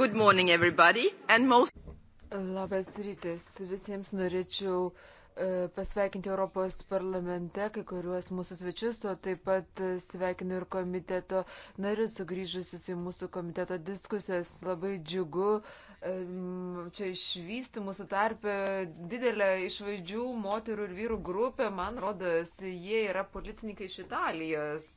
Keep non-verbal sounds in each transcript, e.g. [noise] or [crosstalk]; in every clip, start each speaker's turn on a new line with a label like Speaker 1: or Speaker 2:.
Speaker 1: Good morning everybody and most. Labas rytas. Visiems norėčiau
Speaker 2: e, pasveikinti Europos parlamente kai kuriuos mūsų svečius, o taip pat e, sveikinu ir komiteto narius sugrįžusius į mūsų komiteto diskusijas. Labai džiugu e, čia išvysti mūsų tarpę didelę išvaidžių moterų ir vyrų grupę. Man rodos, jie yra policininkai iš Italijos.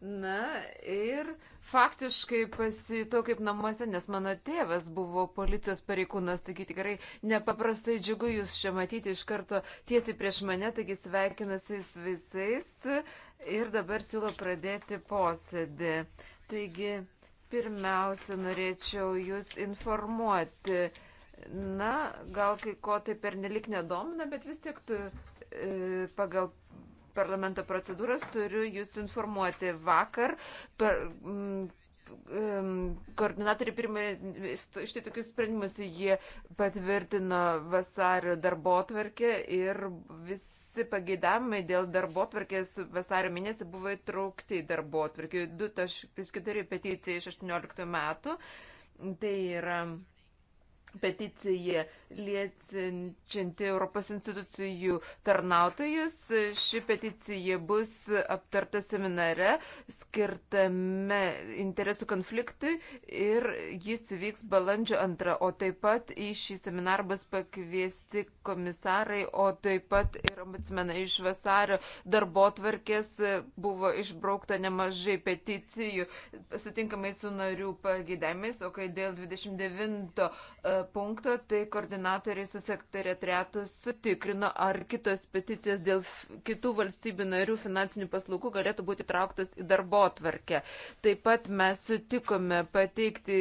Speaker 2: Na ir faktiškai pasijutau kaip namuose, nes mano tėvas buvo policijos pareikūnas, taigi tikrai nepaprastai džiugu jūs čia matyti iš karto tiesiai prieš mane, taigi sveikinuosi jūs visais ir dabar siūlau pradėti posėdį. Taigi, pirmiausia, norėčiau jūs informuoti. Na, gal kai ko tai pernelik nedomina, bet vis tiek tu e, pagal parlamento procedūras, turiu jūs informuoti vakar. Per, mm, mm koordinatoriai pirmie štai tokius sprendimus jie patvirtino vasario darbo tvarkę ir visi pageidavimai dėl darbo tvarkės vasario mėnesį buvo įtraukti į darbo tvarkį. 2.4 peticija iš 18 metų. Tai yra peticiją liečianti Europos institucijų tarnautojus. Ši peticija bus aptarta seminare skirtame interesų konfliktui ir jis vyks balandžio antrą, o taip pat į šį seminarą bus pakviesti komisarai, o taip pat ir ombudsmenai iš vasario darbo tvarkės buvo išbraukta nemažai peticijų sutinkamai su narių pagėdėmis, o kai dėl 29 punkto, tai koordinatoriai su sekretariatu sutikrino, ar kitos peticijos dėl kitų valstybių narių finansinių paslaugų galėtų būti trauktas į darbo tvarkę. Taip pat mes sutikome pateikti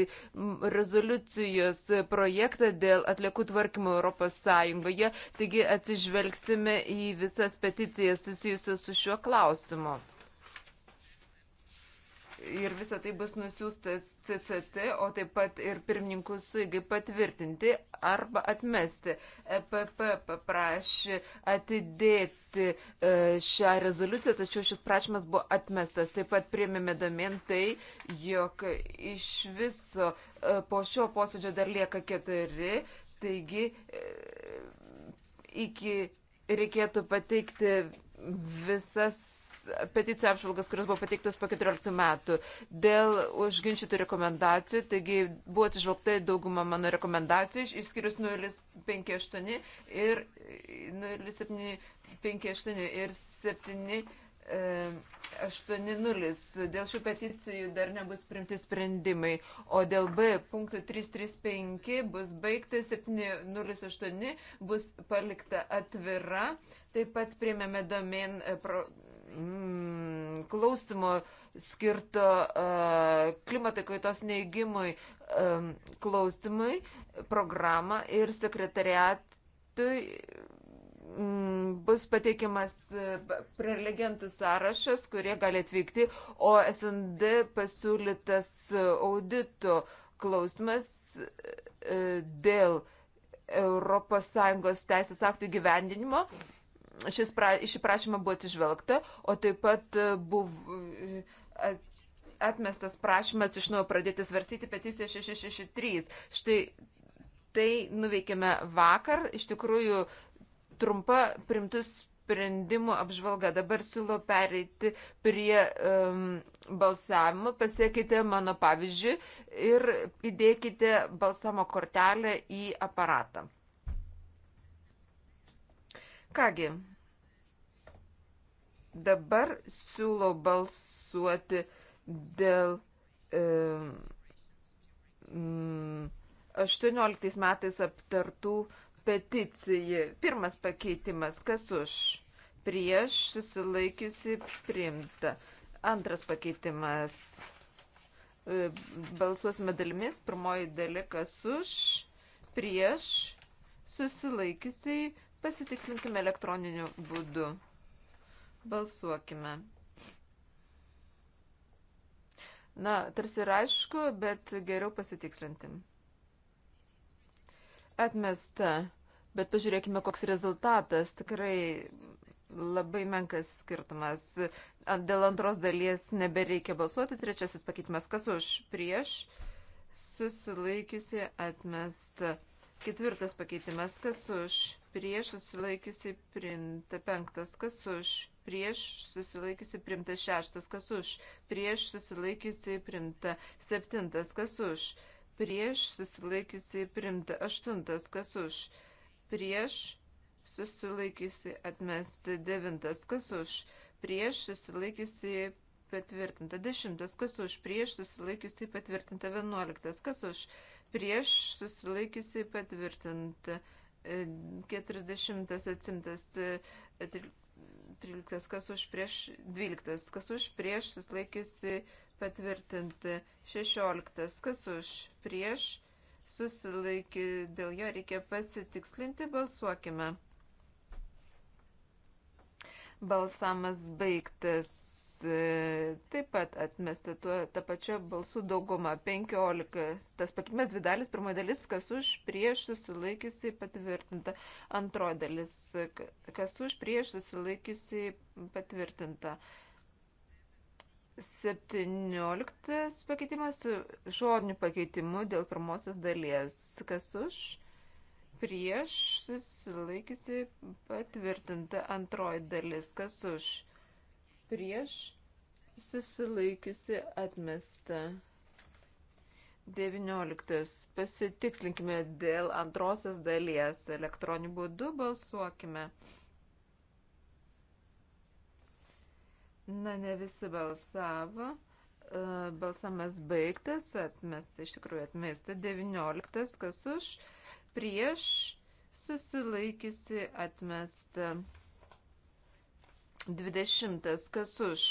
Speaker 2: rezoliucijos projektą dėl atliekų tvarkymo Europos Sąjungoje, taigi atsižvelgsime į visas peticijas susijusios su šiuo klausimu ir visa tai bus nusiųstas CCT, o taip pat ir pirmininkų suigai patvirtinti arba atmesti. EPP paprašė atidėti e, šią rezoliuciją, tačiau šis prašymas buvo atmestas. Taip pat priėmėme domen tai, jog iš viso e, po šio posėdžio dar lieka keturi, taigi e, iki reikėtų pateikti visas peticijų apžvalgas, kurios buvo pateiktos po 14 metų. Dėl užginčytų rekomendacijų, taigi buvo atsižvelgta dauguma mano rekomendacijų, išskyrus 058 ir 0758 ir 7. 8.0. E, dėl šių peticijų dar nebus primti sprendimai, o dėl B punktų 335 bus baigta, 7.08 bus palikta atvira. Taip pat priėmėme domen e, pro, mm, klausimo skirto uh, klimatai kaitos neigimui um, klausimui programą ir sekretariatui mm, bus pateikiamas prelegentų sąrašas, kurie gali atvykti, o SND pasiūlytas audito klausimas dėl ES teisės aktų gyvendinimo. Mm šis pra, šį prašymą buvo atsižvelgta, o taip pat e, buvo e, atmestas prašymas iš nuo pradėti svarstyti peticiją 663. Štai tai nuveikėme vakar, iš tikrųjų trumpa primtus sprendimų apžvalga. Dabar siūlau pereiti prie um, balsavimo. Pasiekite mano pavyzdžių ir įdėkite balsamo kortelę į aparatą. Kągi, dabar siūlau balsuoti dėl e, mm, 18 metais aptartų peticijų. Pirmas pakeitimas, kas už, prieš susilaikiusi primta. Antras pakeitimas, e, balsuosime dalimis, pirmoji dalykas už, prieš susilaikiusiai Pasitikslinkime elektroniniu būdu. Balsuokime. Na, tarsi ir aišku, bet geriau pasitikslintim. Atmesta. Bet pažiūrėkime, koks rezultatas. Tikrai labai menkas skirtumas. Dėl antros dalies nebereikia balsuoti. Trečiasis pakeitimas. Kas už prieš? Susilaikiusi atmest. Ketvirtas pakeitimas. Kas už prieš susilaikiusi primta penktas, kas už, prieš susilaikiusi primta šeštas, kas už, prieš susilaikiusi primta septintas, kas už, prieš susilaikiusi primta aštuntas, kas už, prieš susilaikiusi atmesti devintas, kas už, prieš susilaikiusi patvirtinta dešimtas, kas už, prieš susilaikiusi patvirtinta vienuoliktas, kas už, prieš susilaikiusi patvirtinta. 11, 40 atsimtas, 13 e, kas už prieš, 12 kas už prieš, susilaikiusi patvirtinti, 16 kas už prieš, susilaikė, dėl jo reikia pasitikslinti, balsuokime. Balsamas baigtas. E, taip pat atmesta tuo, tą pačią balsų daugumą. 15. Tas pakeitimas dvi dalis, pirmoji dalis, kas už, prieš susilaikiusi patvirtinta. Antroji dalis, kas už, prieš susilaikiusi patvirtinta. 17 pakeitimas su žodiniu pakeitimu dėl pirmosios dalies. Kas už? Prieš susilaikysi patvirtinta antroji dalis. Kas už? prieš susilaikiusi atmesta. 19. Pasitikslinkime dėl antrosios dalies. Elektroniniu būdu balsuokime. Na, ne visi balsavo. E, balsamas baigtas, atmesta, iš tikrųjų atmesta. 19. Kas už? Prieš susilaikiusi atmesta. 20. Kas už?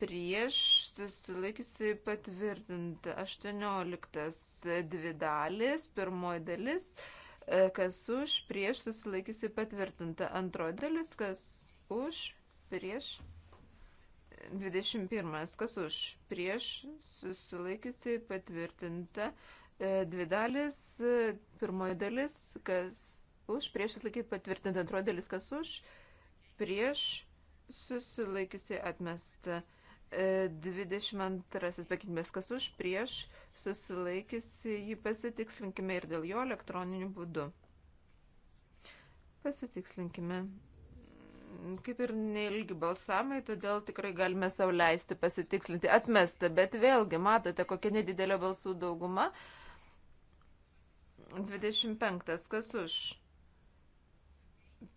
Speaker 2: Prieš susilaikiusi patvirtinti. 18. E, e, dvi dalis. Pirmoji dalis. Kas už? Prieš susilaikiusi patvirtinti. Antroji dalis. Kas už? Prieš. 21. Kas už? Prieš susilaikiusi patvirtinti. Dvi dalis. Pirmoji dalis. Kas už? Prieš susilaikyti patvirtinti. Antroji dalis. Kas už? Prieš susilaikiusi atmesta. 22 e, pakeitimas kas už prieš susilaikiusi jį pasitikslinkime ir dėl jo elektroniniu būdu. Pasitikslinkime. Kaip ir neilgi balsamai, todėl tikrai galime savo leisti pasitikslinti. Atmesta, bet vėlgi matote, kokia nedidelė balsų dauguma. 25. Kas už?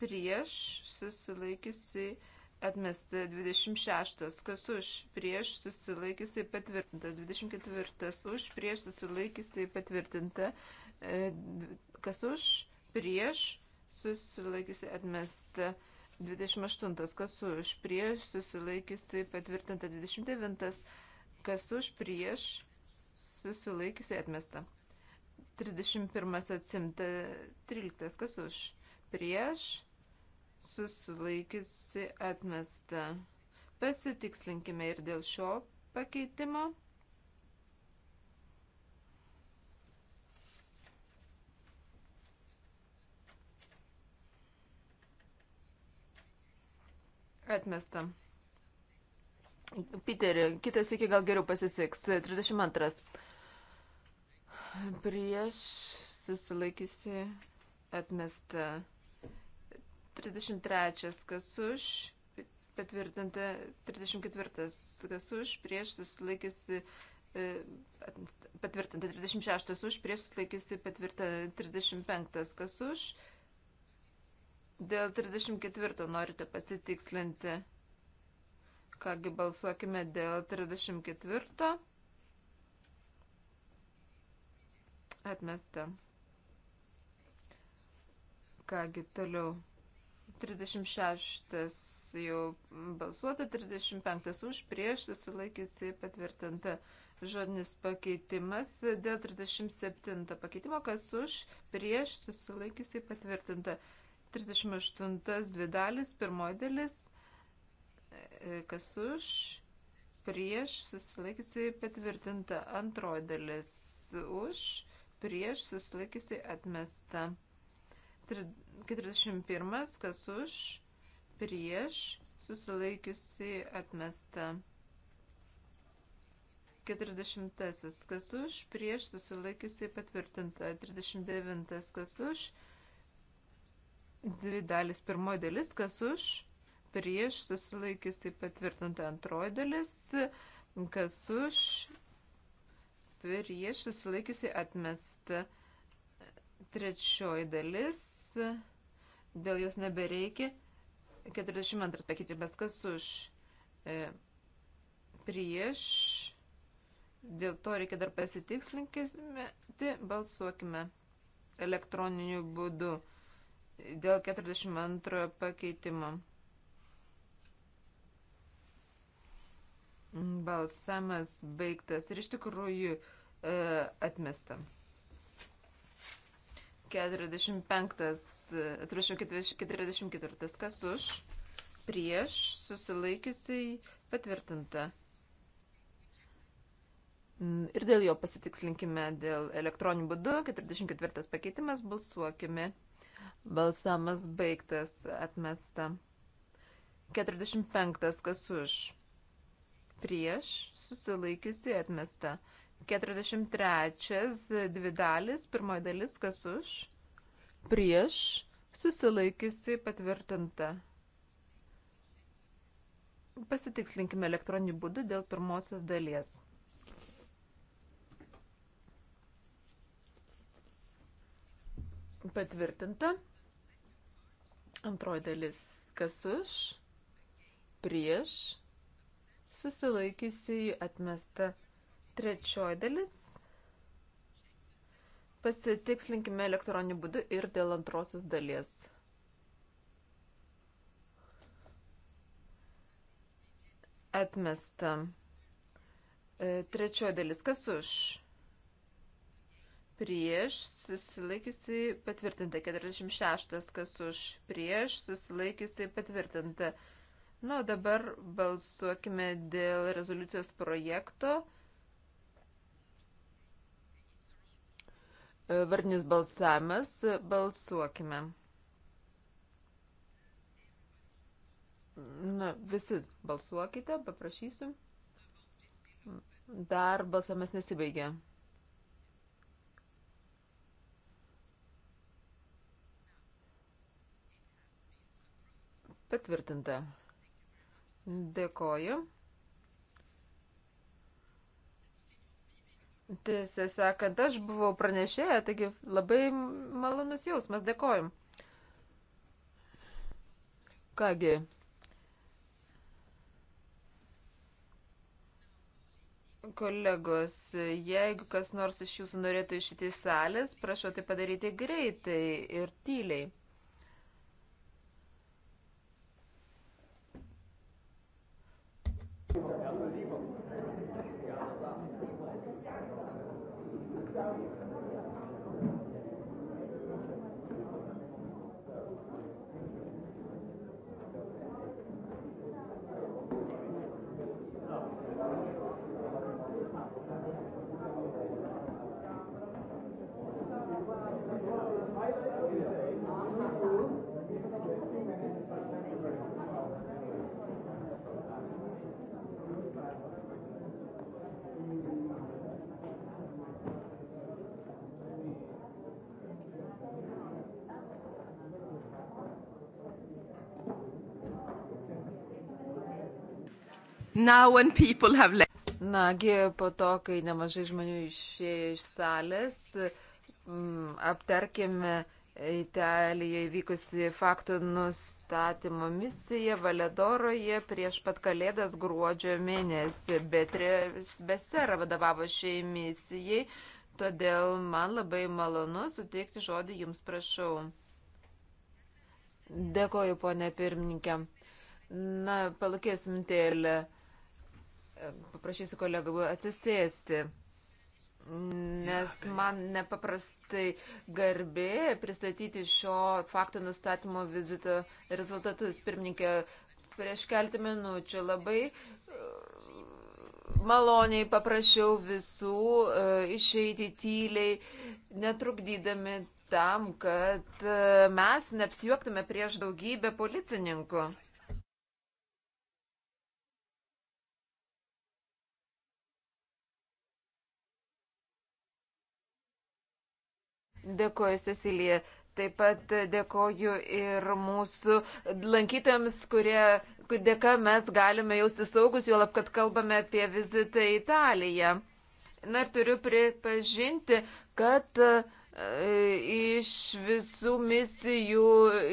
Speaker 2: Prieš susilaikiusi jį Atmesta 26. Kas už prieš susilaikysiai patvirtinta. 24. Už prieš susilaikysiai patvirtinta. E, kas už prieš susilaikysiai atmesta. 28. Kas už prieš susilaikysiai patvirtinta. 29. Kas už prieš susilaikysiai atmesta. 31. Atsimta. 13. Kas už prieš susilaikiusi atmesta. Pasitikslinkime ir dėl šio pakeitimo. Atmesta. Piteri, kitas iki gal geriau pasisiks. 32. Prieš susilaikysi atmesta. 33 kas už, patvirtinta 34 kas už, prieš susilaikiusi e, patvirtinta 36 už, prieš susilaikiusi patvirtinta 35 kas už. Dėl 34 norite pasitikslinti. Kągi balsuokime dėl 34. Atmesta. Kągi toliau. 36 jau balsuota, 35 už, prieš susilaikiusi patvirtinta žodinis pakeitimas. Dėl 37 pakeitimo, kas už, prieš susilaikiusi patvirtinta. 38 dvi dalis, pirmoji dalis, e, kas už, prieš susilaikiusi patvirtinta. Antroji dalis už, prieš susilaikiusi atmesta. 41. Kas už? Prieš susilaikiusi atmesta. 40. Kas už? Prieš susilaikiusi patvirtinta. 39. Kas už? Dvi dalis. Pirmoji dalis. Kas už? Prieš susilaikiusi patvirtinta. Antroji dalis. Kas už? Prieš susilaikiusi atmesta. Trečioji dalis, dėl jos nebereikia. 42 pakeitimas, kas už e, prieš. Dėl to reikia dar pasitikslinkime, balsuokime elektroniniu būdu dėl 42 pakeitimo. Balsamas baigtas ir iš tikrųjų e, atmestam. 45, 44, kas už, prieš, susilaikiusiai patvirtinta. Ir dėl jo pasitikslinkime dėl elektroninių būdų. 44 pakeitimas balsuokime. Balsamas baigtas, atmesta. 45 kas už, prieš, susilaikiusiai atmesta. 43. Dvi dalis. Pirmoji dalis. Kas už? Prieš. Susilaikiusi patvirtinta. Pasitikslinkime elektroniniu būdu dėl pirmosios dalies. Patvirtinta. Antroji dalis kas už, prieš, susilaikysiu į atmestą. Trečioji dalis. Pasitikslinkime elektroniniu būdu ir dėl antrosios dalies. Atmesta. E, trečioji dalis. Kas už? Prieš susilaikiusi patvirtinta. 46. Kas už? Prieš susilaikiusi patvirtinta. Na, o dabar balsuokime dėl rezoliucijos projekto E, vardinis balsavimas. Balsuokime. Na, visi balsuokite, paprašysiu. Dar balsamas nesibaigė. Patvirtinta. Dėkoju. Tiesą sakant, aš buvau pranešėja, taigi labai malonus jausmas, dėkojim. Kągi. Kolegos, jeigu kas nors iš jūsų norėtų išėti iš salės, prašau tai padaryti greitai ir tyliai.
Speaker 3: Thank you.
Speaker 1: Have...
Speaker 2: Nagi, po to, kai nemažai žmonių išėjo iš salės, m, mm, aptarkime Italijoje vykusi faktų nustatymo misija Valedoroje prieš pat kalėdas gruodžio mėnesį, bet Besera vadovavo šiai misijai, todėl man labai malonu suteikti žodį jums prašau. Dėkoju, ponė pirmininkė. Na, palūkėsim tėlę. Paprašysiu kolegų atsisėsti, nes man nepaprastai garbė pristatyti šio faktų nustatymo vizito rezultatus. Pirmininkė, prieš keltą minučių labai uh, maloniai paprašiau visų uh, išeiti tyliai, netrukdydami tam, kad uh, mes neapsijuoktume prieš daugybę policininkų. Dėkoju, Cecilija. Taip pat dėkoju ir mūsų lankytojams, kurie, kur dėka mes galime jausti saugus, juolab, kad kalbame apie vizitą į Italiją. Na ir turiu pripažinti, kad e, iš visų misijų,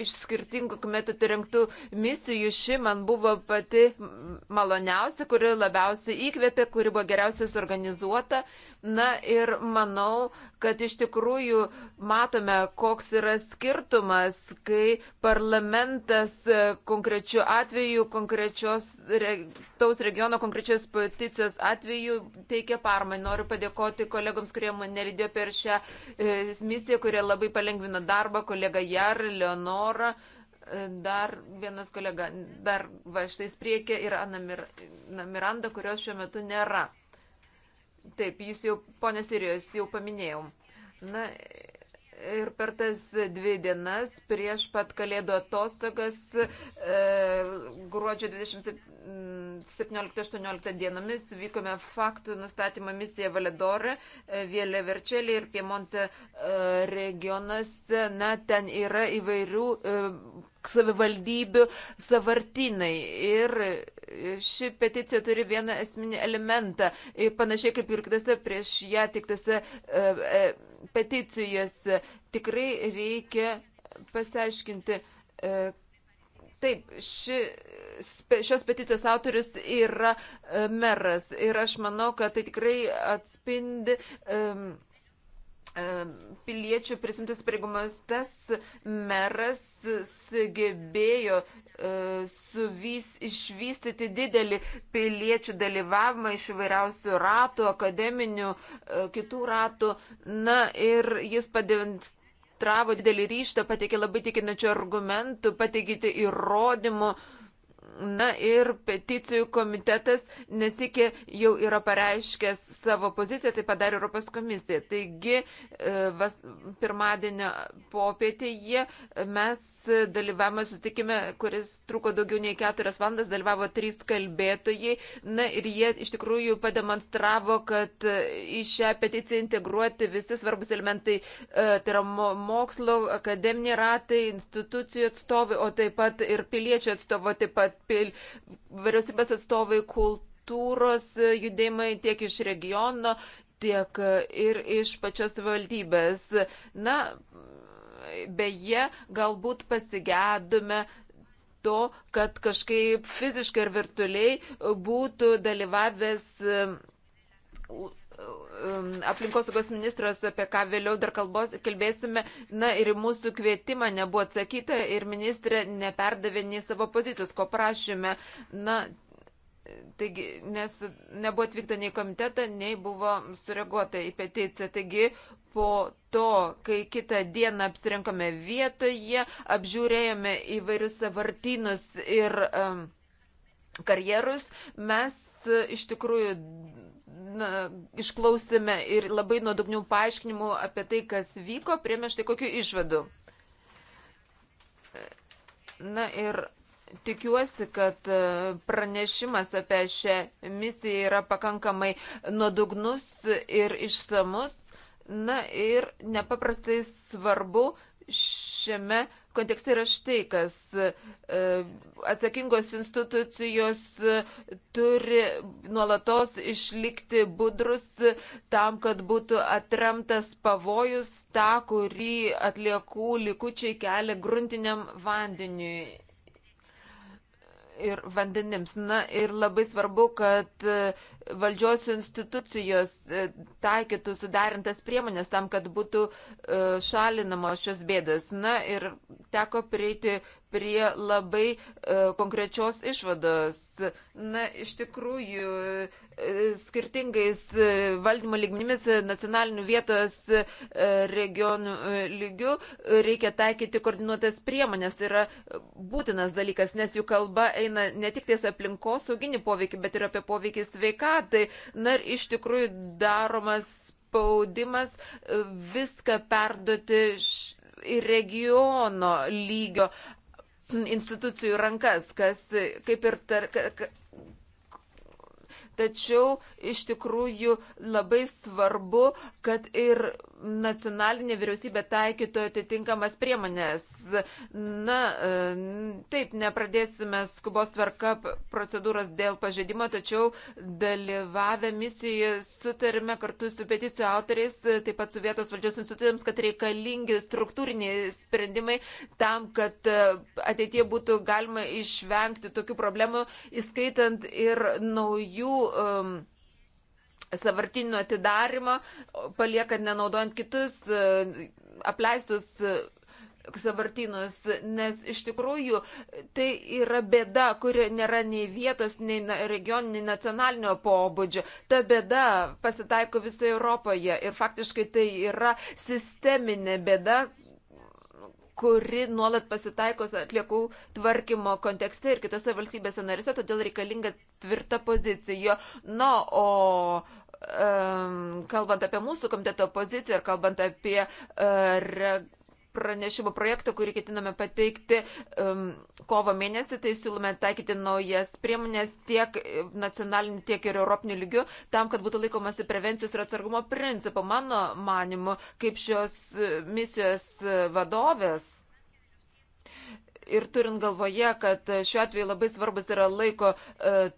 Speaker 2: iš skirtingų metų rengtų misijų ši man buvo pati maloniausia, kuri labiausiai įkvėpė, kuri buvo geriausiai suorganizuota. Uh, Na ir manau, kad iš tikrųjų matome, koks yra skirtumas, kai parlamentas konkrečiu atveju, konkrečios re, taus regiono konkrečios peticijos atveju teikia parmai. Noriu padėkoti kolegoms, kurie mane lydėjo per šią e, misiją, kurie labai palengvino darbą, kolega Jar, Leonora e, dar vienas kolega, dar va štai spriekė yra Ana Miranda, kurios šiuo metu nėra. Taip, jūs jau, ponės Sirijos, jau paminėjau. Na, ir per tas dvi dienas prieš pat kalėdų atostogas e, gruodžio 27. 17-18 dienomis vykome faktų nustatymą misiją Valedorą, e, Vėlė Verčelė ir Piemonte e, regionuose. Na, ten yra įvairių e, savivaldybių savartinai. Ir ši peticija turi vieną esminį elementą, panašiai kaip ir kitose prieš ją tiktose peticijose. Tikrai reikia pasiaiškinti, Taip, ši, šios peticijos autoris yra e, meras ir aš manau, kad tai tikrai atspindi. Um, piliečių prisimtas pareigomas, tas meras sugebėjo e, suvys, išvystyti didelį piliečių dalyvavimą iš įvairiausių ratų, akademinių, e, kitų ratų. Na ir jis padėvins pademonstravo didelį ryštą, pateikė labai tikinančių argumentų, pateikė įrodymų, uh, Na ir peticijų komitetas nesikė jau yra pareiškęs savo poziciją, tai padarė Europos komisija. Taigi e, vas, pirmadienio popietėje mes dalyvavome sutikime, kuris truko daugiau nei keturias valandas, dalyvavo trys kalbėtojai. Na ir jie iš tikrųjų pademonstravo, kad į šią peticiją integruoti visi svarbus elementai, e, tai yra mokslo, akademiniai ratai, institucijų atstovai, o taip pat ir piliečių atstovo, taip pat pil... vyriausybės atstovai, kultūros judėjimai tiek iš regiono, tiek ir iš pačios valdybės. Na, beje, galbūt pasigėdume to, kad kažkaip fiziškai ir virtualiai būtų dalyvavęs Um, aplinkosaugos ministras, apie ką vėliau dar kalbos, kalbėsime, na ir mūsų kvietimą nebuvo atsakyta ir ministrė neperdavė nei savo pozicijos, ko prašėme. Na, taigi, nes nebuvo atvykta nei komitetą, nei buvo sureaguota į peticiją. Taigi, po to, kai kitą dieną apsirinkome vietoje, apžiūrėjome įvairius savartynus ir um, karjerus, mes iš tikrųjų na, išklausėme ir labai nuodugnių paaiškinimų apie tai, kas vyko, prieme štai kokiu išvadu. Na ir tikiuosi, kad e, pranešimas apie šią misiją yra pakankamai nuodugnus ir išsamus. Na ir nepaprastai svarbu šiame uh, kontekste yra štai, kas e, atsakingos institucijos e, turi nuolatos išlikti budrus tam, kad būtų atremtas pavojus tą, kurį atliekų likučiai kelia gruntiniam vandeniui. Ir vandenims. Na ir labai svarbu, kad uh, valdžios institucijos e, taikytų sudarintas priemonės tam, kad būtų e, šalinamos šios bėdos. Na ir teko prieiti prie labai e, konkrečios išvados. Na, iš tikrųjų, e, skirtingais e, valdymo lygmenimis e, nacionalinių vietos e, regionų e, lygių e, reikia taikyti koordinuotas priemonės. Tai yra būtinas dalykas, nes jų kalba eina ne tik ties aplinkos sauginį poveikį, bet ir apie poveikį sveikatai. Na ir iš tikrųjų daromas spaudimas viską perduoti į regiono lygio institucijų rankas, kas kaip ir tar, ka, Tačiau iš tikrųjų labai svarbu, kad ir nacionalinė vyriausybė taikytų atitinkamas priemonės. Na, e, taip, nepradėsime skubos tvarka procedūros dėl pažeidimo, tačiau dalyvavę misijoje sutarime kartu su peticijų autoriais, e, taip pat su vietos valdžios institucijams, kad reikalingi struktūriniai sprendimai tam, kad e, ateitie būtų galima išvengti tokių problemų, įskaitant ir naujų um, savartinių atidarimą, paliekant nenaudojant kitus e, apleistus e, savartinus, nes iš tikrųjų tai yra bėda, kuri nėra nei vietos, nei regioninio, nei nacionalinio pobūdžio. Ta bėda pasitaiko visoje Europoje ir faktiškai tai yra sisteminė bėda, kuri nuolat pasitaiko atliekų tvarkymo kontekste ir kitose valstybėse narise, todėl reikalinga tvirta pozicija. Na, o kalbant apie mūsų komiteto poziciją ir kalbant apie e, pranešimo projektą, kurį ketiname pateikti um, kovo mėnesį, tai siūlome taikyti naujas priemonės tiek e, nacionaliniu, tiek ir europiniu lygiu, tam, kad būtų laikomasi prevencijos ir atsargumo principo. Mano manimu, kaip šios e, misijos vadovės. Ir turint galvoje, kad šiuo atveju labai svarbus yra laiko e,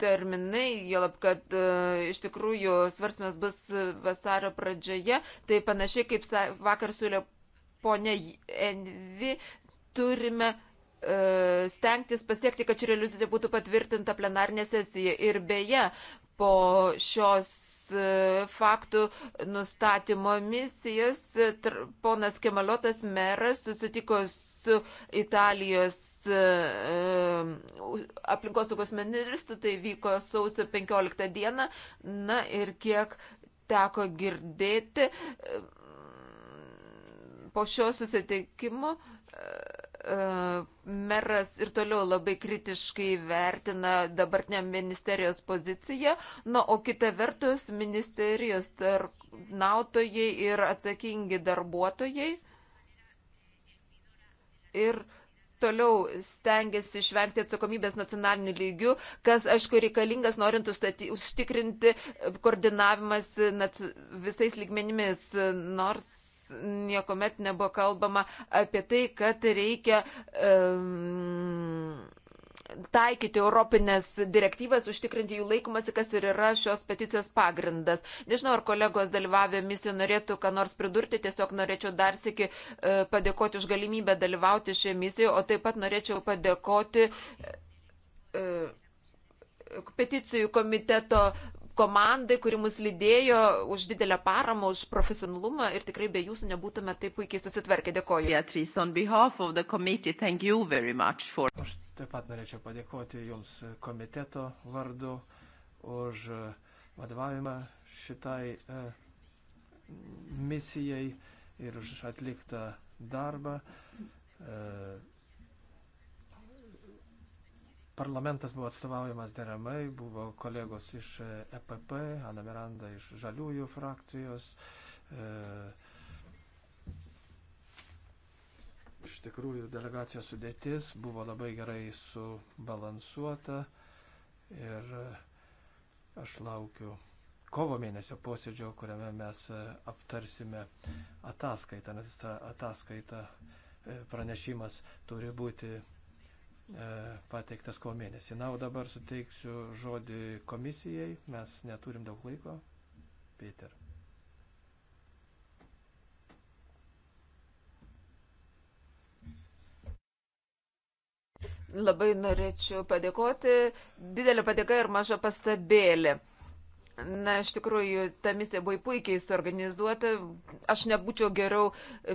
Speaker 2: terminai, jolab, kad e, iš tikrųjų svarsmas bus vasario pradžioje, tai panašiai kaip sa, vakar siūlė ponia Envi, turime e, stengtis pasiekti, kad ši realizacija būtų patvirtinta plenarnė sesija. Ir beje, po šios e, faktų nustatymo misijos ponas Kemaliotas meras susitiko su Italijos E, e, aplinkosaugos ministrų, tai vyko sausio 15 dieną. Na ir kiek teko girdėti e, po šio susitikimo meras ir toliau labai kritiškai vertina dabartinę ministerijos poziciją, na, o kita vertus ministerijos tarnautojai ir atsakingi darbuotojai ir uh, toliau stengiasi išvengti atsakomybės nacionaliniu lygiu, kas, aišku, reikalingas norint ustaty, užtikrinti koordinavimas visais lygmenimis, nors niekuomet nebuvo kalbama apie tai, kad reikia um, taikyti Europinės direktyvas, užtikrinti jų laikomasi, kas ir yra šios peticijos pagrindas. Nežinau, ar kolegos dalyvavę misiją norėtų ką nors pridurti, tiesiog norėčiau dar sėki e, padėkoti už galimybę dalyvauti šioje misijoje, o taip pat norėčiau padėkoti e, e, peticijų komiteto komandai, kuri mus lydėjo už didelę paramą, už profesionalumą ir tikrai be jūsų
Speaker 1: nebūtume taip puikiai susitvarkę. Dėkoju. Beatrice, on behalf of the committee, thank you very much for.
Speaker 4: Aš Taip pat norėčiau padėkoti Jums komiteto vardu už e, vadovavimą šitai e, misijai ir už atliktą darbą. E, parlamentas buvo atstovaujamas deramai, buvo kolegos iš EPP, Ana Miranda iš Žaliųjų frakcijos, e, Iš tikrųjų, delegacijos sudėtis buvo labai gerai subalansuota ir aš laukiu kovo mėnesio posėdžio, kuriame mes aptarsime ataskaitą, nes ta ataskaita e, pranešimas turi būti e, pateiktas kovo mėnesį. Na, o dabar suteiksiu žodį komisijai, mes neturim daug laiko. Peter.
Speaker 2: Labai norėčiau padėkoti. Didelė padėka ir maža pastabėlė. Na, iš tikrųjų, ta misija buvo puikiai suorganizuota. Aš nebūčiau geriau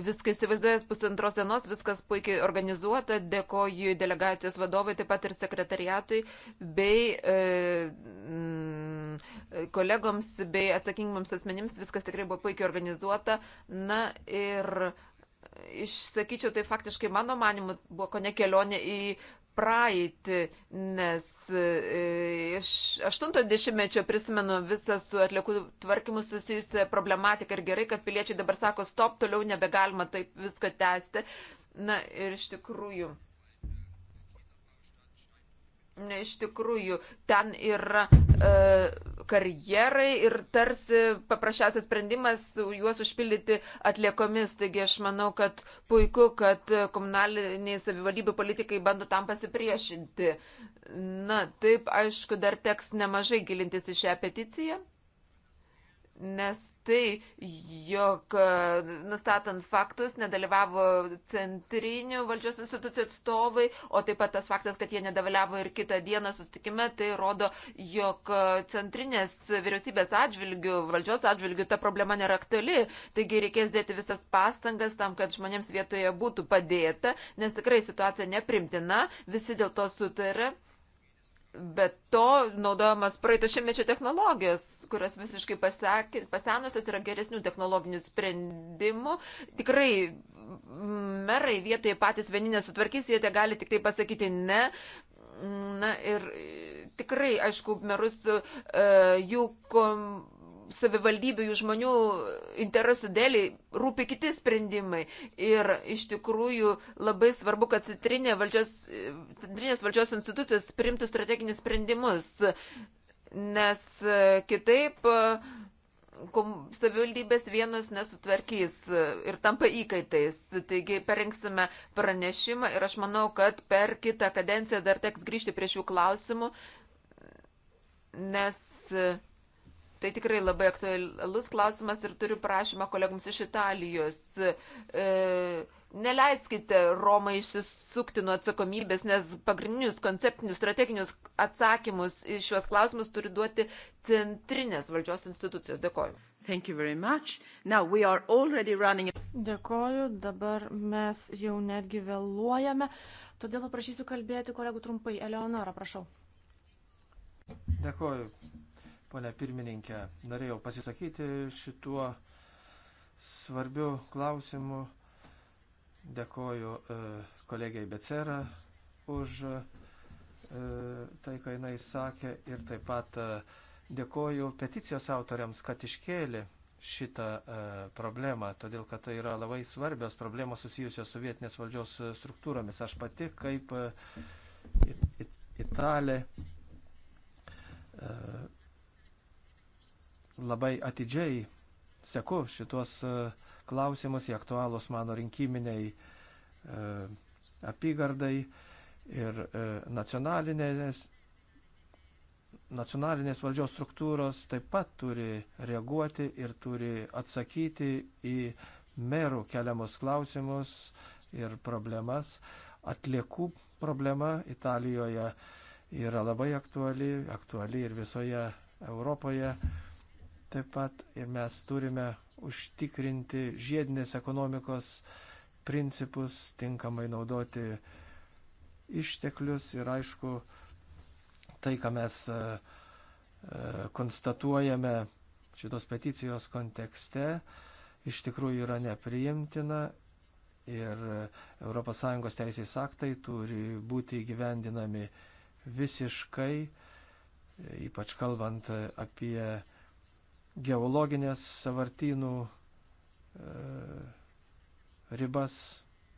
Speaker 2: viską įsivaizduojęs pusantros dienos, viskas puikiai organizuota. Dėkoju delegacijos vadovai, taip pat ir sekretariatui, bei e, mm, kolegoms, bei atsakingams asmenims. Viskas tikrai buvo puikiai organizuota. Na ir išsakyčiau, tai faktiškai mano manimu buvo ko ne kelionė į praeitį, nes e, iš 80-mečio prisimenu visą su atliekų tvarkymu susijusią problematiką ir gerai, kad piliečiai dabar sako, stop, toliau nebegalima taip viską tęsti. Na ir iš tikrųjų. Iš tikrųjų, ten yra e, karjerai ir tarsi paprasčiausias sprendimas juos užpildyti atliekomis. Taigi aš manau, kad puiku, kad komunaliniai savivaldybių politikai bando tam pasipriešinti. Na, taip, aišku, dar teks nemažai gilintis į šią peticiją nes tai, jog nustatant faktus nedalyvavo centrinių valdžios institucijų atstovai, o taip pat tas faktas, kad jie nedalyvavo ir kitą dieną sustikime, tai rodo, jog centrinės vyriausybės atžvilgių, valdžios atžvilgių ta problema nėra aktuali. Taigi reikės dėti visas pastangas tam, kad žmonėms vietoje būtų padėta, nes tikrai situacija neprimtina, visi dėl to sutarė. Bet to naudojamas praeito šimtmečio technologijos kurios visiškai pasakė, pasenusios, yra geresnių technologinių sprendimų. Tikrai mm, merai vietoje patys vieni nesutvarkys, jie te gali tik tai pasakyti ne. Mm, na ir e, tikrai, aišku, merus e, jų kom, savivaldybių, jų žmonių interesų dėlį rūpi kiti sprendimai. Ir iš tikrųjų labai svarbu, kad centrinė valdžios, e, centrinės valdžios institucijos primtų strateginius sprendimus nes e, kitaip e, savivaldybės vienos nesutvarkys e, ir tampa įkaitais. Taigi parinksime pranešimą ir aš manau, kad per kitą kadenciją dar teks grįžti prie šių klausimų, nes Tai tikrai labai aktualus klausimas ir turiu prašymą kolegams iš Italijos. E, neleiskite Romai išsisukti nuo atsakomybės, nes pagrindinius konceptinius, strateginius atsakymus į šiuos klausimus turi duoti
Speaker 5: centrinės valdžios institucijos. Dėkoju. Running... Dėkoju, dabar mes jau netgi vėluojame, todėl paprašysiu kalbėti kolegų trumpai. Eleonora, prašau.
Speaker 4: Dėkoju, Pone pirmininkė, norėjau pasisakyti šituo svarbiu klausimu. Dėkoju e, kolegijai Becera už e, tai, ką jinai sakė ir taip pat e, dėkoju peticijos autoriams, kad iškėlė šitą e, problemą, todėl kad tai yra labai svarbios problemos susijusios su vietinės valdžios struktūromis. Aš pati kaip e, it, it, italė. E, labai atidžiai seku šitos e, klausimus, jie aktualūs mano rinkiminiai e, apygardai ir e, nacionalinės, nacionalinės valdžios struktūros taip pat turi reaguoti ir turi atsakyti į merų keliamus klausimus ir problemas. Atliekų problema Italijoje yra labai aktuali, aktuali ir visoje Europoje. Taip pat ir mes turime užtikrinti žiedinės ekonomikos principus, tinkamai naudoti išteklius ir aišku, tai, ką mes e, e, konstatuojame šitos peticijos kontekste, iš tikrųjų yra nepriimtina ir ES teisės aktai turi būti įgyvendinami visiškai, ypač kalbant apie geologinės savartynų e, ribas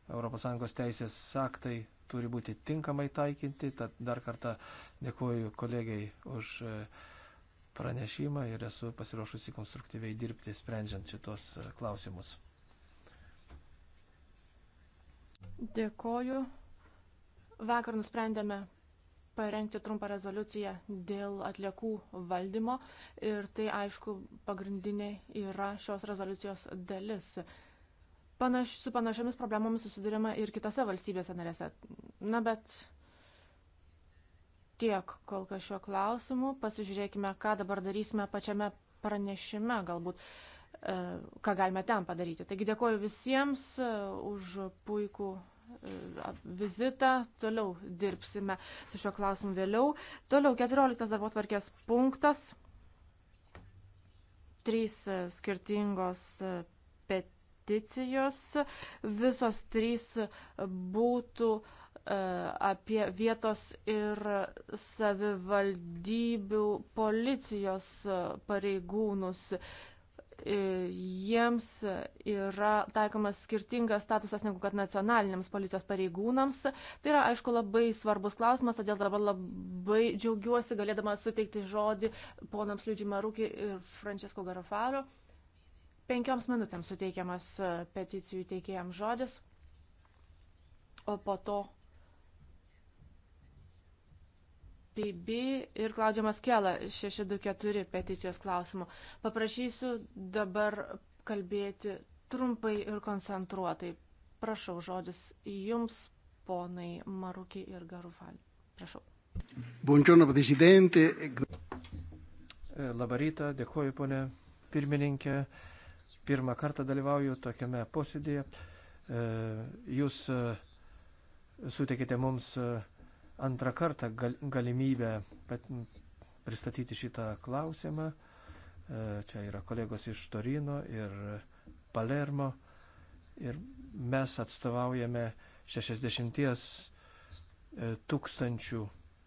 Speaker 4: ES teisės aktai turi būti tinkamai taikinti. Tad dar kartą dėkuoju kolegiai už e, pranešimą ir esu pasiruošusi konstruktyviai dirbti, sprendžiant šitos e, klausimus.
Speaker 5: Dėkoju. Vakar nusprendėme parengti trumpą rezoliuciją dėl atliekų valdymo ir tai aišku pagrindinė yra šios rezoliucijos dalis. Panaš, su panašiamis problemomis susidurima ir kitose valstybėse narėse. Na bet tiek kol kas šiuo klausimu. Pasižiūrėkime, ką dabar darysime pačiame pranešime galbūt e, ką galime ten padaryti. Taigi dėkoju visiems e, už puikų vizitą. Toliau dirbsime su šiuo klausimu vėliau. Toliau 14 darbo tvarkės punktas. Trys e, skirtingos e, peticijos. Visos trys būtų e, apie vietos ir savivaldybių policijos pareigūnus E, jiems yra taikomas skirtingas statusas negu kad nacionaliniams policijos pareigūnams. Tai yra, aišku, labai svarbus klausimas, todėl dabar labai džiaugiuosi galėdama suteikti žodį ponams Liudžiui Marūkiai ir Francesco Garofaro. Penkioms minutėms suteikiamas e, peticijų teikėjams žodis, o po to PB ir Klaudijos Kela 624 peticijos klausimų. Paprašysiu dabar kalbėti trumpai ir koncentruotai. Prašau, žodis jums, ponai Marukiai ir Garufal.
Speaker 4: Prašau.
Speaker 6: Buongiorno, prezidentė. Labą
Speaker 4: rytą, dėkuoju, ponė pirmininkė. Pirmą kartą dalyvauju tokiame posėdėje. Jūs e, suteikite mums uh, antrą kartą gal, galimybę pristatyti šitą klausimą. E, čia yra kolegos iš Torino ir Palermo. Ir mes atstovaujame 60 e, tūkstančių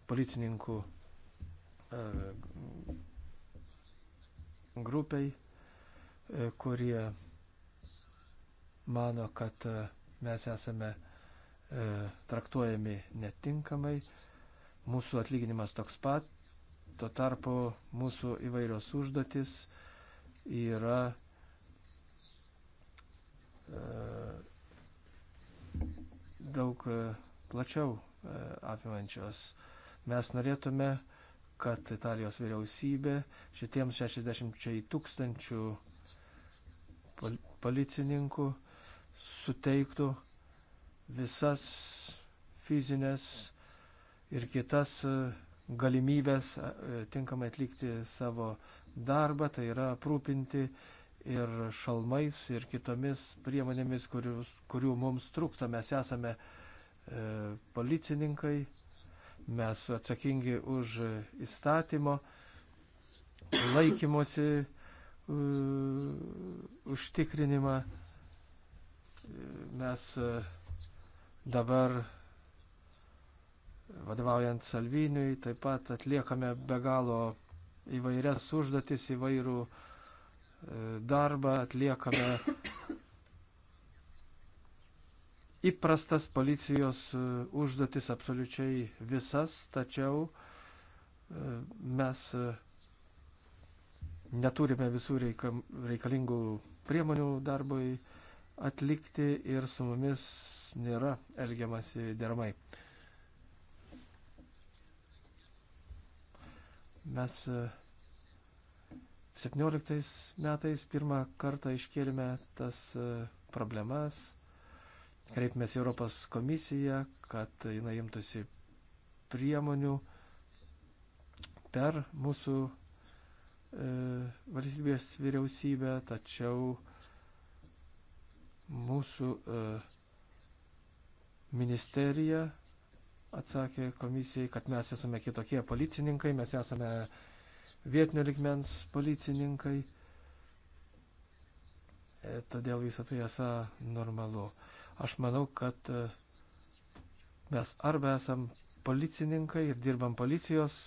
Speaker 4: policininkų e, grupiai, kurie mano, kad mes esame E, traktuojami netinkamai, mūsų atlyginimas toks pat, tuo tarpu mūsų įvairios užduotis yra e, daug e, plačiau apimančios. Mes norėtume, kad Italijos vyriausybė šitiems 60 tūkstančių policininkų suteiktų visas fizinės ir kitas e, galimybės e, tinkamai atlikti savo darbą, tai yra aprūpinti ir šalmais, ir kitomis priemonėmis, kurius, kurių mums trūksta. Mes esame e, policininkai, mes atsakingi už įstatymo laikymosi e, užtikrinimą. Mes e, Dabar vadovaujant Salviniui, taip pat atliekame be galo įvairias užduotis, įvairų e, darbą, atliekame įprastas policijos e, užduotis absoliučiai visas, tačiau e, mes neturime visų reikalingų priemonių darbui atlikti ir su mumis nėra elgiamasi dermai. Mes 17 e, metais pirmą kartą iškėlėme tas e, problemas, kreipėmės į Europos komisiją, kad jinai imtųsi priemonių per mūsų e, valstybės vyriausybę, tačiau mūsų e, Ministerija atsakė komisijai, kad mes esame kitokie policininkai, mes esame vietinio ligmens policininkai. E, todėl visą tai esą normalu. Aš manau, kad e, mes arba esam policininkai ir dirbam policijos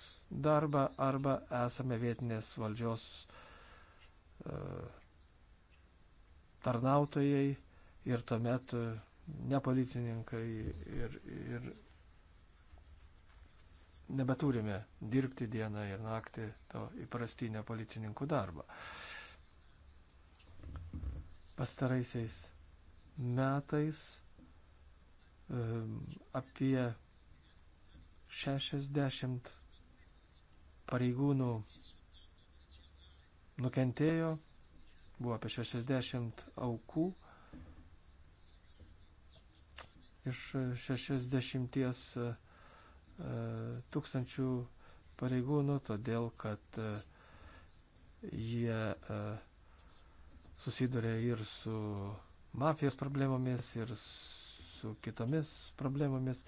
Speaker 4: darbą, arba esame vietinės valdžios e, tarnautojai ir tuomet nepolitininkai ir, ir nebeturime dirbti dieną ir naktį to įprastinę policininkų darbą. Pastaraisiais metais apie 60 pareigūnų nukentėjo, buvo apie 60 aukų iš 60 e, tūkstančių pareigūnų, todėl kad e, jie e, susiduria ir su mafijos problemomis, ir su kitomis problemomis.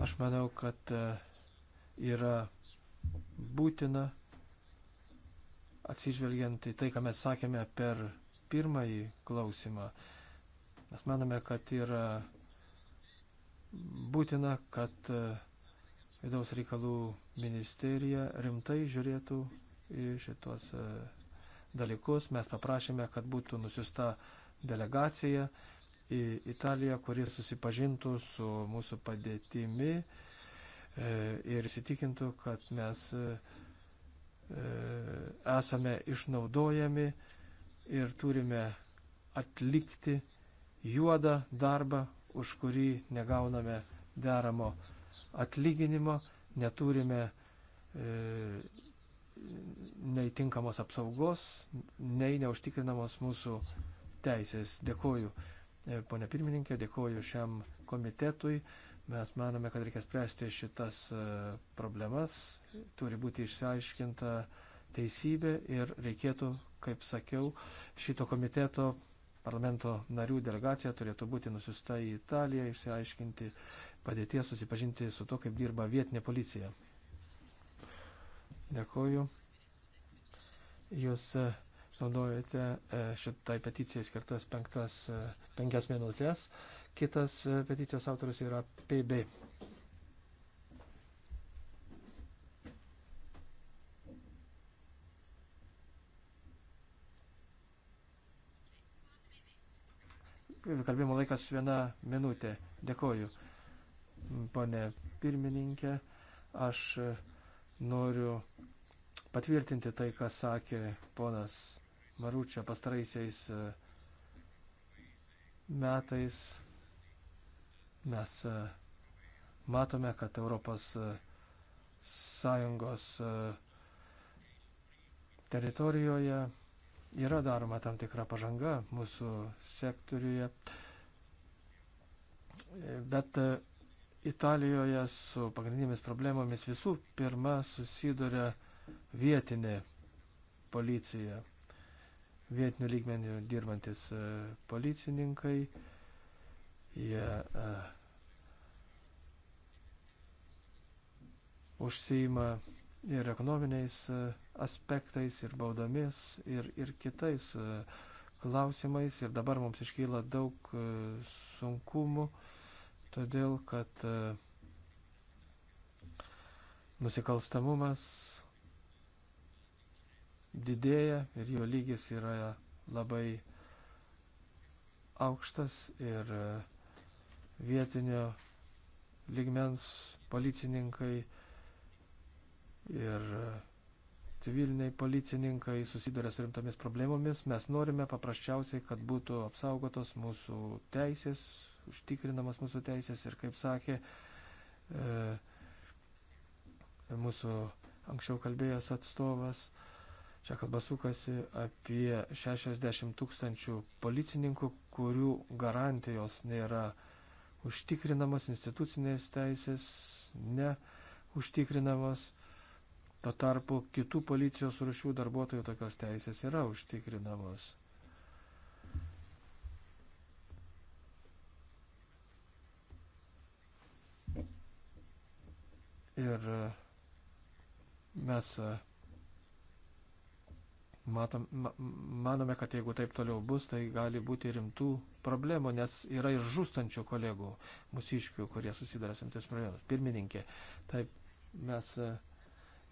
Speaker 4: Aš manau, kad yra būtina atsižvelgiant į tai, ką mes sakėme per pirmąjį klausimą, mes manome, kad yra būtina, kad e, vidaus reikalų ministerija rimtai žiūrėtų į šitos e, dalykus. Mes paprašėme, kad būtų nusiusta delegacija į Italiją, kuris susipažintų su mūsų padėtimi e, ir įsitikintų, kad mes E, esame išnaudojami ir turime atlikti juodą darbą, už kurį negauname deramo atlyginimo, neturime e, neįtinkamos apsaugos, nei neužtikrinamos mūsų teisės. Dėkoju, e, ponė pirmininkė, dėkoju šiam komitetui. Mes manome, kad reikia spręsti šitas e, problemas, turi būti išsiaiškinta teisybė ir reikėtų, kaip sakiau, šito komiteto parlamento narių delegacija turėtų būti nusiusta į Italiją, išsiaiškinti padėties, susipažinti su to, kaip dirba vietinė policija. Dėkuoju. Jūs e, naudojate e, šitai peticijai skirtas penktas, penkias minutės. Kitas e, peticijos autoris yra PB. Kalbėjimo laikas viena minutė. Dėkoju, ponė pirmininkė. Aš e, noriu patvirtinti tai, ką sakė ponas Maručia pastaraisiais e, metais Mes e, matome, kad Europos e, Sąjungos e, teritorijoje yra daroma tam tikra pažanga mūsų sektoriuje, bet Italijoje su pagrindinėmis problemomis visų pirma susiduria vietinė policija, vietinių lygmenių dirbantis policininkai jie uh, užsiima ir ekonominiais e, aspektais, ir baudomis, ir, ir kitais e, klausimais. Ir dabar mums iškyla daug sunkumų, todėl kad nusikalstamumas didėja ir jo lygis yra labai aukštas ir uh, vietinio ligmens policininkai ir civiliniai policininkai susiduria su rimtomis problemomis. Mes norime paprasčiausiai, kad būtų apsaugotos mūsų teisės, užtikrinamas mūsų teisės ir, kaip sakė e, mūsų anksčiau kalbėjęs atstovas, čia kalba sukasi apie 60 tūkstančių policininkų, kurių garantijos nėra e, užtikrinamos, institucinės teisės neužtikrinamos. Tuo tarpu kitų policijos rušių darbuotojų tokios teisės yra užtikrinamos. Ir mes Matom, ma, manome, kad jeigu taip toliau bus, tai gali būti rimtų problemų, nes yra ir žūstančių kolegų, mūsiškių, kurie susidarė simtis problemus. Pirmininkė, taip mes e,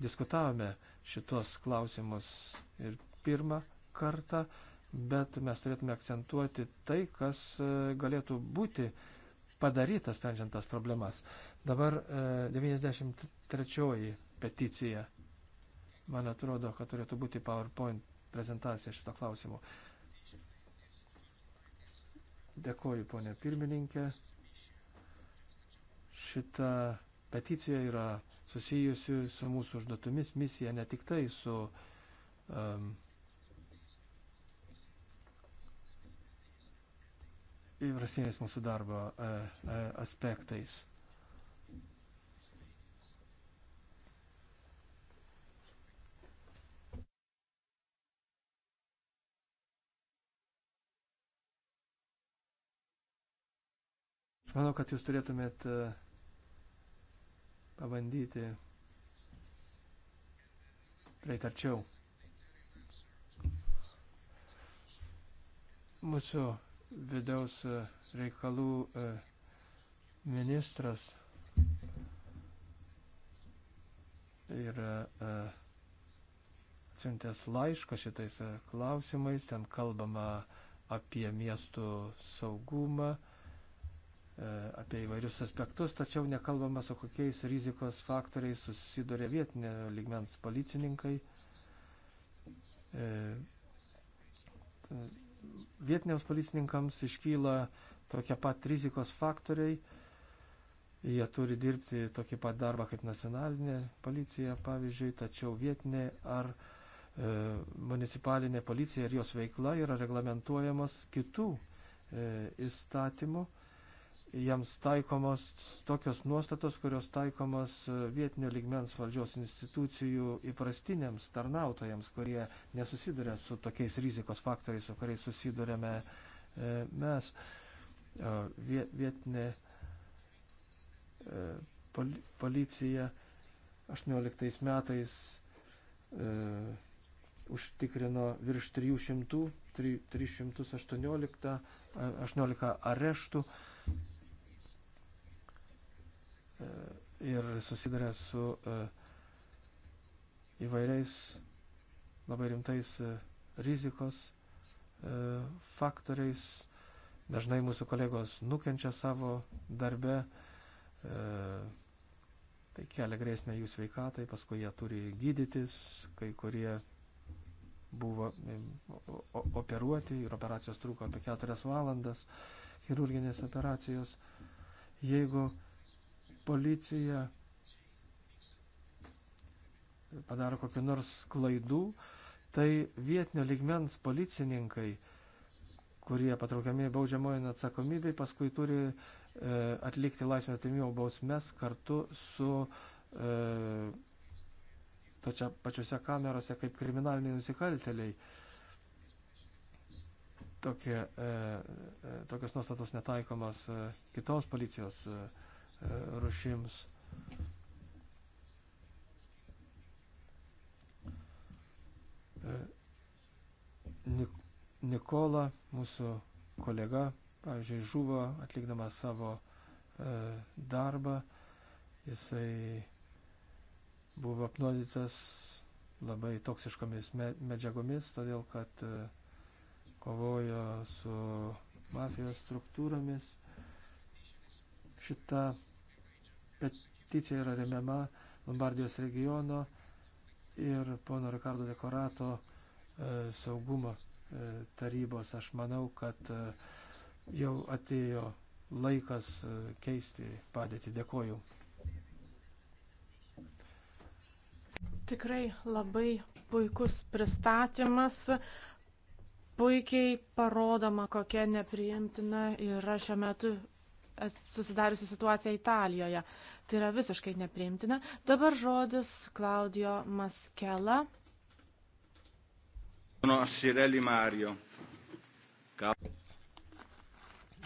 Speaker 4: diskutavome šitos klausimus ir pirmą kartą, bet mes turėtume akcentuoti tai, kas e, galėtų būti padarytas, sprendžiant tas problemas. Dabar 93 e, peticija Man atrodo, kad turėtų būti PowerPoint prezentacija šito klausimu. Dėkoju, ponė pirmininkė. Šita peticija yra susijusi su mūsų užduotumis misija, ne tik tai su um, įprastiniais mūsų darbo e, e, aspektais. Aš manau, kad jūs turėtumėt e, pabandyti prieiti arčiau. Mūsų vidaus e, reikalų e, ministras yra atsiuntęs laišką šitais klausimais, ten kalbama apie miestų saugumą, apie įvairius aspektus, tačiau nekalbama su kokiais rizikos faktoriais susiduria vietinė ligmens policininkai. E, vietiniams policininkams iškyla tokie pat rizikos faktoriai, jie turi dirbti tokį pat darbą kaip nacionalinė policija, pavyzdžiui, tačiau vietinė ar e, municipalinė policija ir jos veikla yra reglamentuojamos kitų e, įstatymų jiems taikomos tokios nuostatos, kurios taikomos vietinio ligmens valdžios institucijų įprastiniams tarnautojams, kurie nesusiduria su tokiais rizikos faktoriais, su kuriais susidurėme e, mes. E, vietinė e, policija 18 metais užtikrino virš 300, 318 18 areštų E, ir susiduria su e, įvairiais labai rimtais e, rizikos faktoriais. Dažnai mūsų kolegos nukenčia savo darbe, tai kelia grėsmę jų sveikatai, paskui jie turi gydytis, kai kurie buvo operuoti ir operacijos truko apie keturias valandas. E, chirurginės operacijos. Jeigu policija padaro kokiu nors klaidų, tai vietinio ligmens policininkai, kurie patraukiami baudžiamojo atsakomybei, paskui turi e, atlikti laisvės atimimo bausmes kartu su e, točia, pačiose kamerose kaip kriminaliniai nusikalteliai. E, tokie, e, e, tokios nuostatos netaikomos e, kitoms policijos rušims. Nikola, mūsų kolega, pavyzdžiui, žuvo atlikdamas savo darbą. Jisai buvo apnuodytas labai toksiškomis medžiagomis, todėl kad uh, kovojo su mafijos struktūromis. Šita peticija yra remiama Lombardijos regiono ir pono Ricardo Dekorato e, saugumo e, tarybos. Aš manau, kad e, jau atėjo laikas e, keisti padėtį. Dėkoju.
Speaker 5: Tikrai labai puikus pristatymas puikiai parodoma, kokia nepriimtina yra šiuo metu susidariusi situacija Italijoje. Tai yra visiškai nepriimtina. Dabar žodis Klaudijo Maskela.
Speaker 6: No, Sireli Mario. Ka...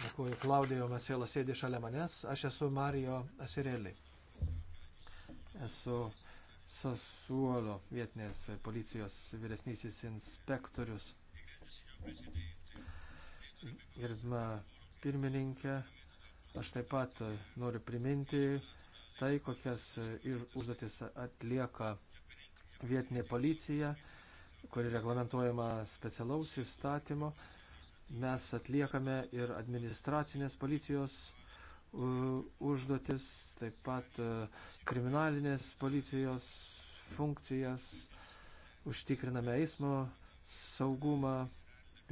Speaker 4: Dėkuoju, Klaudijo Masvėlo sėdi šalia manęs. Aš esu Marijo Asireli. Esu Sasuolo vietinės policijos vyresnysis inspektorius. Gerbima pirmininkė, aš taip pat noriu priminti tai, kokias užduotis atlieka vietinė policija, kuri reglamentuojama specialaus įstatymo. Mes atliekame ir administracinės policijos užduotis, taip pat e, kriminalinės policijos funkcijas, užtikriname eismo saugumą,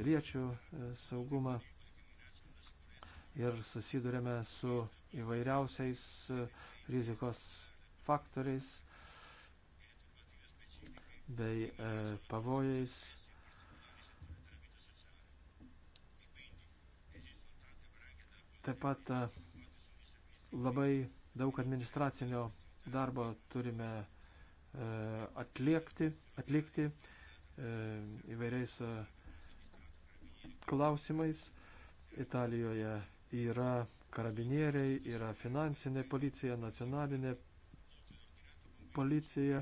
Speaker 4: piliečių e, saugumą ir susidurėme su įvairiausiais e, rizikos faktoriais bei e, pavojais. Taip pat labai daug administracinio darbo turime atliekti, atlikti įvairiais klausimais. Italijoje yra karabinieriai, yra finansinė policija, nacionalinė policija,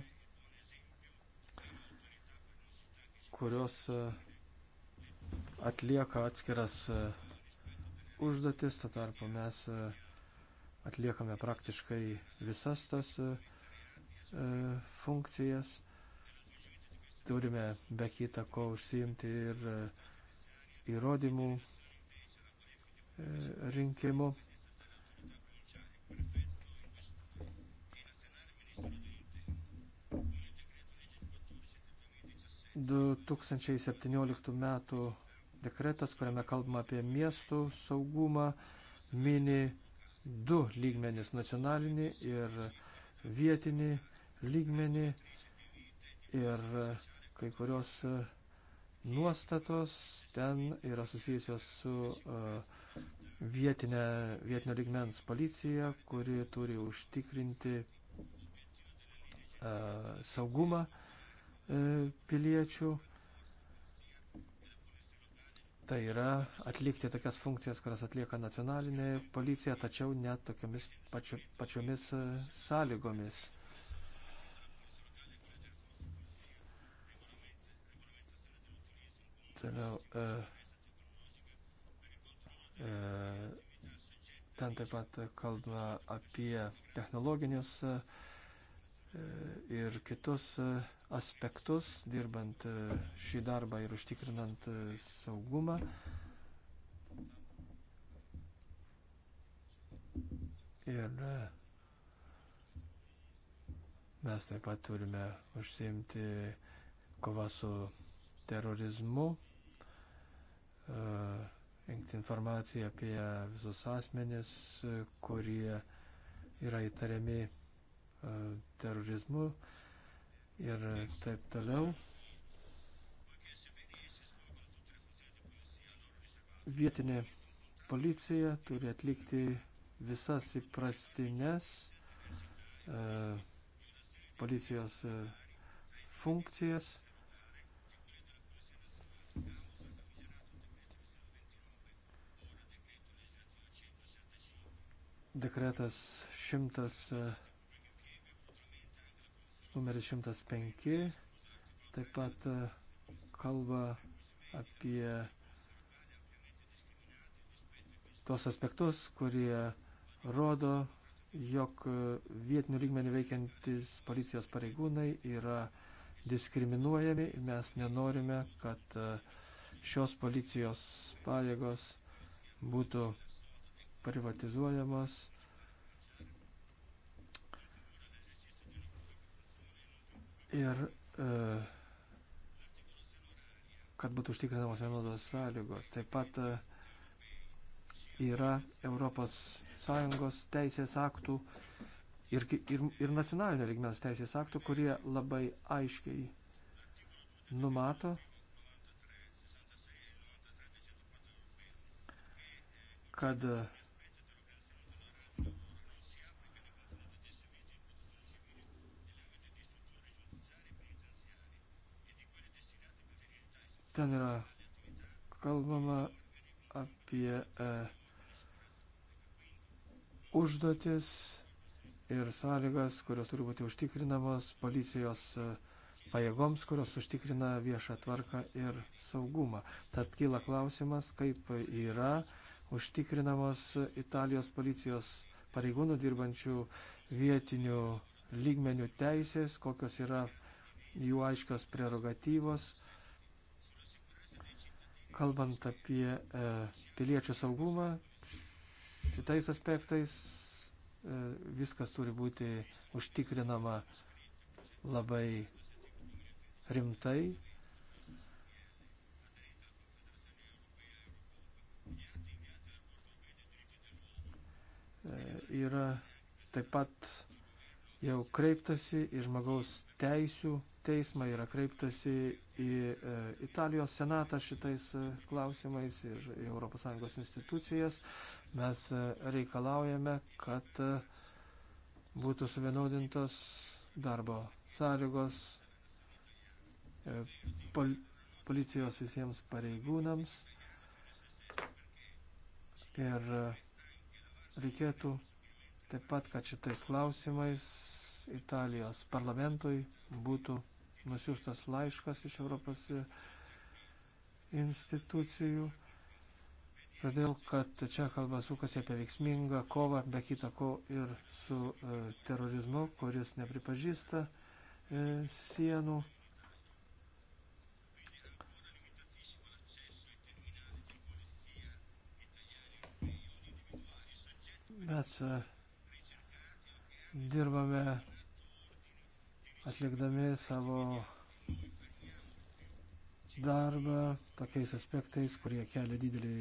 Speaker 4: kurios e, atlieka atskiras e, užduotis, tuo tarpu mes e, atliekame praktiškai visas tas funkcijas turime be kita ko užsiimti ir įrodymų e, rinkimu. Du 2017 metų dekretas, kuriame kalbama apie miestų saugumą, mini du lygmenis - nacionalinį ir vietinį lygmenį ir kai kurios nuostatos ten yra susijusios su e, vietinė, vietinio ligmens policija, kuri turi užtikrinti e, saugumą e, piliečių. Tai yra atlikti tokias funkcijas, kurias atlieka nacionalinė policija, tačiau net tokiamis pačio, pačiomis sąlygomis. Toliau. E, e, ten taip pat kalba apie technologinius e, ir kitus e, aspektus, dirbant e, šį darbą ir užtikrinant e, saugumą. Ir mes taip pat turime užsiimti kova su terorizmu E, rinkti informaciją apie visus asmenis, e, kurie yra įtariami e, terorizmu ir taip toliau. Vietinė policija turi atlikti visas įprastinės e, policijos funkcijas dekretas 100, e, numeris 105, taip pat e, kalba apie tos aspektus, kurie rodo, jog vietinių lygmenių veikiantis policijos pareigūnai yra diskriminuojami. Mes nenorime, kad e, šios policijos pajėgos būtų privatizuojamos. Ir e, kad būtų užtikrinamos vienodos sąlygos. Taip pat e, yra ES teisės aktų ir, ir, ir nacionalinio lygmens teisės aktų, kurie labai aiškiai numato, kad e, Ten yra kalbama apie e, užduotis ir sąlygas, kurios turi būti užtikrinamos policijos e, pajėgoms, kurios užtikrina viešą tvarką ir saugumą. Tad kyla klausimas, kaip yra užtikrinamos Italijos policijos pareigūnų dirbančių vietinių lygmenių teisės, kokios yra jų aiškios prerogatyvos kalbant apie e, piliečių saugumą, šitais aspektais e, viskas turi būti užtikrinama labai rimtai. E, yra taip pat jau kreiptasi į žmogaus teisų teismą, yra kreiptasi į e, Italijos senatą šitais e, klausimais ir į ES institucijas. Mes e, reikalaujame, kad būtų suvienodintos darbo sąlygos pol policijos visiems pareigūnams ir reikėtų taip pat, kad šitais klausimais Italijos parlamentui būtų nusiųstas laiškas iš Europos e, institucijų, todėl kad čia kalba sukasi apie veiksmingą kovą, be kita ko ir su e, terorizmu, kuris nepripažįsta e, sienų. Mes e, dirbame atlikdami savo darbą tokiais aspektais, kurie kelia didelį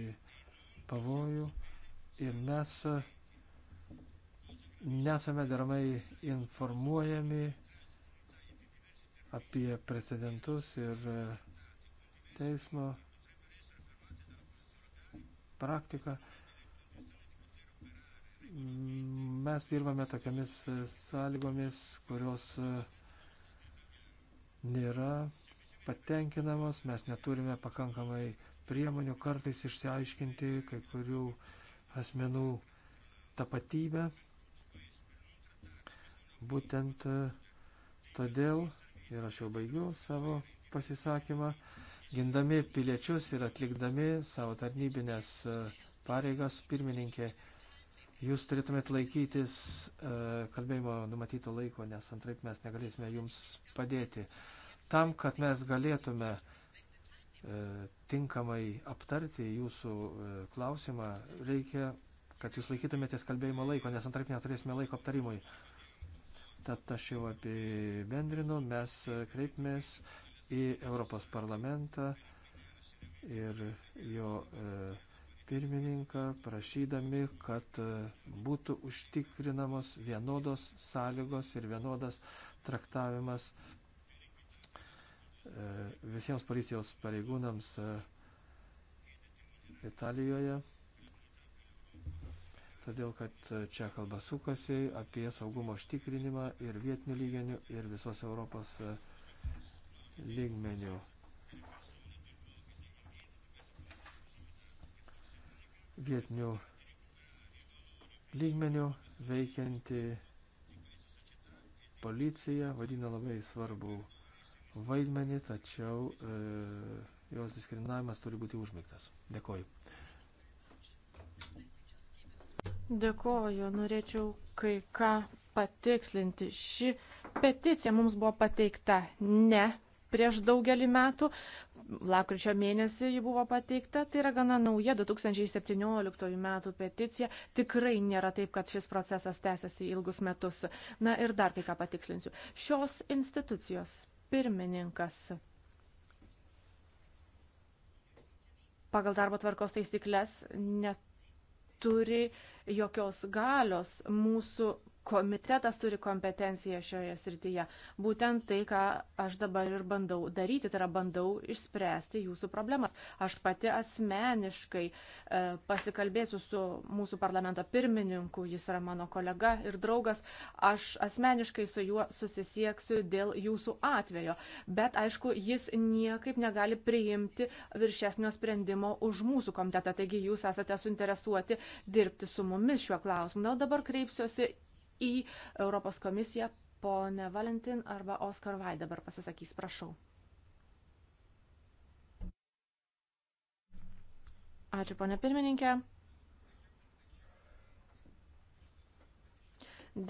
Speaker 4: pavojų. Ir mes nesame deramai informuojami apie precedentus ir teismo praktiką. Mes dirbame tokiamis sąlygomis, kurios uh, nėra patenkinamos, mes neturime pakankamai priemonių kartais išsiaiškinti kai kurių asmenų tapatybę. Būtent e, todėl, ir aš jau baigiu savo pasisakymą, gindami piliečius ir atlikdami savo tarnybinės e, pareigas pirmininkė Jūs turėtumėt laikytis e, kalbėjimo numatyto laiko, nes antraip mes negalėsime jums padėti. Tam, kad mes galėtume e, tinkamai aptarti jūsų e, klausimą, reikia, kad jūs laikytumėtės kalbėjimo laiko, nes antraip neturėsime laiko aptarimui. Tad aš jau apibendrinu, mes kreipmės į Europos parlamentą ir jo e, pirmininką, prašydami, kad e, būtų užtikrinamos vienodos sąlygos ir vienodas traktavimas e, visiems policijos pareigūnams e, Italijoje. Todėl, kad čia kalba sukasi apie saugumo užtikrinimą ir vietinių lygmenių, ir visos Europos lygmenių. vietinių lygmenių veikianti policija vadina labai svarbu vaidmenį, tačiau e, jos diskriminavimas turi būti užmygtas. Dėkoju.
Speaker 5: Dėkoju. Norėčiau kai ką patikslinti. Ši peticija mums buvo pateikta ne prieš daugelį metų. Lapkričio mėnesį ji buvo pateikta, tai yra gana nauja 2017 metų peticija. Tikrai nėra taip, kad šis procesas tęsiasi ilgus metus. Na ir dar kai ką patikslinsiu. Šios institucijos pirmininkas pagal darbo tvarkos taisyklės neturi jokios galios mūsų komitetas turi kompetenciją šioje srityje. Būtent tai, ką aš dabar ir bandau daryti, tai yra bandau išspręsti jūsų problemas. Aš pati asmeniškai e, pasikalbėsiu su mūsų parlamento pirmininku, jis yra mano kolega ir draugas. Aš asmeniškai su juo susisieksiu dėl jūsų atvejo. Bet aišku, jis niekaip negali priimti viršesnio sprendimo už mūsų komitetą. Taigi jūs esate suinteresuoti dirbti su mumis šiuo klausimu. Na, dabar kreipsiuosi į Europos komisiją. Pone Valentin arba Oskar Vai dabar pasisakys, prašau. Ačiū, ponė pirmininkė.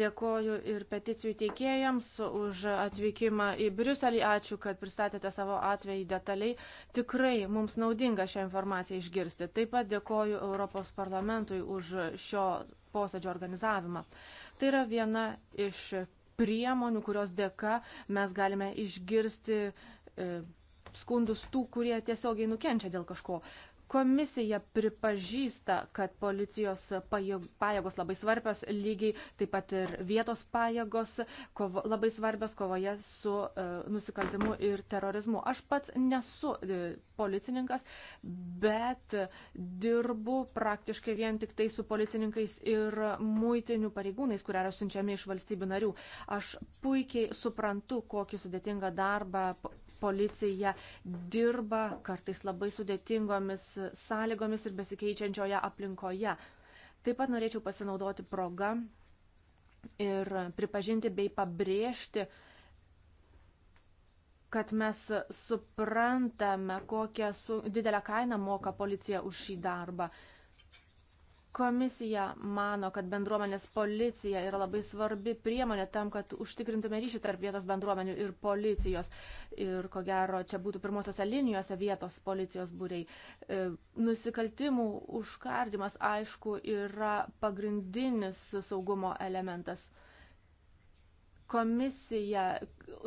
Speaker 5: Dėkoju ir peticijų teikėjams už atvykimą į Briuselį. Ačiū, kad pristatėte savo atvejį detaliai. Tikrai mums naudinga šią informaciją išgirsti. Taip pat dėkoju Europos parlamentui už šio posėdžio organizavimą. Tai yra viena iš priemonių, kurios dėka mes galime išgirsti e, skundus tų, kurie tiesiogiai nukenčia dėl kažko. Komisija pripažįsta, kad policijos pajėgos labai svarbios, lygiai taip pat ir vietos pajėgos kovo, labai svarbios kovoje su e, nusikaltimu ir terorizmu. Aš pats nesu e, policininkas, bet dirbu praktiškai vien tik tai su policininkais ir muitinių pareigūnais, kurie yra siunčiami iš valstybių narių. Aš puikiai suprantu, kokį sudėtingą darbą policija dirba kartais labai sudėtingomis sąlygomis ir besikeičiančioje aplinkoje. Taip pat norėčiau pasinaudoti progą ir pripažinti bei pabrėžti, kad mes suprantame, kokią su, didelę kainą moka policija už šį darbą. Uh, Komisija mano, kad bendruomenės policija yra labai svarbi priemonė tam, kad užtikrintume ryšį tarp vietos bendruomenių ir policijos. Ir ko gero, čia būtų pirmosiose linijose vietos policijos būriai. E, nusikaltimų užkardimas, aišku, yra pagrindinis saugumo elementas komisija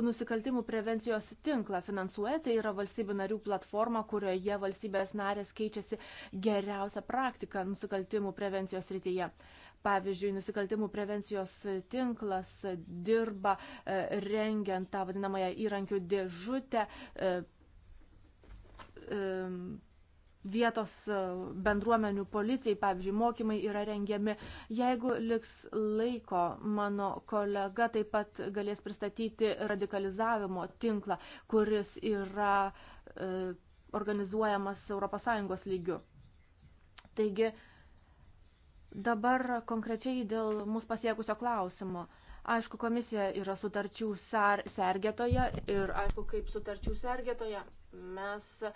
Speaker 5: nusikaltimų prevencijos tinklą finansuoja, tai yra valstybių narių platforma, kurioje valstybės narės keičiasi geriausią praktiką nusikaltimų prevencijos rytyje. Pavyzdžiui, nusikaltimų prevencijos tinklas dirba e, rengiant tą vadinamąją įrankių dėžutę e, e, vietos e, bendruomenių policijai, pavyzdžiui, mokymai yra rengiami. Jeigu liks laiko, mano kolega taip pat galės pristatyti radikalizavimo tinklą, kuris yra e, organizuojamas ES lygiu. Taigi, dabar konkrečiai dėl mūsų pasiekusio klausimo. Aišku, komisija yra sutarčių ser sergėtoja ir aišku, kaip sutarčių sergėtoja mes uh,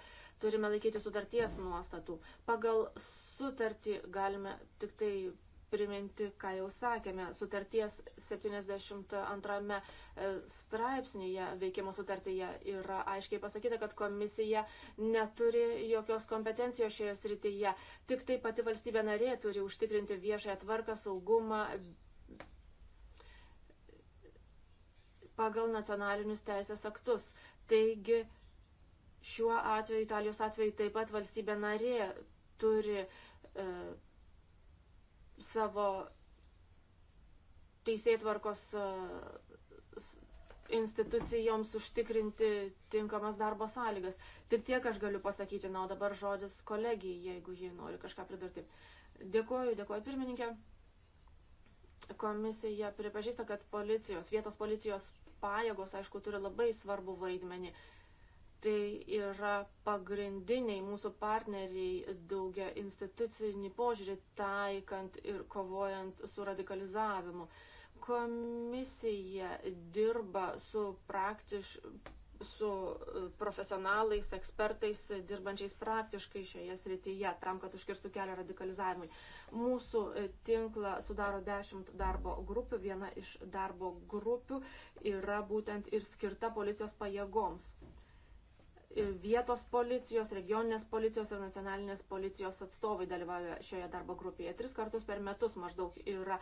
Speaker 5: turime laikyti sutarties nuostatų. Pagal sutartį galime tik tai priminti, ką jau sakėme, sutarties 72 straipsnėje veikimo sutartyje yra aiškiai pasakyta, kad komisija neturi jokios kompetencijos šioje srityje. Tik tai pati valstybė narė turi užtikrinti viešąją tvarką, saugumą pagal nacionalinius teisės aktus. Taigi Šiuo atveju, Italijos atveju, taip pat valstybė narė turi e, savo teisėtvarkos e, institucijoms užtikrinti tinkamas darbo sąlygas. Tik tiek aš galiu pasakyti, na, o dabar žodis kolegijai, jeigu ji nori kažką pridurti. Dėkuoju, dėkuoju pirmininkė. Komisija pripažįsta, kad policijos, vietos policijos pajėgos, aišku, turi labai svarbu vaidmenį Tai yra pagrindiniai mūsų partneriai daugia institucinį požiūrį taikant ir kovojant su radikalizavimu. Komisija dirba su praktiš, su e, profesionalais, ekspertais, dirbančiais praktiškai šioje srityje, tam, kad užkirstų kelią radikalizavimui. Mūsų e, tinklą sudaro dešimt darbo grupių. Viena iš darbo grupių yra būtent ir skirta policijos pajėgoms vietos policijos, regioninės policijos ir nacionalinės policijos atstovai dalyvauja šioje darbo grupėje. Tris kartus per metus maždaug yra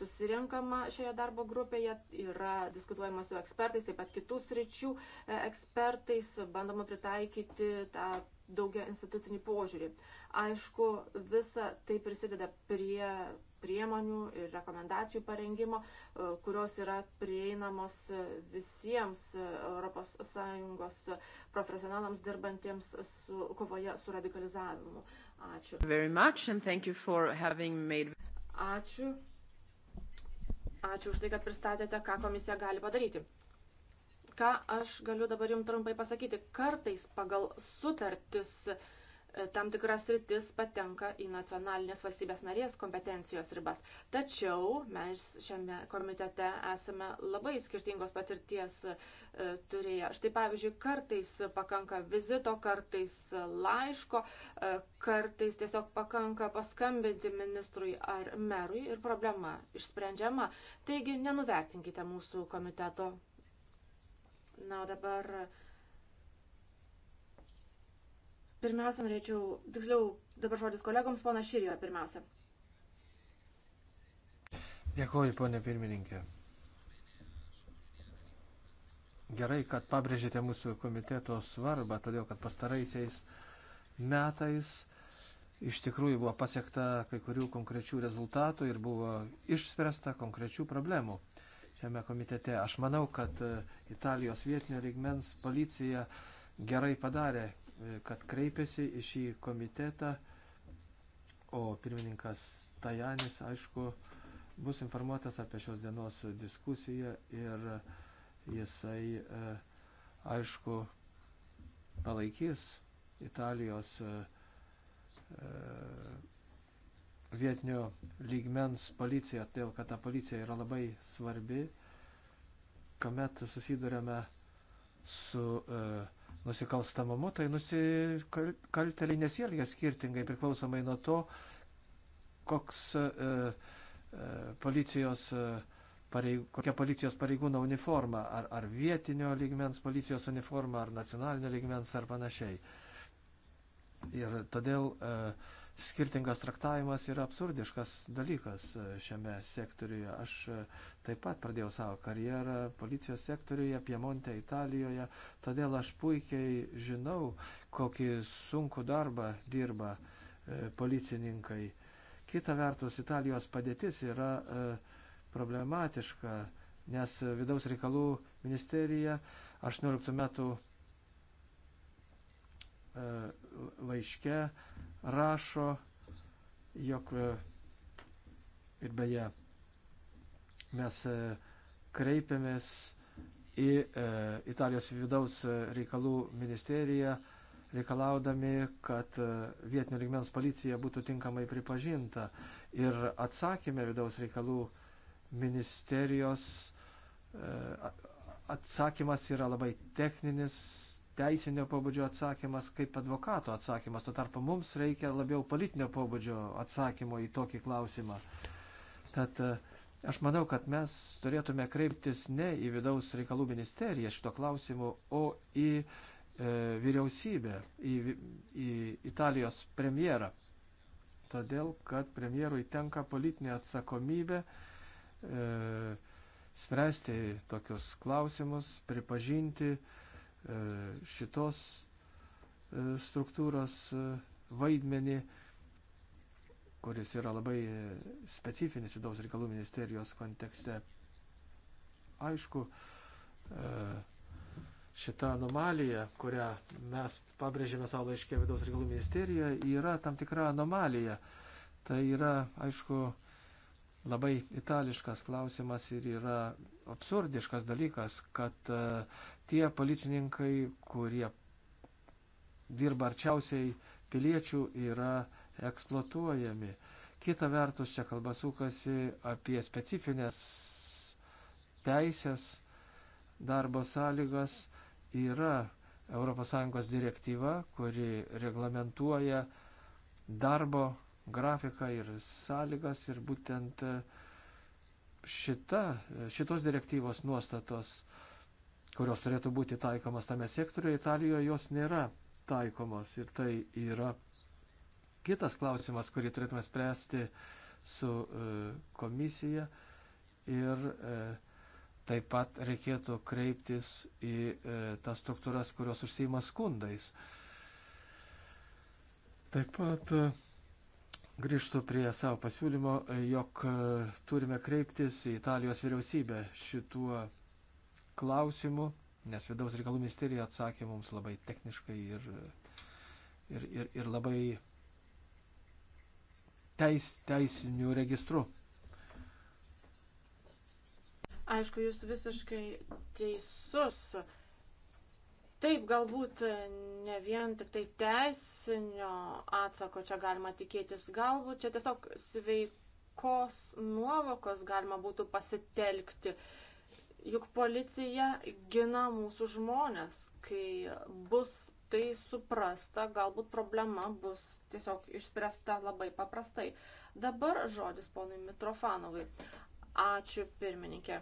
Speaker 5: susirinkama šioje darbo grupėje, yra diskutuojama su ekspertais, taip pat kitų sričių e, ekspertais, bandoma pritaikyti tą daugia institucinį požiūrį. Aišku, visa tai prisideda prie priemonių ir rekomendacijų parengimo, e, kurios yra prieinamos e, visiems e, ES profesionalams dirbantiems su, kovoje su radikalizavimu. Ačiū. Made... Ačiū. Ačiū už tai, kad pristatėte, ką komisija gali padaryti. Ką aš galiu dabar jums trumpai pasakyti? Kartais pagal sutartis uh, E, tam tikras rytis patenka į nacionalinės valstybės narės kompetencijos ribas. Tačiau mes šiame komitete esame labai skirtingos patirties e, turėję. Štai pavyzdžiui, kartais pakanka vizito, kartais laiško, e, kartais tiesiog pakanka paskambinti ministrui ar merui ir problema išsprendžiama. Taigi nenuvertinkite mūsų komiteto. Na, o dabar uh, Pirmiausia, norėčiau, tiksliau, dabar žodis kolegoms, pona Širijo pirmiausia.
Speaker 4: Dėkuoju, ponė pirmininkė. Gerai, kad pabrėžėte mūsų komiteto svarbą, todėl kad pastaraisiais metais iš tikrųjų buvo pasiekta kai kurių konkrečių rezultatų ir buvo išspręsta konkrečių problemų šiame komitete. Aš manau, kad Italijos vietinio lygmens policija gerai padarė, kad kreipėsi į šį komitetą, o pirmininkas Tajanis, aišku, bus informuotas apie šios dienos diskusiją ir jisai, e, aišku, palaikys Italijos e, e, vietinio lygmens policiją, todėl kad ta policija yra labai svarbi, kuomet susidurėme su uh, nusikalstamumu, tai nusikalteliai nesielgia skirtingai priklausomai nuo to, koks e, e, policijos e, pareig, kokia policijos pareigūno uniforma, ar, ar vietinio lygmens policijos uniforma, ar nacionalinio lygmens, ar panašiai. Ir todėl e, skirtingas traktavimas yra absurdiškas dalykas šiame sektoriuje. Aš taip pat pradėjau savo karjerą policijos sektoriuje, Piemonte, Italijoje, todėl aš puikiai žinau, kokį sunkų darbą dirba e, policininkai. Kita vertus, Italijos padėtis yra e, problematiška, nes vidaus reikalų ministerija 18 metų e, laiške rašo, jog e, ir beje mes e, kreipiamės į e, Italijos vidaus reikalų ministeriją, reikalaudami, kad vietinio lygmens policija būtų tinkamai pripažinta. Ir atsakymė vidaus reikalų ministerijos atsakymas yra labai techninis, teisinio pobūdžio atsakymas, kaip advokato atsakymas. Tuo tarpu mums reikia labiau politinio pobūdžio atsakymo į tokį klausimą. Tad e, aš manau, kad mes turėtume kreiptis ne į vidaus reikalų ministeriją šito klausimu, o į e, vyriausybę, į, į Italijos premjerą. Todėl, kad premjerui tenka politinė atsakomybė. E, spręsti tokius klausimus, pripažinti uh, E, šitos e, struktūros e, vaidmenį, kuris yra labai specifinis vidaus reikalų ministerijos kontekste. Aišku, šita anomalija, kurią mes pabrėžėme savo laiškė vidaus reikalų ministerija, yra tam tikra anomalija. Tai yra, aišku, labai itališkas klausimas ir yra absurdiškas dalykas, kad tie policininkai, kurie dirba arčiausiai piliečių, yra eksploatuojami. Kita vertus, čia kalba sukasi apie specifines teisės, darbo sąlygas, yra ES direktyva, kuri reglamentuoja darbo grafiką ir sąlygas ir būtent šita, šitos direktyvos nuostatos kurios turėtų būti taikomos tame sektoriuje, Italijoje jos nėra taikomos. Ir tai yra kitas klausimas, kurį turėtume spręsti su e, komisija. Ir e, taip pat reikėtų kreiptis į e, tas struktūras, kurios užsima skundais. Taip pat grįžtų prie savo pasiūlymo, jog turime kreiptis į Italijos vyriausybę šituo klausimų, nes vidaus reikalų ministerija atsakė mums labai techniškai ir, ir, ir, ir labai teis, teisinių registrų.
Speaker 5: Aišku, jūs visiškai teisus. Taip, galbūt ne vien tik tai teisinio atsako čia galima tikėtis, galbūt čia tiesiog sveikos nuovokos galima būtų pasitelkti. Uh, Juk policija gina mūsų žmonės, kai bus tai suprasta, galbūt problema bus tiesiog išspręsta labai paprastai. Dabar žodis ponui Mitrofanovui. Ačiū pirmininkė.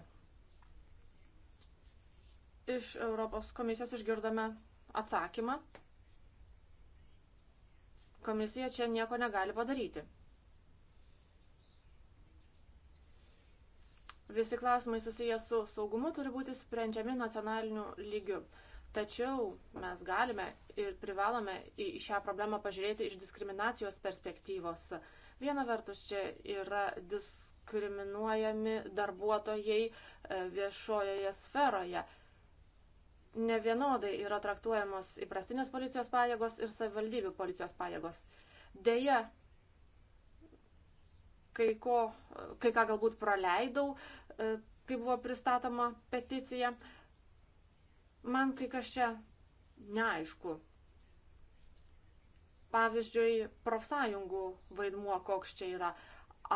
Speaker 5: Iš Europos komisijos išgirdome atsakymą. Komisija čia nieko negali padaryti. Visi klausimai susijęs su saugumu turi būti sprendžiami nacionaliniu lygiu. Tačiau mes galime ir privalome į šią problemą pažiūrėti iš diskriminacijos perspektyvos. Viena vertus čia yra diskriminuojami darbuotojai e, viešojoje sferoje. Nevienodai yra traktuojamos įprastinės policijos pajėgos ir savivaldybių policijos pajėgos. Deja, kai, ko, kai ką galbūt praleidau, E, kai buvo pristatoma peticija. Man kai kas čia neaišku. Pavyzdžiui, profsąjungų vaidmuo koks čia yra.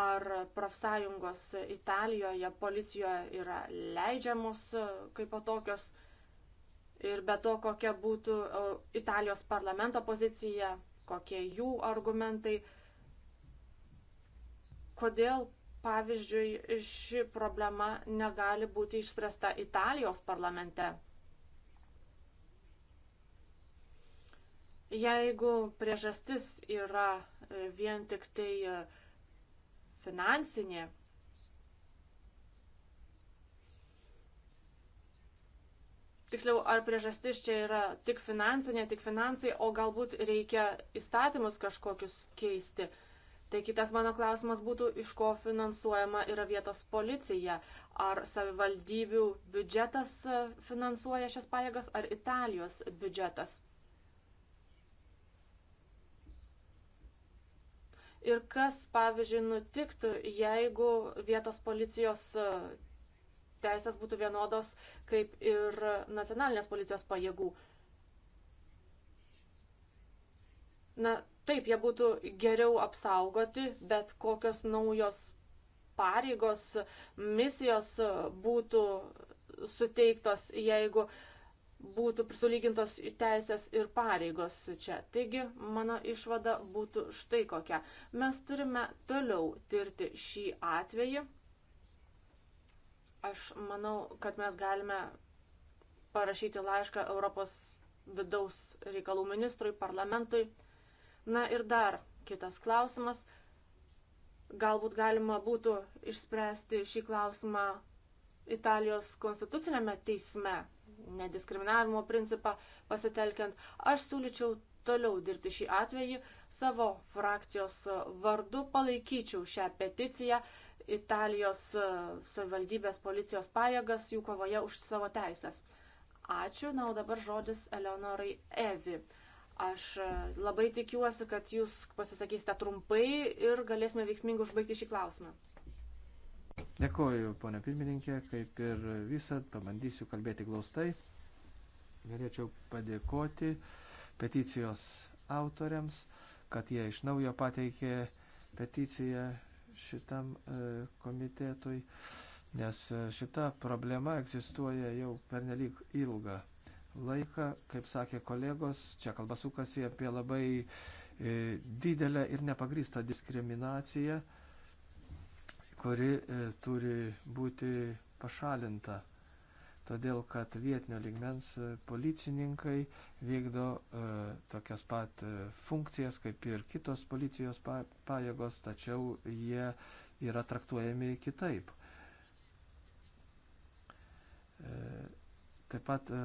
Speaker 5: Ar profsąjungos Italijoje, policijoje yra leidžiamos e, kaip patokios ir be to, kokia būtų e, Italijos parlamento pozicija, kokie jų argumentai, kodėl Pavyzdžiui, ši problema negali būti išspręsta Italijos parlamente. Jeigu priežastis yra e, vien tik tai e, finansinė, tiksliau, ar priežastis čia yra tik finansinė, tik finansai, o galbūt reikia įstatymus kažkokius keisti. Tai kitas mano klausimas būtų, iš ko finansuojama yra vietos policija? Ar savivaldybių biudžetas e, finansuoja šias pajėgas, ar Italijos biudžetas? Ir kas, pavyzdžiui, nutiktų, jeigu vietos policijos e, teisės būtų vienodos kaip ir nacionalinės policijos pajėgų? Na, Taip, jie būtų geriau apsaugoti, bet kokios naujos pareigos, misijos būtų suteiktos, jeigu būtų sulygintos teisės ir pareigos čia. Taigi, mano išvada būtų štai kokia. Mes turime toliau tirti šį atvejį. Aš manau, kad mes galime parašyti laišką Europos vidaus reikalų ministrui, parlamentui. Na ir dar kitas klausimas. Galbūt galima būtų išspręsti šį klausimą Italijos konstitucinėme teisme, nediskriminavimo principą pasitelkiant. Aš siūlyčiau toliau dirbti šį atvejį, savo frakcijos vardu palaikyčiau šią peticiją Italijos savivaldybės policijos pajėgas jų kovoje už savo teisės. Ačiū, na o dabar žodis Eleonorai Evi. Aš e, labai tikiuosi, kad jūs pasisakysite trumpai ir galėsime veiksmingai užbaigti šį klausimą.
Speaker 4: Dėkuoju, ponė pirmininkė, kaip ir visad, pabandysiu kalbėti glaustai. Norėčiau padėkoti peticijos autoriams, kad jie iš naujo pateikė peticiją šitam e, komitetui, nes e, šita problema egzistuoja jau pernelyg ilgą laiką, kaip sakė kolegos, čia kalba sukasi apie labai e, didelę ir nepagrįstą diskriminaciją, kuri e, turi būti pašalinta. Todėl, kad vietinio ligmens e, policininkai vykdo e, tokias pat funkcijas kaip ir kitos policijos pajėgos, tačiau jie yra traktuojami kitaip. E, taip pat e,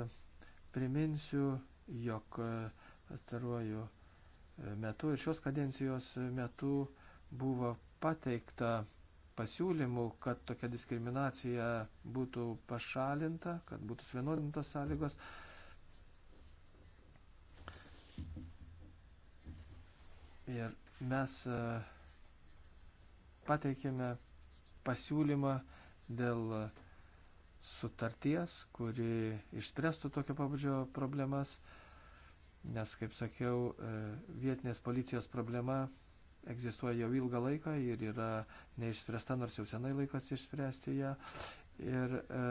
Speaker 4: Priminsiu, jog e, pastaruoju e, metu ir šios kadencijos metu buvo pateikta pasiūlymų, kad tokia diskriminacija būtų pašalinta, kad būtų suvienodintos sąlygos. Ir mes e, pateikėme pasiūlymą dėl uh, sutarties, kuri išspręstų tokio pabudžio problemas, nes, kaip sakiau, e, vietinės policijos problema egzistuoja jau ilgą laiką ir yra neišspręsta, nors jau senai laikas išspręsti ją. Ir e,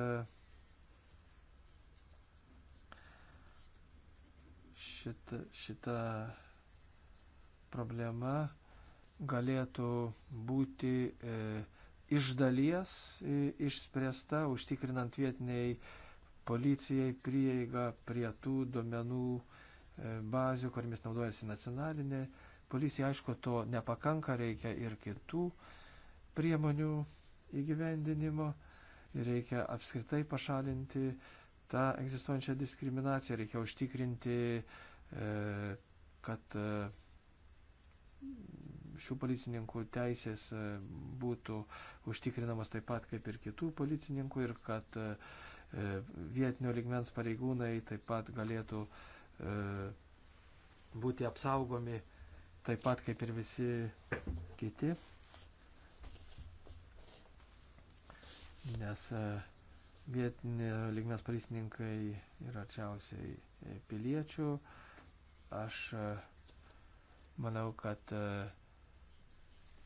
Speaker 4: šita, šita problema galėtų būti e, iš dalies išspręsta, užtikrinant vietiniai policijai prieigą prie tų duomenų e, bazių, kuriamis naudojasi nacionalinė policija. Aišku, to nepakanka, reikia ir kitų priemonių įgyvendinimo, reikia apskritai pašalinti tą egzistuojančią diskriminaciją, reikia užtikrinti, e, kad šių policininkų teisės e, būtų užtikrinamos taip pat kaip ir kitų policininkų ir kad e, vietinio ligmens pareigūnai taip pat galėtų e, būti apsaugomi taip pat kaip ir visi kiti. Nes vietinio ligmens policininkai yra arčiausiai piliečių. Aš manau, kad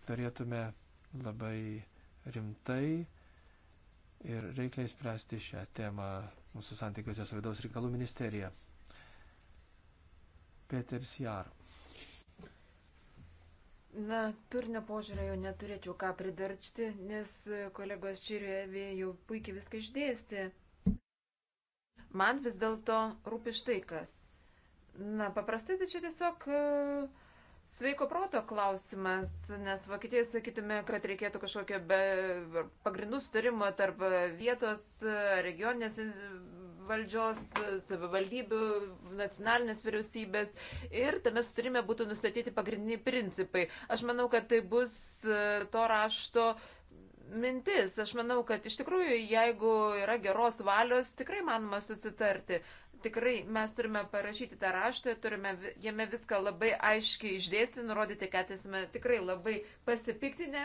Speaker 4: turėtume labai rimtai ir reikia įspręsti šią temą mūsų santykiuose su vidaus reikalų ministerija. Peters Jar.
Speaker 2: Na, turinio požiūrio jau neturėčiau ką pridarčti, nes kolegos Čirėvė jau puikiai viską išdėstė. Man vis dėlto rūpi štai kas. Na, paprastai tai čia tiesiog uh, sveiko proto klausimas, nes Vokietijoje sakytume, kad reikėtų kažkokio be pagrindų sutarimo tarp vietos, regioninės valdžios, savivaldybių, nacionalinės vyriausybės ir tame sutarime būtų nustatyti pagrindiniai principai. Aš manau, kad tai bus e, to rašto mintis. Aš manau, kad iš tikrųjų, jeigu yra geros valios, tikrai manoma susitarti tikrai mes turime parašyti tą raštą, turime jame viską labai aiškiai išdėsti, nurodyti, kad esame tikrai labai pasipiktinę,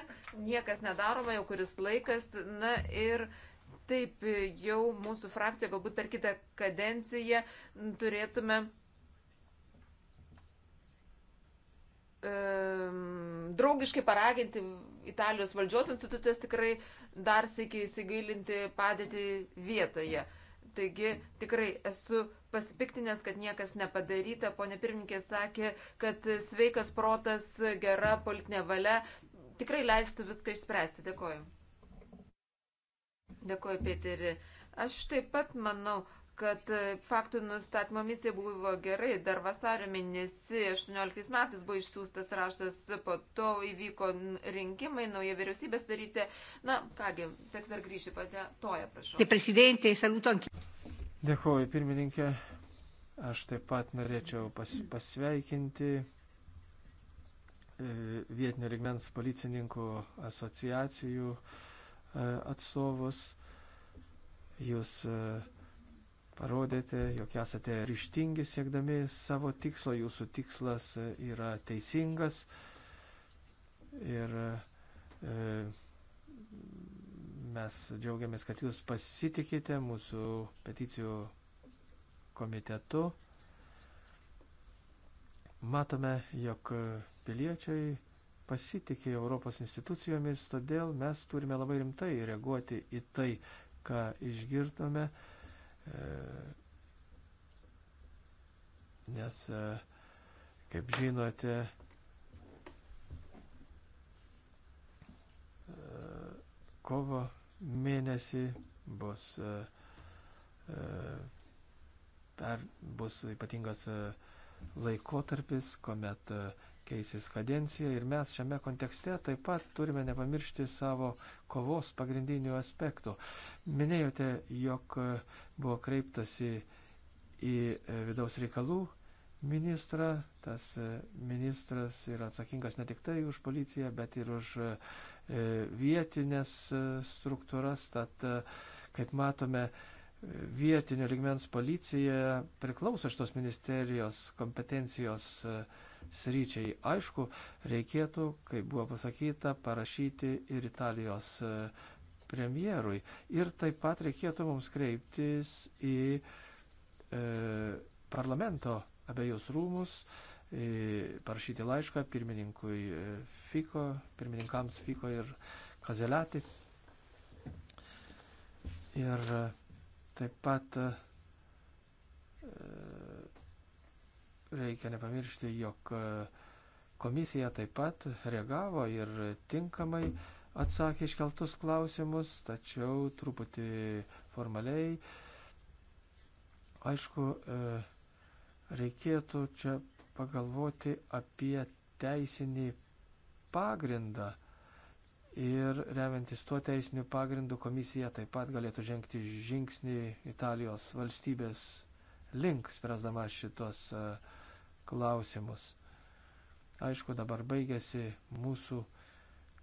Speaker 2: niekas nedaroma jau kuris laikas. Na ir taip jau mūsų frakcija galbūt per kitą kadenciją turėtume draugiškai paraginti Italijos valdžios institucijas tikrai dar sėkiai įsigailinti padėti vietoje. Uh, Taigi tikrai esu pasipiktinęs, kad niekas nepadaryta. Pone pirmininkė sakė, kad sveikas protas, gera politinė valia tikrai leistų viską išspręsti. Dėkoju. Dėkoju, Pėteri. Aš taip pat manau, kad e, faktų nustatymo misija buvo gerai. Dar vasario mėnesį 18 metais buvo išsiųstas raštas, po to įvyko rinkimai, nauja vyriausybė sudaryti. Na, kągi, teks dar grįžti, pate toje,
Speaker 4: prašau. Dėkuoju, pirmininkė. Aš taip pat norėčiau pas, pasveikinti e, vietinio ligmens policininkų asociacijų e, atstovus. Jūs uh, parodėte, jog esate ryštingi siekdami savo tikslo, jūsų tikslas yra teisingas ir e, mes džiaugiamės, kad jūs pasitikite mūsų peticijų komitetu. Matome, jog piliečiai pasitikė Europos institucijomis, todėl mes turime labai rimtai reaguoti į tai, ką išgirdome. E, E, nes, e, kaip žinote, e, kovo mėnesį bus, per, bus ypatingas laikotarpis, kuomet keisis kadencija ir mes šiame kontekste taip pat turime nepamiršti savo kovos pagrindinių aspektų. Minėjote, jog e, buvo kreiptasi į e, vidaus reikalų ministrą, tas e, ministras yra atsakingas ne tik tai už policiją, bet ir už vietinės struktūras, tad kaip matome, vietinio ligmens policija priklauso šitos ministerijos kompetencijos uh, sryčiai. Aišku, reikėtų, kaip buvo pasakyta, parašyti ir Italijos e, premjerui. Ir taip pat reikėtų mums kreiptis į e, parlamento abiejus rūmus, e, parašyti laišką pirmininkui e, Fiko, pirmininkams Fiko ir Kazelati. Ir e, taip pat e, Reikia nepamiršti, jog e, komisija taip pat reagavo ir tinkamai atsakė iškeltus klausimus, tačiau truputį formaliai, aišku, e, reikėtų čia pagalvoti apie teisinį pagrindą. Ir remiantis tuo teisiniu pagrindu komisija taip pat galėtų žengti žingsnį Italijos valstybės link, spręsdama šitos uh, klausimus. Aišku, dabar baigėsi mūsų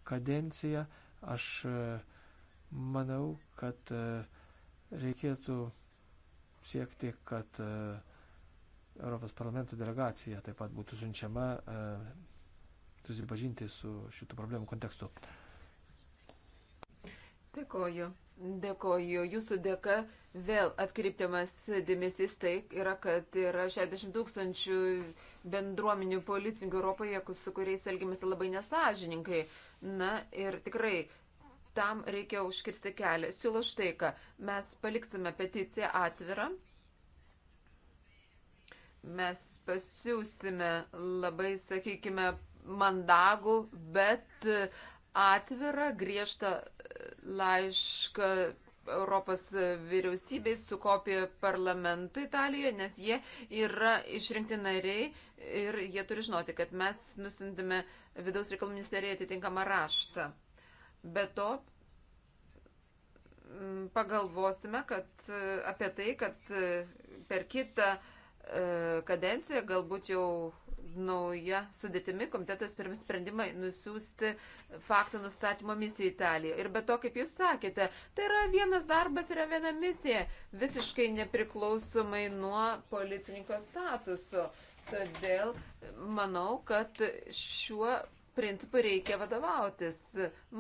Speaker 4: kadencija. Aš e, manau, kad e, reikėtų siekti, kad e, Europos parlamento delegacija taip pat būtų siunčiama susipažinti su šitų problemų kontekstu.
Speaker 2: Dėkoju. Dėkoju. Jūsų dėka vėl atkreiptiamas dėmesys tai yra, kad yra 60 tūkstančių bendruomenių policininkų Europoje, su kuriais elgiamasi labai nesažininkai. Na ir tikrai tam reikia užkirsti kelią. Siūlau štai ką. Mes paliksime peticiją atvirą. Mes pasiūsime labai, sakykime, mandagų, bet uh, atvirą, griežtą laišką Europos vyriausybei, su kopija parlamentu Italijoje, nes jie yra išrinkti nariai ir jie turi žinoti, kad mes nusintame vidaus reikalų ministerijai atitinkamą raštą. Be to, pagalvosime kad, apie tai, kad per kitą e, kadenciją galbūt jau nauja sudėtimi komitetas prims sprendimą nusiųsti faktų nustatymo misiją į Italiją. Ir be to, kaip jūs sakėte, tai yra vienas darbas, yra viena misija, visiškai nepriklausomai nuo policininko statuso. Todėl manau, kad šiuo principu reikia vadovautis.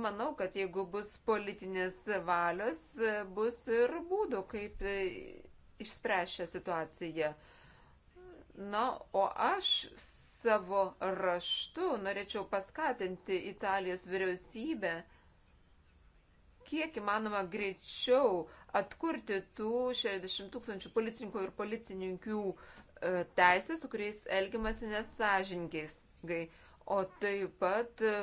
Speaker 2: Manau, kad jeigu bus politinės valios, bus ir būdų, kaip išspręs šią situaciją. Na, o aš savo raštu norėčiau paskatinti Italijos vyriausybę kiek įmanoma greičiau atkurti tų 60 tūkstančių policininkų ir policininkių e, teisės, su kuriais elgiamasi nesažingai, o taip pat e,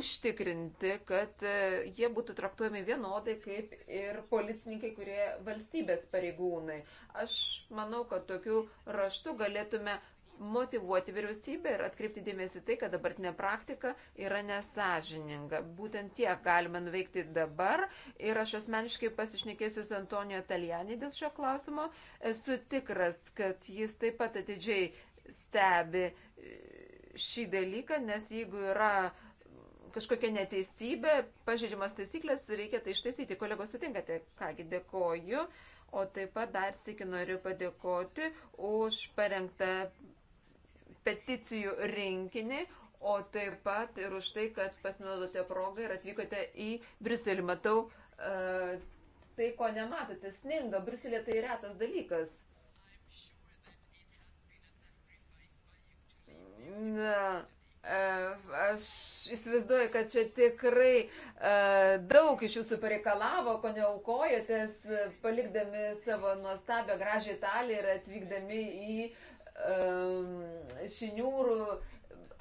Speaker 2: užtikrinti, kad e, jie būtų traktuojami vienodai kaip ir policininkai, kurie valstybės pareigūnai. Aš manau, kad tokiu raštu galėtume motivuoti vyriausybę ir atkreipti dėmesį tai, kad dabartinė praktika yra nesažininga. Būtent tiek galime nuveikti dabar ir aš asmeniškai pasišnekėsiu su Antonijo Talianį dėl šio klausimo. Esu tikras, kad jis taip pat atidžiai stebi e, šį dalyką, nes jeigu yra kažkokia neteisybė, pažeidžiamas taisyklės, reikia tai ištaisyti. Kolegos sutinkate, kągi dėkoju. O taip pat dar sėki noriu padėkoti už parengtą peticijų rinkinį, o taip pat ir už tai, kad pasinaudote progą ir atvykote į Briuselį. Matau, e, tai, ko nematote, sninga. Briuselė tai retas dalykas. Na, e, aš įsivaizduoju, kad čia tikrai e, daug iš jūsų pareikalavo, ko neaukojotės, palikdami savo nuostabią gražią Italiją ir atvykdami į uh, šiniūrų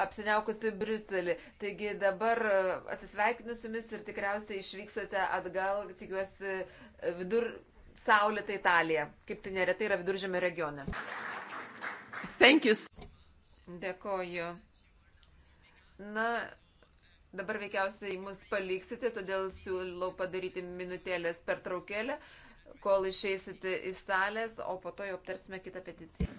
Speaker 2: apsiniaukusi Briuselį. Taigi dabar atsisveikinu su jumis ir tikriausiai išvyksate atgal, tikiuosi, vidur saulėtą Italiją, kaip tai neretai yra viduržėmio regione. Thank you. Dėkoju. Na, dabar veikiausiai mus paliksite, todėl siūlau padaryti minutėlės pertraukėlę, kol išeisite iš salės, o po to jau aptarsime kitą peticiją.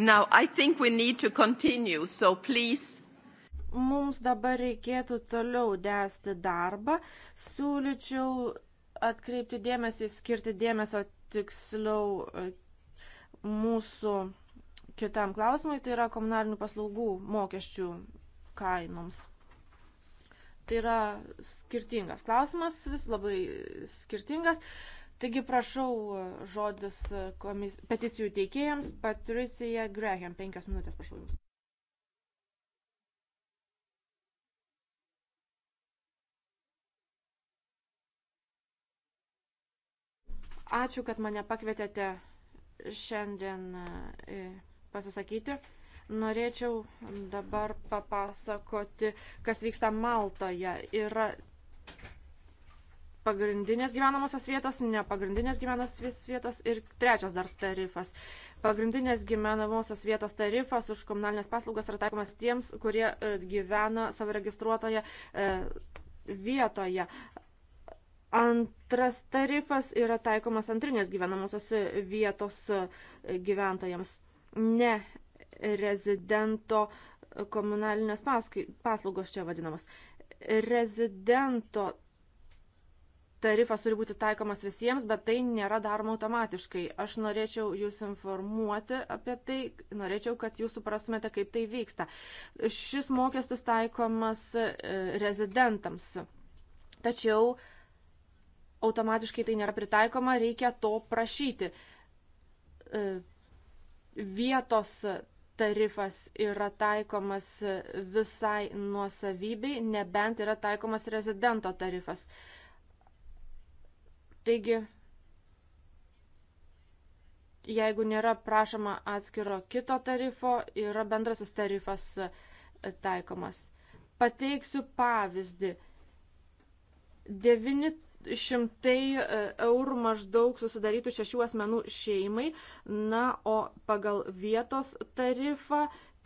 Speaker 1: Now, I think we need to continue, so
Speaker 5: please. Mums dabar reikėtų toliau dęsti darbą. Siūlyčiau atkreipti dėmesį, skirti dėmesio tiksliau e, mūsų kitam klausimui, tai yra komunalinių paslaugų mokesčių kainoms. Tai yra skirtingas klausimas, vis labai skirtingas. Uh, Taigi prašau e, žodis e, komis... peticijų teikėjams. Patricija Graham, penkias minutės, prašau jums. Ačiū, kad mane pakvietėte šiandien e, pasisakyti. Norėčiau dabar papasakoti, kas vyksta Maltoje. Yra pagrindinės gyvenamosios vietos, nepagrindinės gyvenamosios vietos ir trečias dar tarifas. Pagrindinės gyvenamosios vietos tarifas už komunalinės paslaugas yra taikomas tiems, kurie e, gyvena savaregistruotoje e, vietoje. Antras tarifas yra taikomas antrinės gyvenamosios vietos e, gyventojams, ne rezidento komunalinės paslaugos čia vadinamos. Rezidento tarifas turi būti taikomas visiems, bet tai nėra daroma automatiškai. Aš norėčiau jūs informuoti apie tai, norėčiau, kad jūs suprastumėte, kaip tai vyksta. Šis mokestis taikomas e, rezidentams. Tačiau automatiškai tai nėra pritaikoma, reikia to prašyti. E, vietos tarifas yra taikomas visai nuosavybei, nebent yra taikomas rezidento tarifas. Uh, Taigi, jeigu nėra prašoma atskiro kito tarifo, yra bendrasis tarifas e, taikomas. Pateiksiu pavyzdį. 900 e, eurų maždaug susidarytų šešių asmenų šeimai, na, o pagal vietos tarifą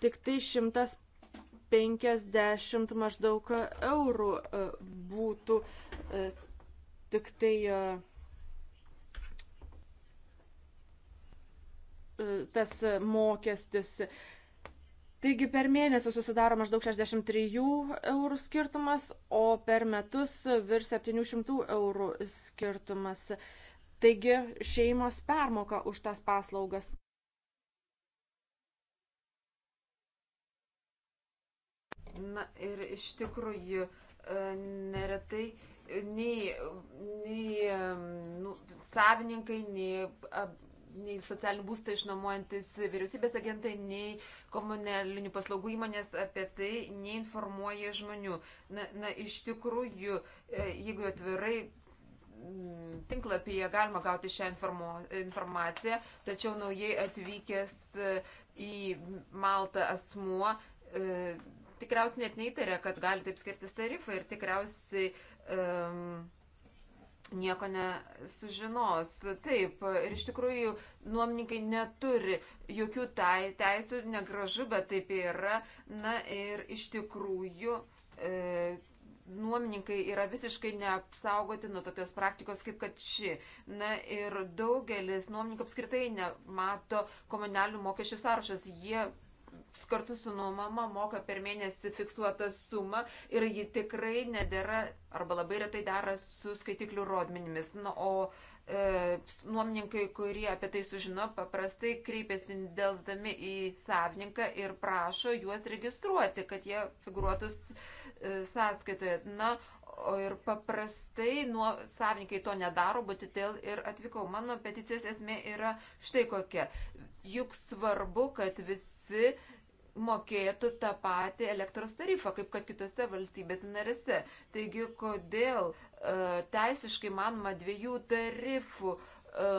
Speaker 5: tik tai 150 maždaug eurų e, būtų tik tai E, tas mokestis. Taigi per mėnesį susidaro maždaug 63 eurų skirtumas, o per metus virš 700 eurų skirtumas. Taigi šeimos permoka už tas paslaugas.
Speaker 2: Na ir iš tikrųjų e, neretai nei, nei e, nu, savininkai, nei nei socialinį būstą išnuomojantis vyriausybės agentai, nei komunalinių paslaugų įmonės apie tai neinformuoja žmonių. Na, na iš tikrųjų, e, jeigu atvirai mm, tinklapyje galima gauti šią informo, informaciją, tačiau naujai atvykęs e, į Maltą asmuo e, tikriausiai net neįtarė, kad gali taip skirtis tarifai ir tikriausiai um, e, nieko nesužinos. Taip, ir iš tikrųjų nuomininkai neturi jokių tai, teisų, negražu, bet taip yra. Na ir iš tikrųjų. E, Nuomininkai yra visiškai neapsaugoti nuo tokios praktikos kaip kad ši. Na ir daugelis nuomininkų apskritai nemato komunalinių mokesčių sąrašas. Jie kartu su nuomama moka per mėnesį fiksuotą sumą ir ji tikrai nedėra arba labai retai dera su skaitiklių rodmenimis. Na, o e, nuomininkai, kurie apie tai sužino, paprastai kreipiasi dėlsdami į savininką ir prašo juos registruoti, kad jie figuruotus e, sąskaitoje. Na, O ir paprastai nuo savininkai to nedaro, bet dėl ir atvykau. Mano peticijos esmė yra štai kokia. Juk svarbu, kad visi mokėtų tą patį elektros tarifą, kaip kad kitose valstybės narėse. Taigi, kodėl e, teisiškai manoma dviejų tarifų e,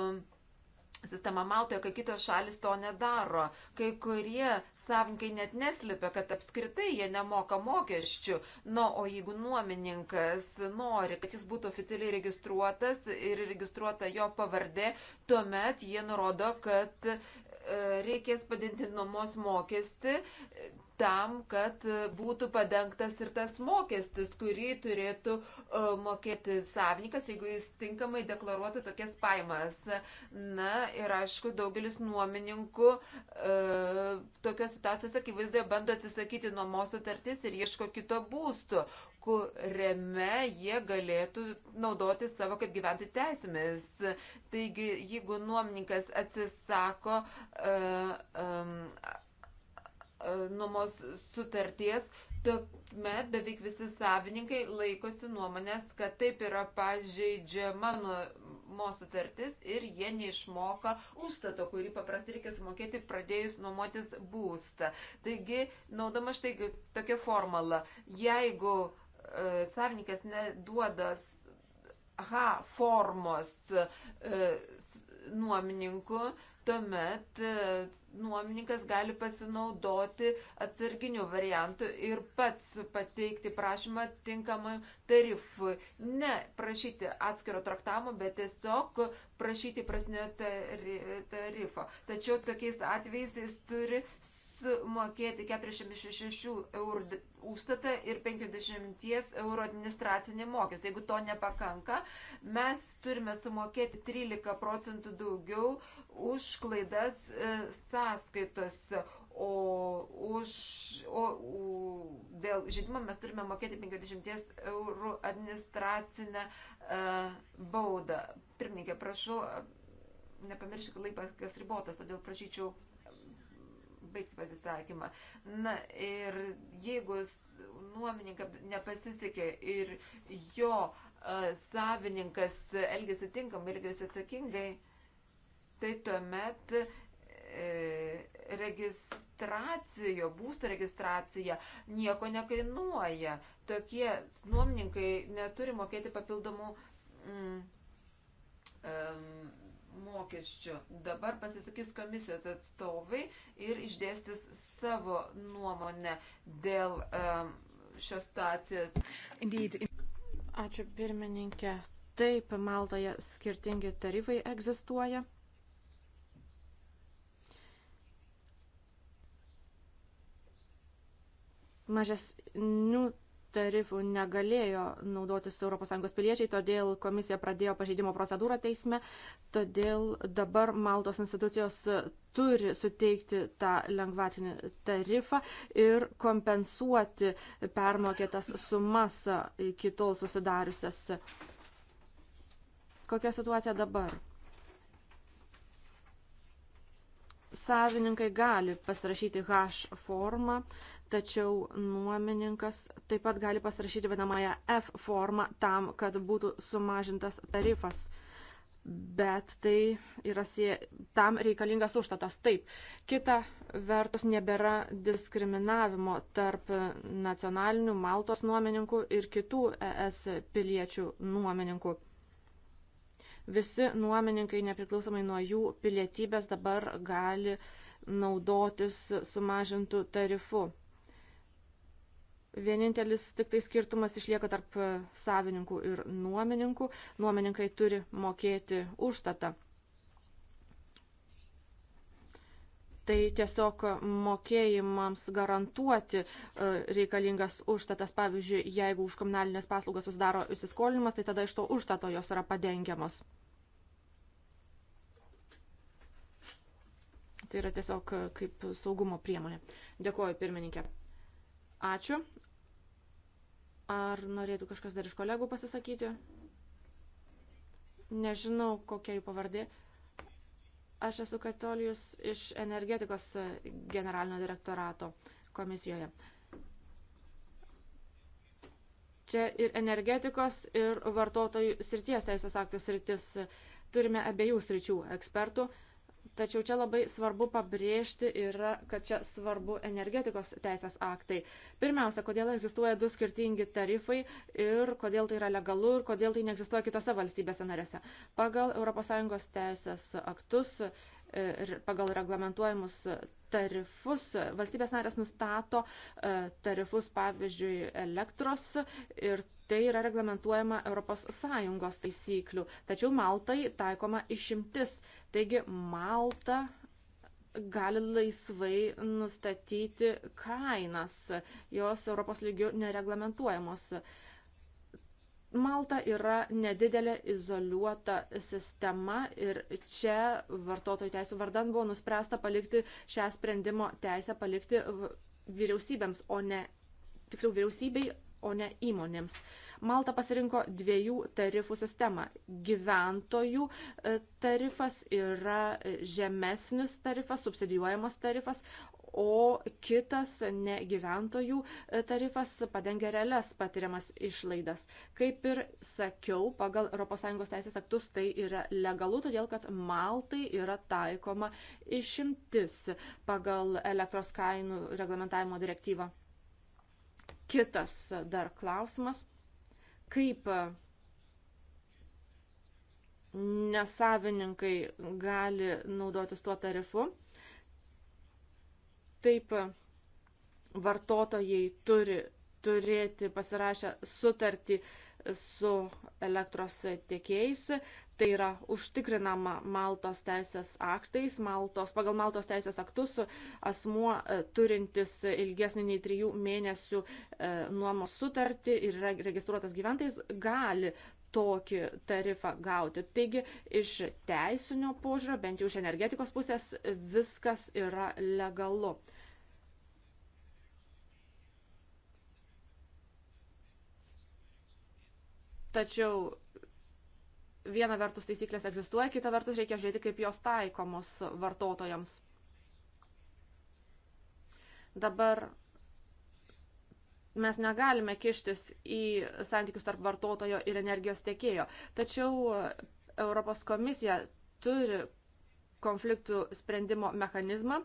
Speaker 2: sistema Maltoje, kai kitos šalis to nedaro. Kai kurie savininkai net neslipia, kad apskritai jie nemoka mokesčių. Na, o jeigu nuomininkas nori, kad jis būtų oficialiai registruotas ir registruota jo pavardė, tuomet jie nurodo, kad E, reikės padinti nuomos mokestį e, tam, kad e, būtų padengtas ir tas mokestis, kurį turėtų mokėti savininkas, jeigu jis tinkamai deklaruotų tokias paimas. Na ir aišku, daugelis nuomininkų tokios situacijos akivaizdoje bando atsisakyti nuomos sutartys ir ieško kito būsto kuriame jie galėtų naudoti savo kaip gyventojų teisėmis. Taigi, jeigu nuomininkas atsisako uh, um, nuomos sutarties, tuomet beveik visi savininkai laikosi nuomonės, kad taip yra pažeidžiama nuomos sutartis ir jie neišmoka užstato, kurį paprastai reikia sumokėti pradėjus nuomotis būstą. Taigi, naudama štai tokia formula, jeigu uh, savininkas neduoda H formos e, nuomininku, tuomet e, nuomininkas gali pasinaudoti atsarginiu variantu ir pats pateikti prašymą tinkamam tarifui. Ne prašyti atskiro traktamo, bet tiesiog prašyti prasnio tarifo. Tačiau tokiais atvejais jis turi mokėti 46 eurų užstatą ir 50 eurų administracinį mokestį. Jeigu to nepakanka, mes turime sumokėti 13 procentų daugiau už klaidas e, sąskaitose, o, už, o, o dėl žaidimo mes turime mokėti 50 eurų administracinę e, baudą. Pirmininkė, prašau nepamirškite laikas ribotas, todėl prašyčiau baigti pasisakymą. Na ir jeigu nuomininkam nepasisekė ir jo uh, savininkas elgėsi tinkamai ir elgėsi atsakingai, tai tuomet e, registracija, būsto registracija nieko nekainuoja. Tokie nuomininkai neturi mokėti papildomų mm, um, mokesčio. Dabar pasisakys komisijos atstovai ir išdėstys savo nuomonę dėl um, šios stacijos.
Speaker 5: Indeed. Ačiū pirmininkė. Taip, Maltoje skirtingi tarifai egzistuoja. Mažesnių nu, tarifų negalėjo naudotis ES piliečiai, todėl komisija pradėjo pažeidimo procedūrą teisme, todėl dabar Maltos institucijos turi suteikti tą lengvatinį tarifą ir kompensuoti permokėtas sumas iki tol susidariusias. Kokia situacija dabar? Savininkai gali pasirašyti H formą, tačiau nuomininkas taip pat gali pasirašyti vadamąją F formą tam, kad būtų sumažintas tarifas. Bet tai yra sie... tam reikalingas užtatas. Taip, kita vertus nebėra diskriminavimo tarp nacionalinių Maltos nuomininkų ir kitų ES piliečių nuomininkų. Visi nuomininkai, nepriklausomai nuo jų pilietybės, dabar gali naudotis sumažintų tarifų. Vienintelis tik tai skirtumas išlieka tarp e, savininkų ir nuomininkų. Nuomininkai turi mokėti užstatą. Tai tiesiog mokėjimams garantuoti e, reikalingas užstatas. Pavyzdžiui, jeigu už komunalinės paslaugas susidaro įsiskolinimas, tai tada iš to užstato jos yra padengiamos. Tai yra tiesiog e, kaip saugumo priemonė. Dėkuoju, pirmininkė. Ačiū. Ar norėtų kažkas dar iš kolegų pasisakyti? Nežinau, kokia jų pavardė. Aš esu Katolijus iš energetikos generalinio direktorato komisijoje. Čia ir energetikos, ir vartotojų srities teisės aktų sritis. Turime abiejų sričių ekspertų. Tačiau čia labai svarbu pabrėžti yra, kad čia svarbu energetikos teisės aktai. Pirmiausia, kodėl egzistuoja du skirtingi tarifai ir kodėl tai yra legalu ir kodėl tai neegzistuoja kitose valstybėse narėse. Pagal ES teisės aktus e, ir pagal reglamentuojamus tarifus. Valstybės narės nustato e, tarifus, pavyzdžiui, elektros ir Tai yra reglamentuojama ES taisyklių, tačiau Maltai taikoma išimtis. Taigi Malta gali laisvai nustatyti kainas, jos Europos lygių nereglamentuojamos. Malta yra nedidelė izoliuota sistema ir čia vartotojų teisų vardan buvo nuspręsta palikti šią sprendimo teisę palikti vyriausybėms, o ne tiksliau vyriausybei, o ne įmonėms. Malta pasirinko dviejų tarifų sistemą. Gyventojų e, tarifas yra e, žemesnis tarifas, subsidijuojamas tarifas, o kitas ne gyventojų e, tarifas padengia realias patiriamas išlaidas. Kaip ir sakiau, pagal ES teisės aktus tai yra legalu, todėl kad Maltai yra taikoma išimtis pagal elektros kainų reglamentavimo direktyvą. Kitas e, dar klausimas, kaip e, nesavininkai gali naudotis tuo tarifu. Taip e, vartotojai turi turėti pasirašę sutartį su elektros tiekėjais. Tai yra užtikrinama Maltos teisės aktais. Maltos, pagal Maltos teisės aktus asmuo e, turintis ilgesnį nei trijų mėnesių e, nuomos sutartį ir registruotas gyventojas gali tokį tarifą gauti. Taigi iš teisinio požiūrio, bent jau iš energetikos pusės, viskas yra legalu. Tačiau viena vertus taisyklės egzistuoja, kita vertus reikia žiūrėti, kaip jos taikomos vartotojams. Dabar mes negalime kištis į santykius tarp vartotojo ir energijos tiekėjo. Tačiau Europos komisija turi konfliktų sprendimo mechanizmą.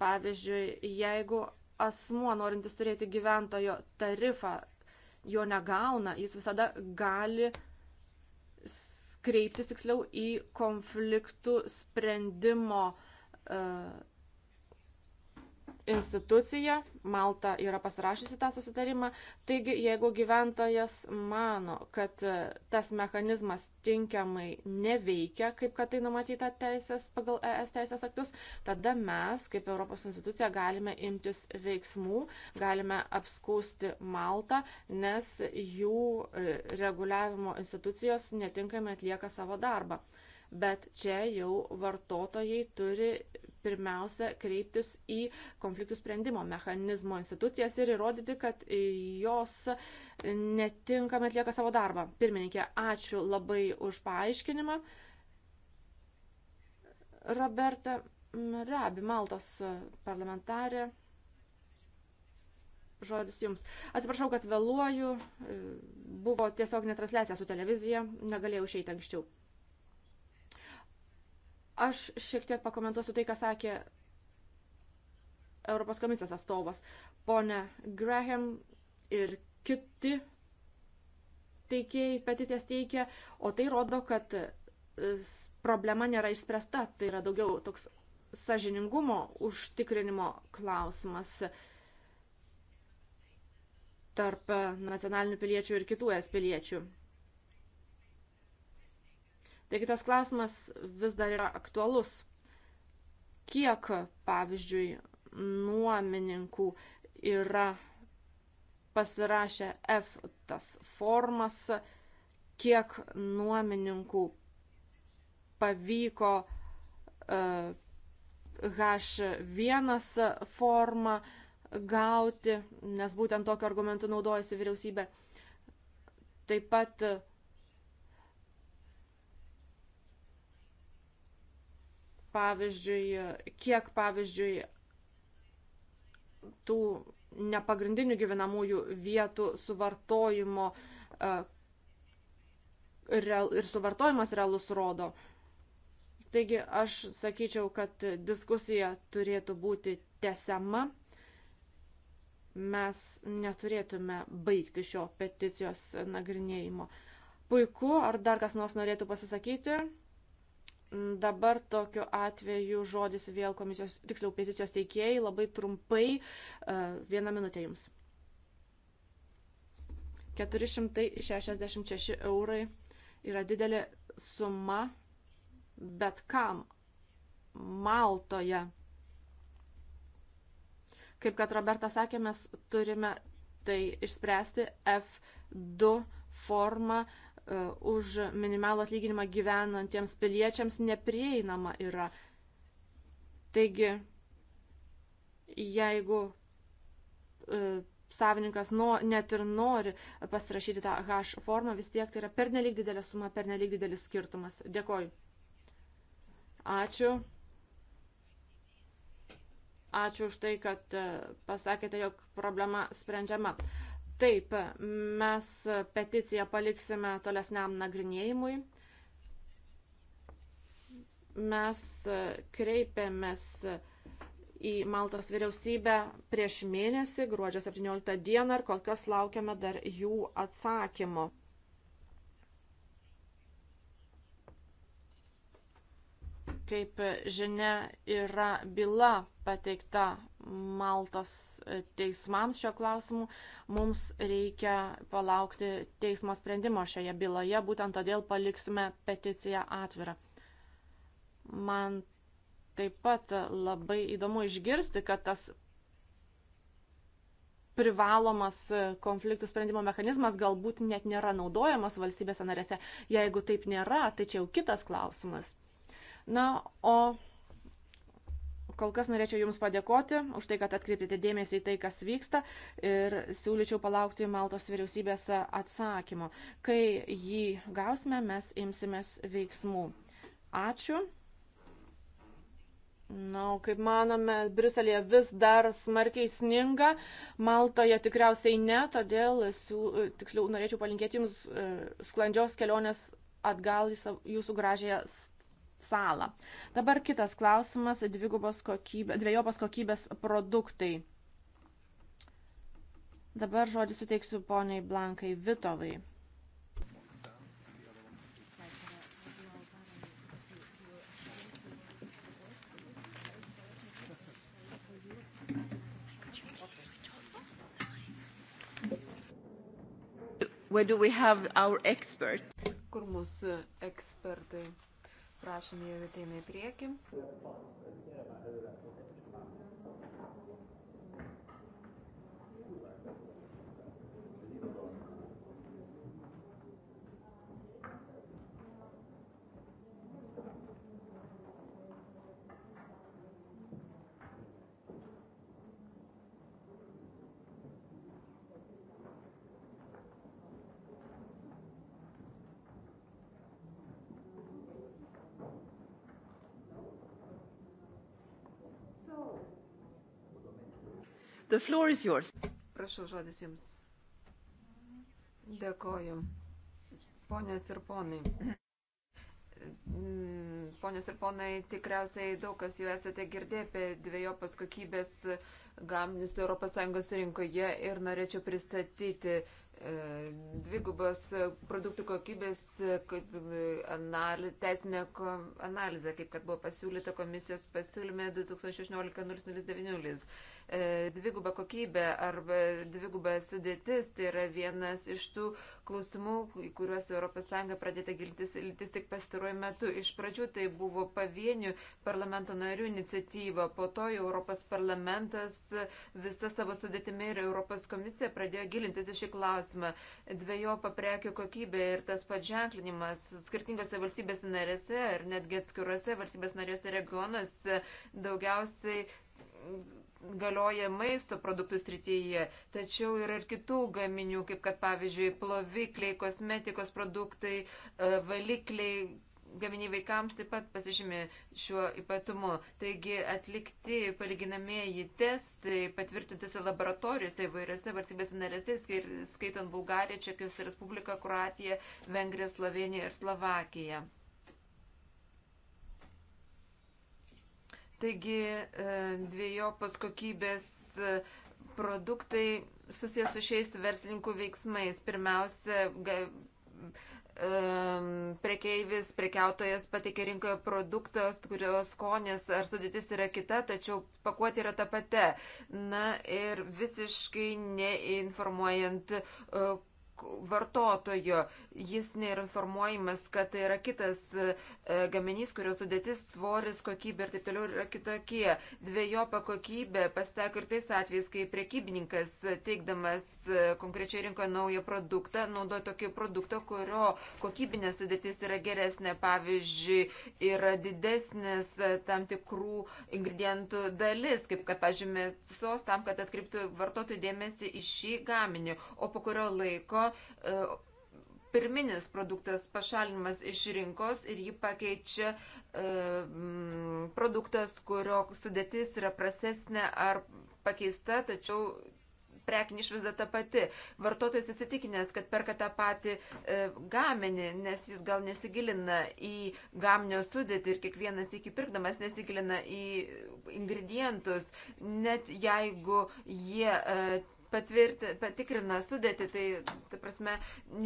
Speaker 5: Pavyzdžiui, jeigu asmuo norintis turėti gyventojo tarifą jo negauna, jis visada gali kreiptis tiksliau į konfliktų sprendimo uh, institucija, Malta yra pasirašysi tą susitarimą, taigi jeigu gyventojas mano, kad e, tas mechanizmas tinkamai neveikia, kaip kad tai numatyta teisės pagal ES teisės aktus, tada mes, kaip Europos institucija, galime imtis veiksmų, galime apskūsti Maltą, nes jų e, reguliavimo institucijos netinkamai atlieka savo darbą. Bet čia jau vartotojai turi pirmiausia kreiptis į konfliktų sprendimo mechanizmo institucijas ir įrodyti, kad jos netinkamai atlieka savo darbą. Pirmininkė, ačiū labai už paaiškinimą. Roberta Rabi, Maltos parlamentarė žodis jums. Atsiprašau, kad vėluoju, buvo tiesiog netransliacija su televizija, negalėjau išeiti anksčiau. Aš šiek tiek pakomentuosiu tai, ką sakė Europos komisijos atstovas. Pone Graham ir kiti teikėjai peticijas teikia, o tai rodo, kad e, problema nėra išspręsta. Tai yra daugiau toks sažiningumo užtikrinimo klausimas tarp nacionalinių piliečių ir kitų es piliečių. Taigi tas klausimas vis dar yra aktualus. Kiek, pavyzdžiui, nuomininkų yra pasirašę F tas formas, kiek nuomininkų pavyko e, H1 formą gauti, nes būtent tokiu argumentu naudojasi vyriausybė. Taip pat pavyzdžiui, kiek, pavyzdžiui, tų nepagrindinių gyvenamųjų vietų suvartojimo e, ir suvartojimas realus rodo. Taigi aš sakyčiau, kad diskusija turėtų būti tesiama. Mes neturėtume baigti šio peticijos nagrinėjimo. Puiku, ar dar kas nors norėtų pasisakyti? Dabar tokiu atveju žodis vėl komisijos, tiksliau peticijos teikėjai, labai trumpai, e, vieną minutę jums. 466 eurai yra didelė suma bet kam Maltoje. Kaip kad Robertas sakė, mes turime tai išspręsti F2 formą E, už minimalų atlyginimą gyvenantiems piliečiams neprieinama yra. Taigi, jeigu e, savininkas no, net ir nori pasirašyti tą H formą, vis tiek tai yra pernelyg didelė suma, pernelyg didelis skirtumas. Dėkoju. Ačiū. Ačiū už tai, kad e, pasakėte, jog problema sprendžiama. Taip, mes peticiją paliksime tolesniam nagrinėjimui. Mes kreipėmės į Maltos vyriausybę prieš mėnesį, gruodžio 17 dieną, ir kol kas laukiame dar jų atsakymo. Kaip žinia, yra byla pateikta Maltos teismams šio klausimu. Mums reikia palaukti teismo sprendimo šioje byloje, būtent todėl paliksime peticiją atvirą. Man taip pat labai įdomu išgirsti, kad tas privalomas konfliktų sprendimo mechanizmas galbūt net nėra naudojamas valstybėse narėse. Jeigu taip nėra, tai čia jau kitas klausimas. Na, o Kol kas norėčiau Jums padėkoti už tai, kad atkreipėte dėmesį į tai, kas vyksta ir siūlyčiau palaukti Maltos vyriausybės atsakymo. Kai jį gausime, mes imsimės veiksmų. Ačiū. Na, no, kaip manome, Briuselėje vis dar smarkiai sninga, Maltoje tikriausiai ne, todėl siū, tiksliau norėčiau palinkėti Jums e, sklandžios kelionės atgal į jūsų gražiąją salą. Dabar kitas klausimas - kokybė, dviejopos kokybės produktai. Dabar žodį suteiksiu poniai Blankai Vitovai.
Speaker 1: Where do we have our expert?
Speaker 2: Kur mūsų ekspertai? Prašymė jau ateina į priekį.
Speaker 1: The floor is yours.
Speaker 2: Prašau, žodis jums. Dėkoju. Ponės ir ponai. Mm, Ponės ir ponai, tikriausiai daug kas jau esate girdėję apie dviejopos kokybės uh, gaminius ES rinkoje ir norėčiau pristatyti e, dvigubos produktų kokybės e, anali, teisinę analizę, kaip kad buvo pasiūlyta komisijos pasiūlyme 2016-0090. Dviguba kokybė arba dviguba sudėtis tai yra vienas iš tų klausimų, į kuriuos ES pradėta gilintis lytis tik pastaruoju metu. Iš pradžių tai buvo pavienių parlamento narių iniciatyva, po to Europos parlamentas visa savo sudėtimi ir Europos komisija pradėjo gilintis į šį klausimą. Dviejopa prekių kokybė ir tas pats ženklinimas skirtingose valstybės narėse ir netgi atskiruose valstybės narėse regionuose daugiausiai galioja maisto produktų srityje, tačiau yra ir kitų gaminių, kaip kad pavyzdžiui plovikliai, kosmetikos produktai, e, valikliai, gaminiai vaikams taip pat pasižymė šiuo ypatumu. Taigi atlikti palyginamieji testai patvirtintose laboratorijose tai įvairiose valstybės narėse, skaitant Bulgariją, Čekijos Respubliką, Kroatiją, Vengriją, Sloveniją ir Slovakiją. Taigi e, dviejopos kokybės e, produktai susijęs su šiais verslininkų veiksmais. Pirmiausia, prekeivis, prekiautojas patikė rinkoje produktas, kurio skonis ar sudėtis yra kita, tačiau pakuoti yra ta pati. Na ir visiškai neinformuojant e, vartotojo, jis neinformuojamas, kad tai yra kitas E, gaminys, kurio sudėtis, svoris, kokybė ir taip toliau yra kitokie. Dviejopa kokybė pasiteko ir tais atvejais, kai prekybininkas teikdamas e, konkrečiai rinkoje naują produktą, naudoja tokį produktą, kurio kokybinė sudėtis yra geresnė, pavyzdžiui, yra didesnis e, tam tikrų ingredientų dalis, kaip kad, pavyzdžiui, mėsos, tam, kad atkreiptų vartotojų dėmesį į šį gaminį, o po kurio laiko uh, pirminis produktas pašalinimas iš rinkos ir jį pakeičia e, produktas, kurio sudėtis yra prasesnė ar pakeista, tačiau prekinį išvaizdą ta pati. Vartotojas įsitikinęs, kad perka tą patį e, gaminį, nes jis gal nesigilina į gaminio sudėtį ir kiekvienas iki pirkdamas nesigilina į ingredientus, net jeigu jie e, patvirti, patikrina sudėti, tai, ta prasme,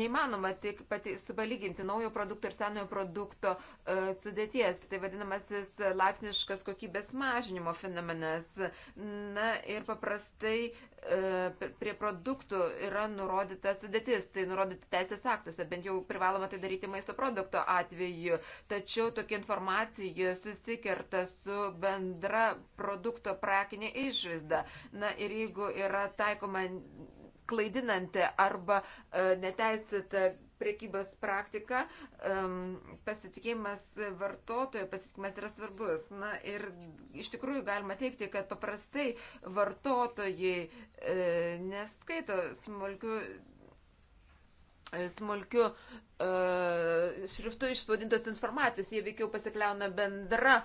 Speaker 2: neįmanoma tik pati, supalyginti naujo produkto ir senojo produkto uh, sudėties. Tai vadinamasis laipsniškas kokybės mažinimo fenomenas. Na ir paprastai E, prie produktų yra nurodyta sudėtis, tai nurodyta teisės aktuose, bent jau privaloma tai daryti maisto produkto atveju. Tačiau tokia informacija susikerta su bendra produkto prakinė išvaizda. Na ir jeigu yra taikoma klaidinanti arba e, neteisėta prekybos praktika, pasitikėjimas vartotojo, pasitikėjimas yra svarbus. Na ir iš tikrųjų galima teikti, kad paprastai vartotojai e, neskaito smulkių e, smulkiu uh, e, šriftu išspaudintos informacijos, jie veikiau pasikliauna bendra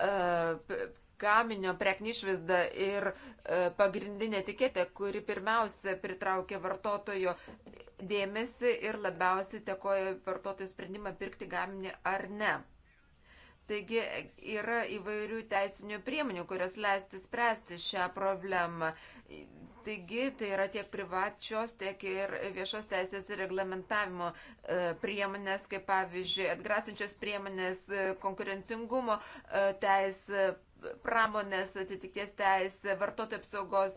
Speaker 2: uh, gaminio preknišvizda ir uh, pagrindinė etiketė, kuri pirmiausia pritraukia vartotojo dėmesį ir labiausiai tekoja vartotojų sprendimą pirkti gaminį ar ne. Taigi yra įvairių teisinių priemonių, kurios leisti spręsti šią problemą. Taigi tai yra tiek privačios, tiek ir viešos teisės ir reglamentavimo e, priemonės, kaip pavyzdžiui, atgrasančios priemonės, e, konkurencingumo e, teisė, pramonės atitikties teisė, vartotojų apsaugos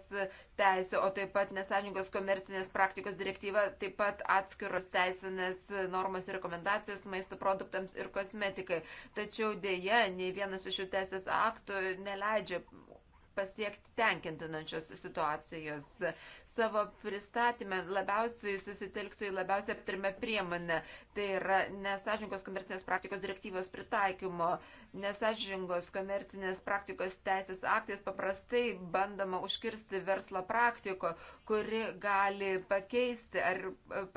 Speaker 2: teisė, o taip pat nesažininkos komercinės praktikos direktyva, taip pat atskiros teisinės normos ir rekomendacijos maisto produktams ir kosmetikai. Tačiau dėje, nei vienas iš šių teisės aktų neleidžia pasiekti tenkintinančios situacijos savo pristatymę labiausiai susitelksiu į labiausiai aptarimę priemonę. Tai yra nesažingos komercinės praktikos direktyvos pritaikymo. Nesažingos komercinės praktikos teisės aktais paprastai bandoma užkirsti verslo praktiko, kuri gali pakeisti ar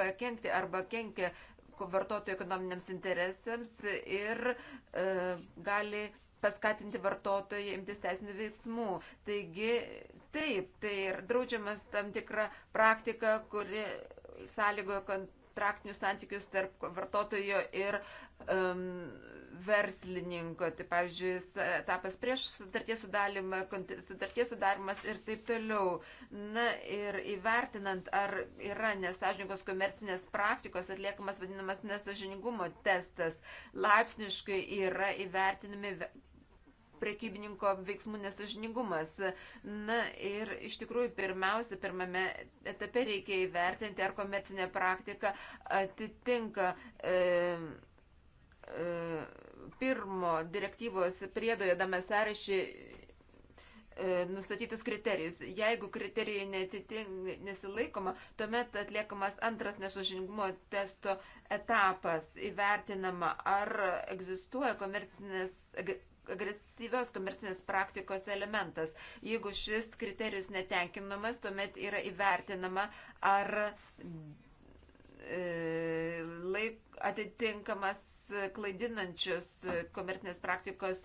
Speaker 2: pakengti arba kenkia vartotojų ekonominiams interesams ir e, gali paskatinti vartotojai imtis teisinių veiksmų. Taigi Taip, tai ir draudžiamas tam tikra praktika, kuri sąlygoja kontraktinius santykius tarp vartotojo ir um, verslininko. Tai pavyzdžiui, etapas prieš sutarties sudarimą, sutarties sudarimas ir taip toliau. Na ir įvertinant, ar yra nesažininkos komercinės praktikos atliekamas vadinamas nesažiningumo testas, laipsniškai yra įvertinami prekybininko veiksmų nesažiningumas. Na ir iš tikrųjų pirmiausia, pirmame etape reikia įvertinti, ar komercinė praktika atitinka. E, e, pirmo direktyvos priedoje dame sąrašį e, nustatytus kriterijus. Jeigu kriterijai netitink, nesilaikoma, tuomet atliekamas antras nesažiningumo testo etapas įvertinama, ar egzistuoja komercinės agresyvios komercinės praktikos elementas. Jeigu šis kriterijus netenkinamas, tuomet yra įvertinama, ar e, laik, atitinkamas klaidinančius komercinės praktikos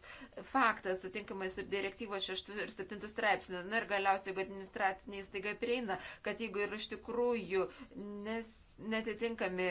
Speaker 2: faktas, sutinkamai su direktyvos 6 ir 7 straipsniu. Na ir galiausiai, jeigu administraciniai staiga prieina, kad jeigu ir iš tikrųjų nes, netitinkami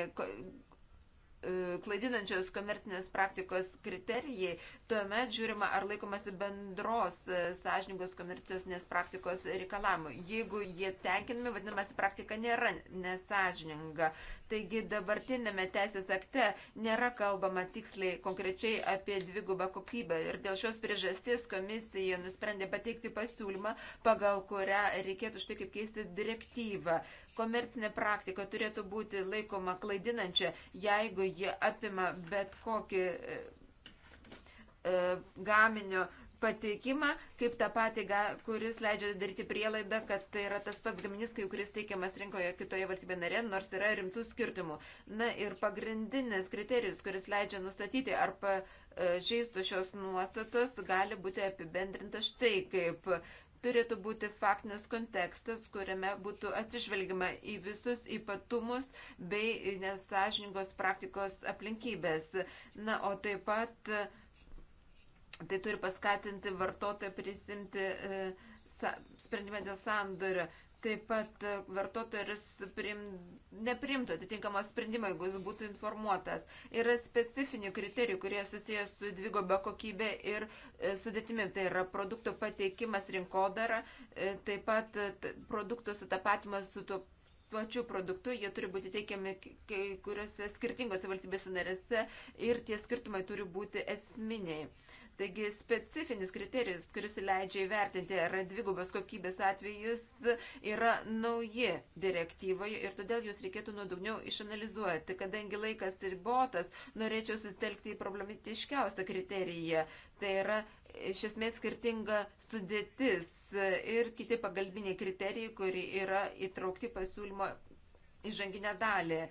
Speaker 2: E, klaidinančios komercinės praktikos kriterijai, tuomet žiūrima, ar laikomasi bendros e, sąžiningos komercinės praktikos reikalavimų. Jeigu jie tenkinami, vadinamasi, praktika nėra nesažininga. Taigi dabartinėme teisės akte nėra kalbama tiksliai konkrečiai apie dvigubą kokybę. Ir dėl šios priežasties komisija nusprendė pateikti pasiūlymą, pagal kurią reikėtų štai kaip keisti direktyvą. Komercinė praktika turėtų būti laikoma klaidinančia, jeigu ji apima bet kokį e, e, gaminio pateikimą, kaip tą patį, kuris leidžia daryti prielaidą, kad tai yra tas pats gaminys, kai kuris teikiamas rinkoje kitoje valstybėje narė, nors yra rimtų skirtumų. Na ir pagrindinis kriterijus, kuris leidžia nustatyti, ar pažeistų šios nuostatos, gali būti apibendrintas štai kaip turėtų būti faktinis kontekstas, kuriame būtų atsižvelgima į visus ypatumus bei nesažiningos praktikos aplinkybės. Na, o taip pat tai turi paskatinti vartotoją prisimti e, sa, sprendimą dėl sandorio. Taip pat e, vartotojas neprimtų atitinkamą sprendimą, jeigu jis būtų informuotas. Yra specifinių kriterijų, kurie susijęs su dvigubą kokybę ir e, sudėtimi. Tai yra produkto pateikimas rinkodara, e, taip pat produktų sutapatimas su tuo pačių produktų, jie turi būti teikiami kai kuriuose skirtingose valstybėse narėse ir tie skirtumai turi būti esminiai. Uh, Taigi specifinis kriterijus, kuris leidžia įvertinti ar dvigubos kokybės atvejus, yra nauji direktyvoje ir todėl jūs reikėtų nuodugniau išanalizuoti. Kadangi laikas ribotas, norėčiau susitelkti į problematiškiausią kriteriją. Tai yra iš esmės skirtinga sudėtis ir kiti pagalbiniai kriterijai, kurie yra įtraukti pasiūlymo įžanginę dalį.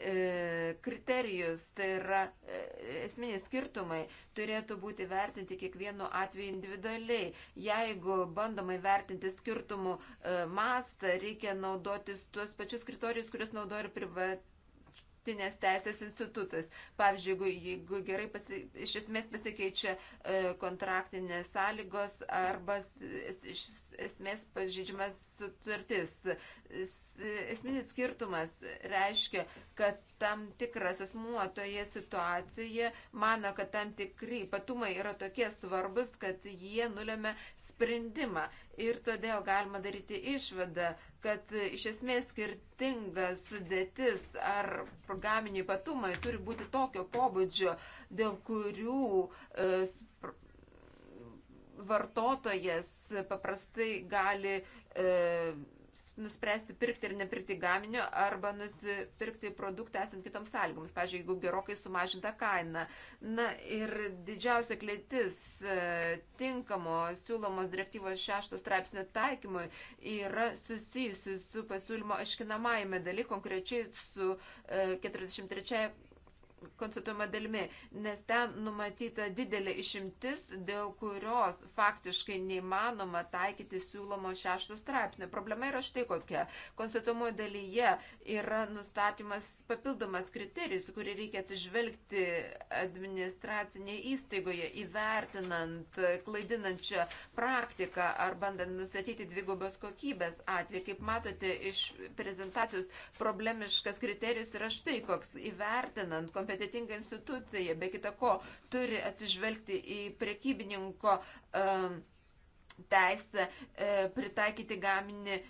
Speaker 2: E, kriterijus, tai yra e, esminiai skirtumai, turėtų būti vertinti kiekvienu atveju individualiai. Jeigu bandoma įvertinti skirtumų e, mastą, reikia naudotis tuos pačius kriterijus, kuriuos naudoja ir privat tarptautinės teisės institutas. Pavyzdžiui, jeigu, jeigu gerai pasi, iš esmės pasikeičia e, kontraktinės sąlygos arba esmės pažydžiamas sutartis. Esminis skirtumas reiškia, kad tam tikras asmuo toje situacijoje mano, kad tam tikri ypatumai yra tokie svarbus, kad jie nulėmė sprendimą. Ir todėl galima daryti išvadą, kad iš esmės skirtinga sudėtis ar programiniai ypatumai turi būti tokio pobūdžio, dėl kurių e, vartotojas paprastai gali e, nuspręsti pirkti ir nepirkti gaminio arba nusipirkti produktą esant kitoms sąlygoms, pavyzdžiui, jeigu gerokai sumažinta kaina. Na ir didžiausia klėtis e, tinkamo siūlomos direktyvos šešto straipsnio taikymui yra susijusi su pasiūlymo aiškinamajame daly, konkrečiai su 43 e, konstatuojama dalimi, nes ten numatyta didelė išimtis, dėl kurios faktiškai neįmanoma taikyti siūlomo šešto straipsnio. Problema yra štai kokia. Konstatuojamoje dalyje yra nustatymas papildomas kriterijus, kurį reikia atsižvelgti administracinėje įstaigoje, įvertinant klaidinančią praktiką ar bandant nustatyti dvigubos kokybės atvejį. Kaip matote iš prezentacijos, problemiškas kriterijus yra štai koks įvertinant kompetenciją kompetitinga institucija, be kita ko, turi atsižvelgti į prekybininko teisę e, pritaikyti gaminį e,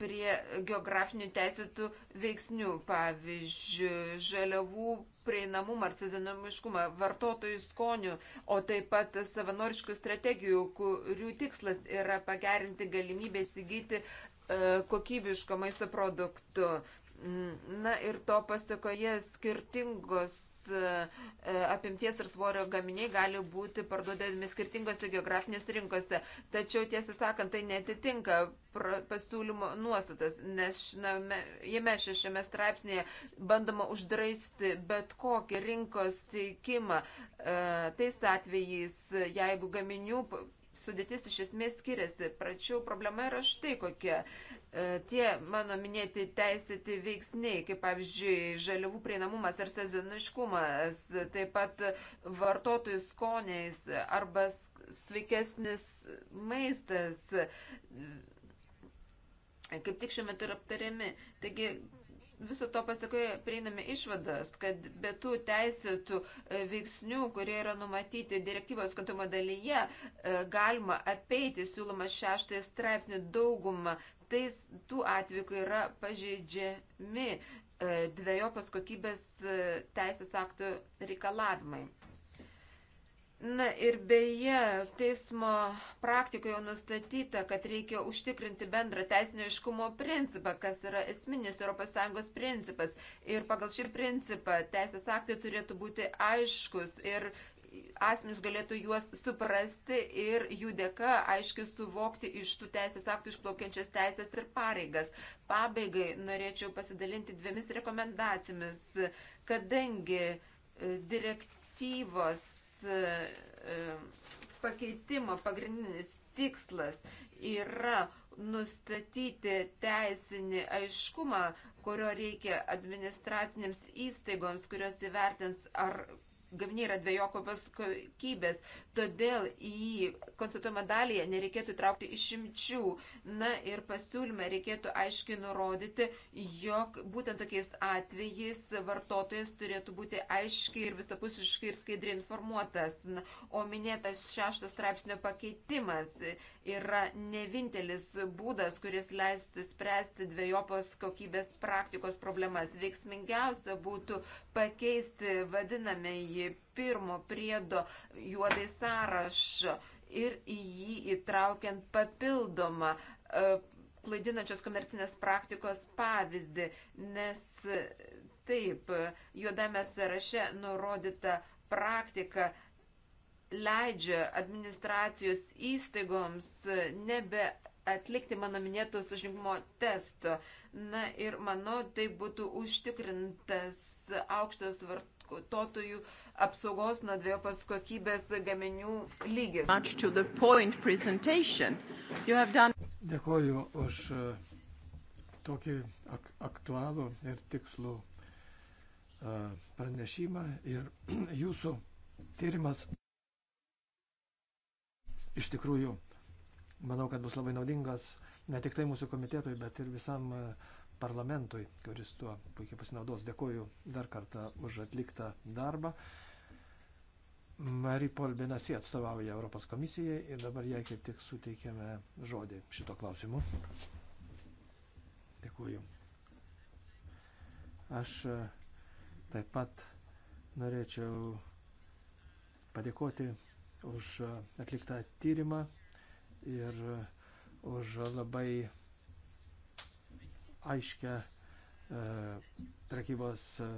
Speaker 2: prie geografinių teisėtų veiksnių, pavyzdžiui, žaliavų prieinamumą ar sezonomiškumą, vartotojų skonių, o taip pat savanoriškų strategijų, kurių tikslas yra pagerinti galimybę įsigyti e, kokybiško maisto produktų. Na ir to pasakoje skirtingos e, apimties ir svorio gaminiai gali būti parduodami skirtingose geografinėse rinkose. Tačiau, tiesą sakant, tai netitinka pasiūlymo nuostatas, nes šname, jame šešiame straipsnėje bandoma uždraisti bet kokį rinkos teikimą. E, tais atvejais, jeigu gaminių sudėtis iš esmės skiriasi. Pračiau problema yra štai kokia. E, tie mano minėti teisėti veiksniai, kaip pavyzdžiui, žaliavų prieinamumas ar sezoniškumas, taip pat vartotojų skoniais arba sveikesnis maistas, kaip tik šiuo metu ir aptariami. Taigi viso to pasakoje prieiname išvadas, kad be tų teisėtų e, veiksnių, kurie yra numatyti direktyvos skatumo dalyje, e, galima apeiti siūlomą šeštąjį straipsnį daugumą. Tais tų atvejų, kai yra pažeidžiami e, dviejopas kokybės teisės aktų reikalavimai. Na ir beje, teismo praktikoje nustatyta, kad reikia užtikrinti bendrą teisinio iškumo principą, kas yra esminis ES principas. Ir pagal šį principą teisės aktai turėtų būti aiškus ir asmenys galėtų juos suprasti ir jų dėka aiškiai suvokti iš tų teisės aktų išplaukiančias teisės ir pareigas. Pabaigai norėčiau pasidalinti dviemis rekomendacijomis, kadangi e, direktyvos pakeitimo pagrindinis tikslas yra nustatyti teisinį aiškumą, kurio reikia administracinėms įstaigoms, kurios įvertins, ar gaminiai yra dviejokopos kokybės, todėl į konstatuojamą dalį nereikėtų įtraukti išimčių. Na ir pasiūlyme reikėtų aiškiai nurodyti, jog būtent tokiais atvejais vartotojas turėtų būti aiškiai ir visapusiškai ir skaidriai informuotas. Na, o minėtas šešto straipsnio pakeitimas yra ne vienintelis būdas, kuris leistų spręsti dviejopos kokybės praktikos problemas. Veiksmingiausia būtų pakeisti vadinamąjį pirmo priedo juodai sąrašą ir į jį įtraukiant papildomą e, klaidinančios komercinės praktikos pavyzdį, nes e, taip, juodame sąraše nurodyta praktika leidžia administracijos įstaigoms e, nebe atlikti mano minėto sužinimo testo. Na ir mano tai būtų užtikrintas aukštos vartotojų uh, apsaugos nuo dviejopos kokybės gaminių lygis.
Speaker 1: Done...
Speaker 4: Dėkoju už e, tokį ak aktualų ir tikslų e, pranešimą ir [clears throat] jūsų tyrimas iš tikrųjų manau, kad bus labai naudingas ne tik tai mūsų komitetui, bet ir visam e, parlamentui, kuris tuo puikiai pasinaudos. Dėkuoju dar kartą už atliktą darbą. Maripol Benasi atstovauja Europos komisijai ir dabar jai kaip tik suteikėme žodį šito klausimu. Dėkuoju. Aš e, taip pat norėčiau padėkoti už e, atliktą tyrimą ir e, už labai aiškę e, prekybos e,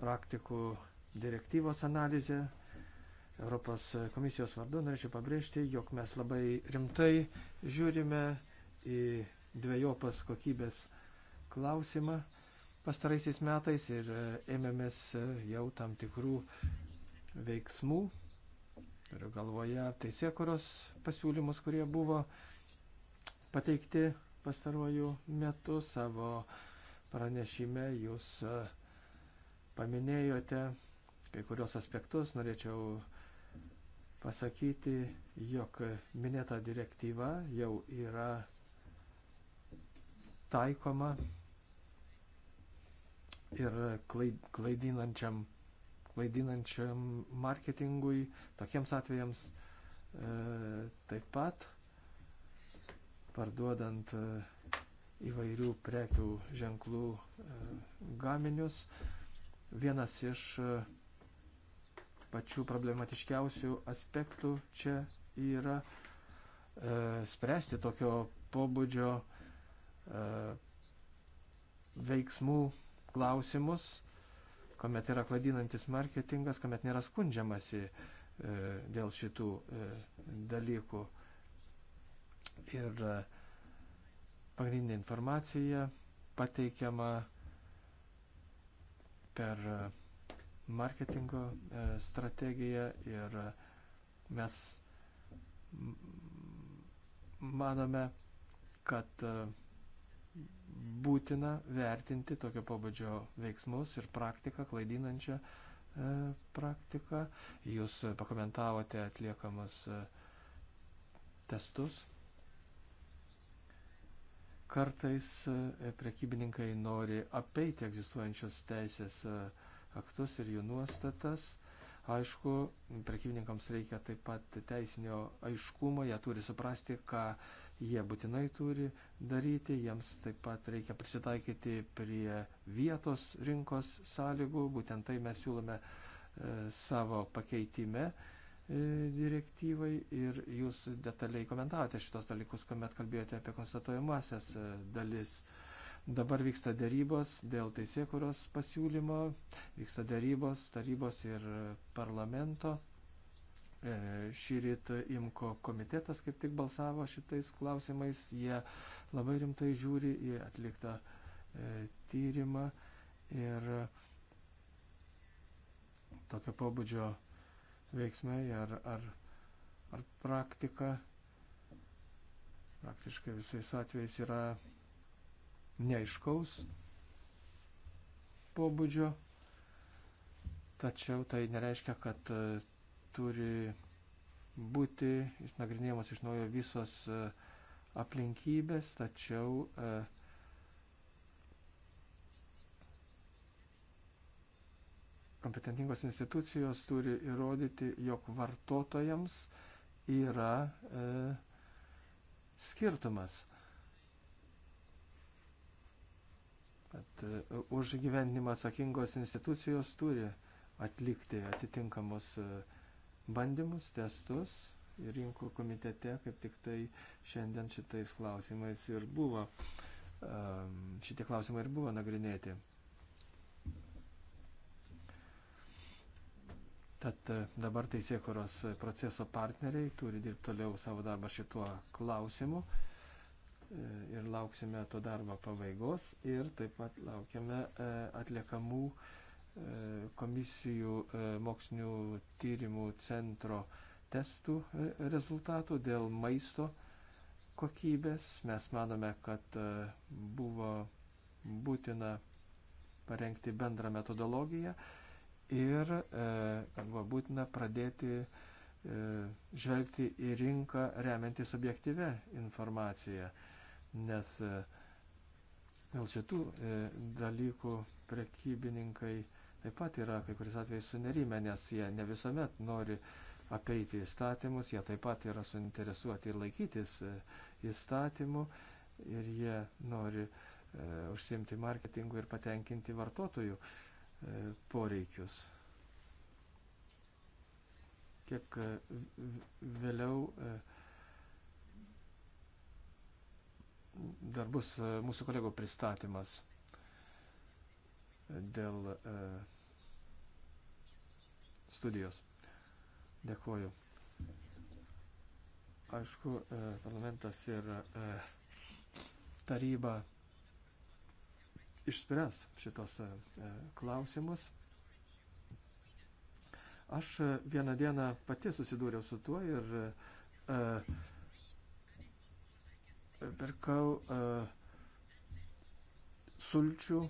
Speaker 4: praktikų direktyvos analizę. Europos komisijos vardu norėčiau pabrėžti, jog mes labai rimtai žiūrime į dviejopas kokybės klausimą pastaraisiais metais ir e, ėmėmės jau tam tikrų veiksmų. Turiu galvoje teisėkuros pasiūlymus, kurie buvo pateikti pastaruoju metu savo pranešime jūs e, paminėjote kai kurios aspektus. Norėčiau pasakyti, jog minėta direktyva jau yra taikoma ir klaidinančiam, klaidinančiam marketingui, tokiems atvejams e, taip pat parduodant e, įvairių prekių ženklų e, gaminius. Vienas iš e, pačių problematiškiausių aspektų čia yra spręsti tokio pobūdžio veiksmų klausimus, kuomet yra klaidinantis marketingas, kuomet nėra skundžiamasi dėl šitų dalykų ir e, pagrindinė informacija pateikiama per e, marketingo e, strategiją ir mes manome, kad būtina vertinti tokio pobūdžio veiksmus ir praktiką, klaidinančią praktiką. Jūs pakomentavote atliekamas testus Kartais e, prekybininkai nori apeiti egzistuojančios teisės e, aktus ir jų nuostatas. Aišku, prekybininkams reikia taip pat teisinio aiškumo, jie turi suprasti, ką jie būtinai turi daryti, jiems taip pat reikia prisitaikyti prie vietos rinkos sąlygų, būtent tai mes siūlome e, savo pakeitime E, direktyvai ir jūs detaliai komentavote šitos dalykus, kuomet kalbėjote apie konstatuojamasias e, dalis. Dabar vyksta dėrybos dėl teisėkuros pasiūlymo, vyksta dėrybos tarybos ir parlamento. E, šį rytą IMKO komitetas kaip tik balsavo šitais klausimais, jie labai rimtai žiūri į atliktą tyrimą ir tokio pobūdžio veiksmai ar, ar, ar praktika praktiškai visais atvejais yra neaiškaus pobūdžio, tačiau tai nereiškia, kad e, turi būti išnagrinėjamos iš naujo visos e, aplinkybės, tačiau uh, kompetentingos institucijos turi įrodyti, jog vartotojams yra e, skirtumas. Bet e, už gyvenimą atsakingos institucijos turi atlikti atitinkamus e, bandymus, testus. Rinkų komitete kaip tik tai šiandien šitais klausimais ir buvo, e, šitie klausimai ir buvo nagrinėti. Tad e, dabar teisėkuros proceso partneriai turi dirbti toliau savo darbą šituo klausimu e, ir lauksime to darbo pabaigos ir taip pat laukiame e, atliekamų komisijų mokslinių tyrimų centro testų rezultatų dėl maisto kokybės. Mes manome, kad buvo būtina parengti bendrą metodologiją ir e, kad buvo būtina pradėti e, žvelgti į rinką remiantį subjektyvę informaciją, nes e, dėl šitų dalykų prekybininkai taip pat yra kai kuris atvejais sunerime, nes jie ne visuomet nori apeiti įstatymus, jie taip pat yra suinteresuoti ir laikytis įstatymų ir jie nori e, užsiimti marketingu ir patenkinti vartotojų e, poreikius. Kiek e, vėliau e, dar bus e, mūsų kolego pristatymas dėl studijos. Dėkuoju. Aišku, parlamentas ir taryba išspręs šitos e, e, klausimus. Aš e, vieną dieną pati susidūriau su tuo ir e, pirkau e, sulčių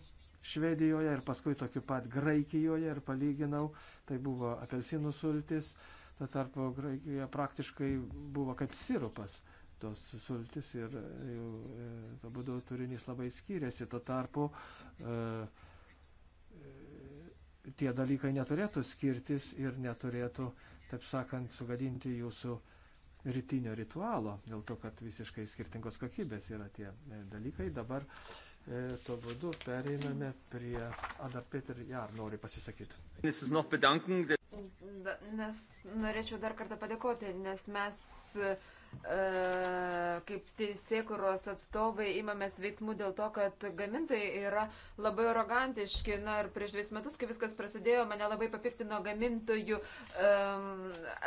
Speaker 4: Švedijoje ir paskui tokiu pat Graikijoje ir palyginau, tai buvo apelsinų sultis, tuo tarpu Graikijoje praktiškai buvo kaip sirupas. E, tos sultis ir e, to būdu turinys labai skiriasi. Tuo tarpu e, e, tie dalykai neturėtų skirtis ir neturėtų, taip sakant, sugadinti jūsų rytinio ritualo, dėl to, kad visiškai skirtingos kokybės yra tie dalykai. Dabar e, tuo būdu pereiname prie Adar Peter Jar, nori pasisakyti.
Speaker 7: Nes
Speaker 2: norėčiau dar kartą padėkoti, nes mes E, kaip teisėkuros atstovai imamės veiksmų dėl to, kad gamintojai yra labai arogantiški. Na ir prieš dvies metus, kai viskas prasidėjo, mane labai papiktino gamintojų um,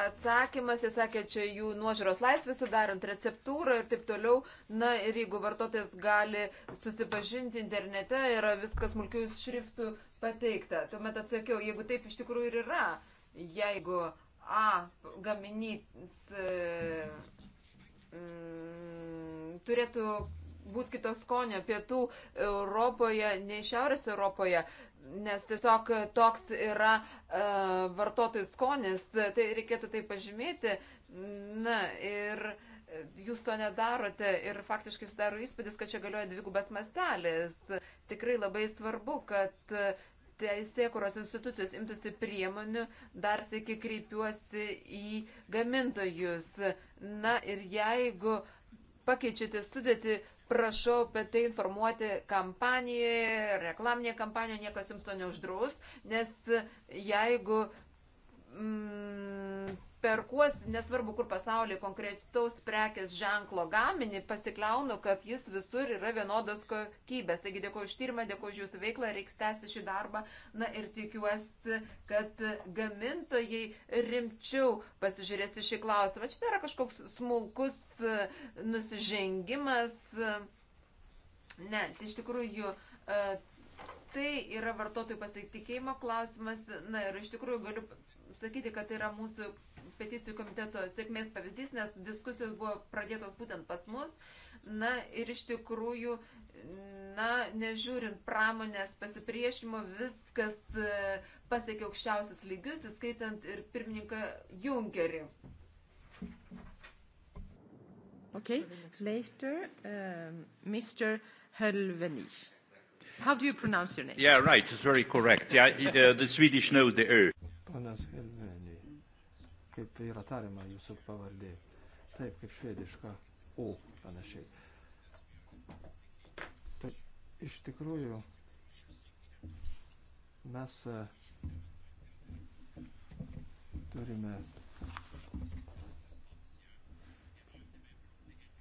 Speaker 2: atsakymas. Jis sakė, čia jų nuožiūros laisvė sudarant receptūrą ir taip toliau. Na ir jeigu vartotojas gali susipažinti internete, yra viskas smulkių šriftų pateikta. Tuomet atsakiau, jeigu taip iš tikrųjų ir yra, jeigu A gaminys. E, mm, turėtų būti kitos skonio pietų Europoje, nei Šiaurės Europoje, nes tiesiog toks yra e, vartotojų skonis, tai reikėtų tai pažymėti. Na ir jūs to nedarote ir faktiškai sudaro įspūdis, kad čia galioja dvigubas mastelis. Tikrai labai svarbu, kad teisėkuros institucijos imtųsi priemonių, dar sėki kreipiuosi į gamintojus. Na ir jeigu pakeičiate sudėti, prašau apie tai informuoti kampanijoje, reklaminėje kampanijoje, niekas jums to neuždraus, nes jeigu mm, perkuos, nesvarbu kur pasaulyje, konkretaus prekės ženklo gaminį, pasikliaunu, kad jis visur yra vienodos kokybės. Taigi dėkuoju už tyrimą, dėkuoju už jūsų veiklą, reiks tęsti šį darbą. Na ir tikiuosi, kad gamintojai rimčiau pasižiūrės į šį klausimą. Čia nėra kažkoks smulkus e, nusižengimas. Ne, tai iš tikrųjų. E, tai yra vartotojų pasitikėjimo klausimas. Na ir iš tikrųjų galiu sakyti, kad tai yra mūsų peticijų komiteto sėkmės pavyzdys, nes diskusijos buvo pradėtos būtent pas mus. Na ir iš tikrųjų, na, nežiūrint pramonės pasipriešimo, viskas e, pasiekė aukščiausius lygius, įskaitant ir pirmininką Junkerį.
Speaker 1: Okay. Later, um, uh, Mr. Helvenich. How do you pronounce your name?
Speaker 6: Yeah, right. It's very correct. Yeah, the, uh, the Swedish
Speaker 4: knows the Ö. E. Ponas Helvenich kaip yra tariama jūsų pavardė. Taip, kaip švediška O panašiai. Tai iš tikrųjų mes e, turime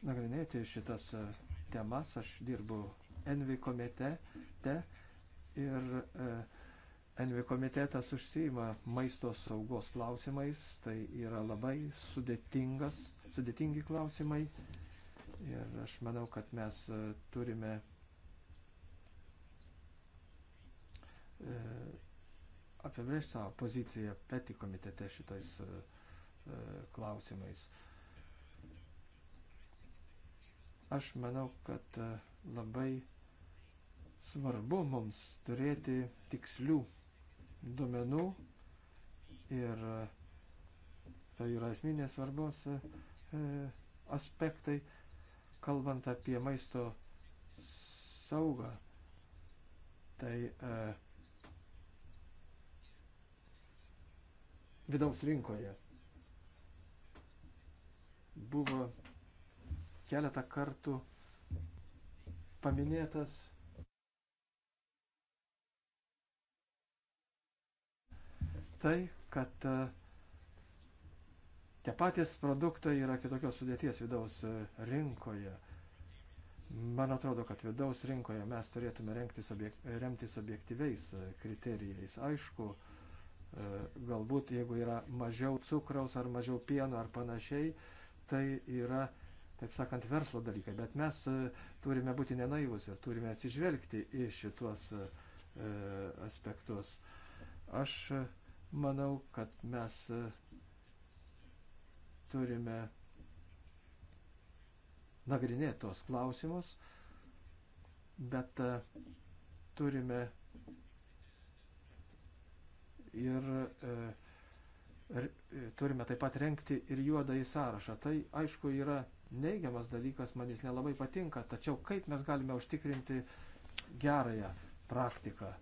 Speaker 4: nagrinėti šitas e, temas. Aš dirbu Envi komite te, ir e, Envi komitetas užsima maisto saugos klausimais, tai yra labai sudėtingas, sudėtingi klausimai ir aš manau, kad mes e, turime e, apibrėžti savo poziciją peti komitete šitais e, klausimais. Aš manau, kad labai svarbu mums turėti tikslių duomenų ir e, tai yra esminės svarbos e, e, aspektai, kalbant apie maisto saugą. Tai e, vidaus rinkoje buvo keletą kartų paminėtas tai, kad e, tie patys produktai yra kitokios sudėties vidaus e, rinkoje. Man atrodo, kad vidaus rinkoje mes turėtume objekt, remtis objektyviais e, kriterijais. Aišku, galbūt jeigu yra mažiau cukraus ar mažiau pieno ar panašiai, tai yra, taip sakant, verslo dalykai. Bet mes turime būti nenaivus ir turime atsižvelgti į šitos aspektus. Aš Manau, kad mes e, turime nagrinėti tos klausimus, bet e, turime ir ir e, turime taip pat renkti ir juodą į sąrašą. Tai aišku yra neigiamas dalykas, man jis nelabai patinka, tačiau kaip mes galime užtikrinti gerąją praktiką.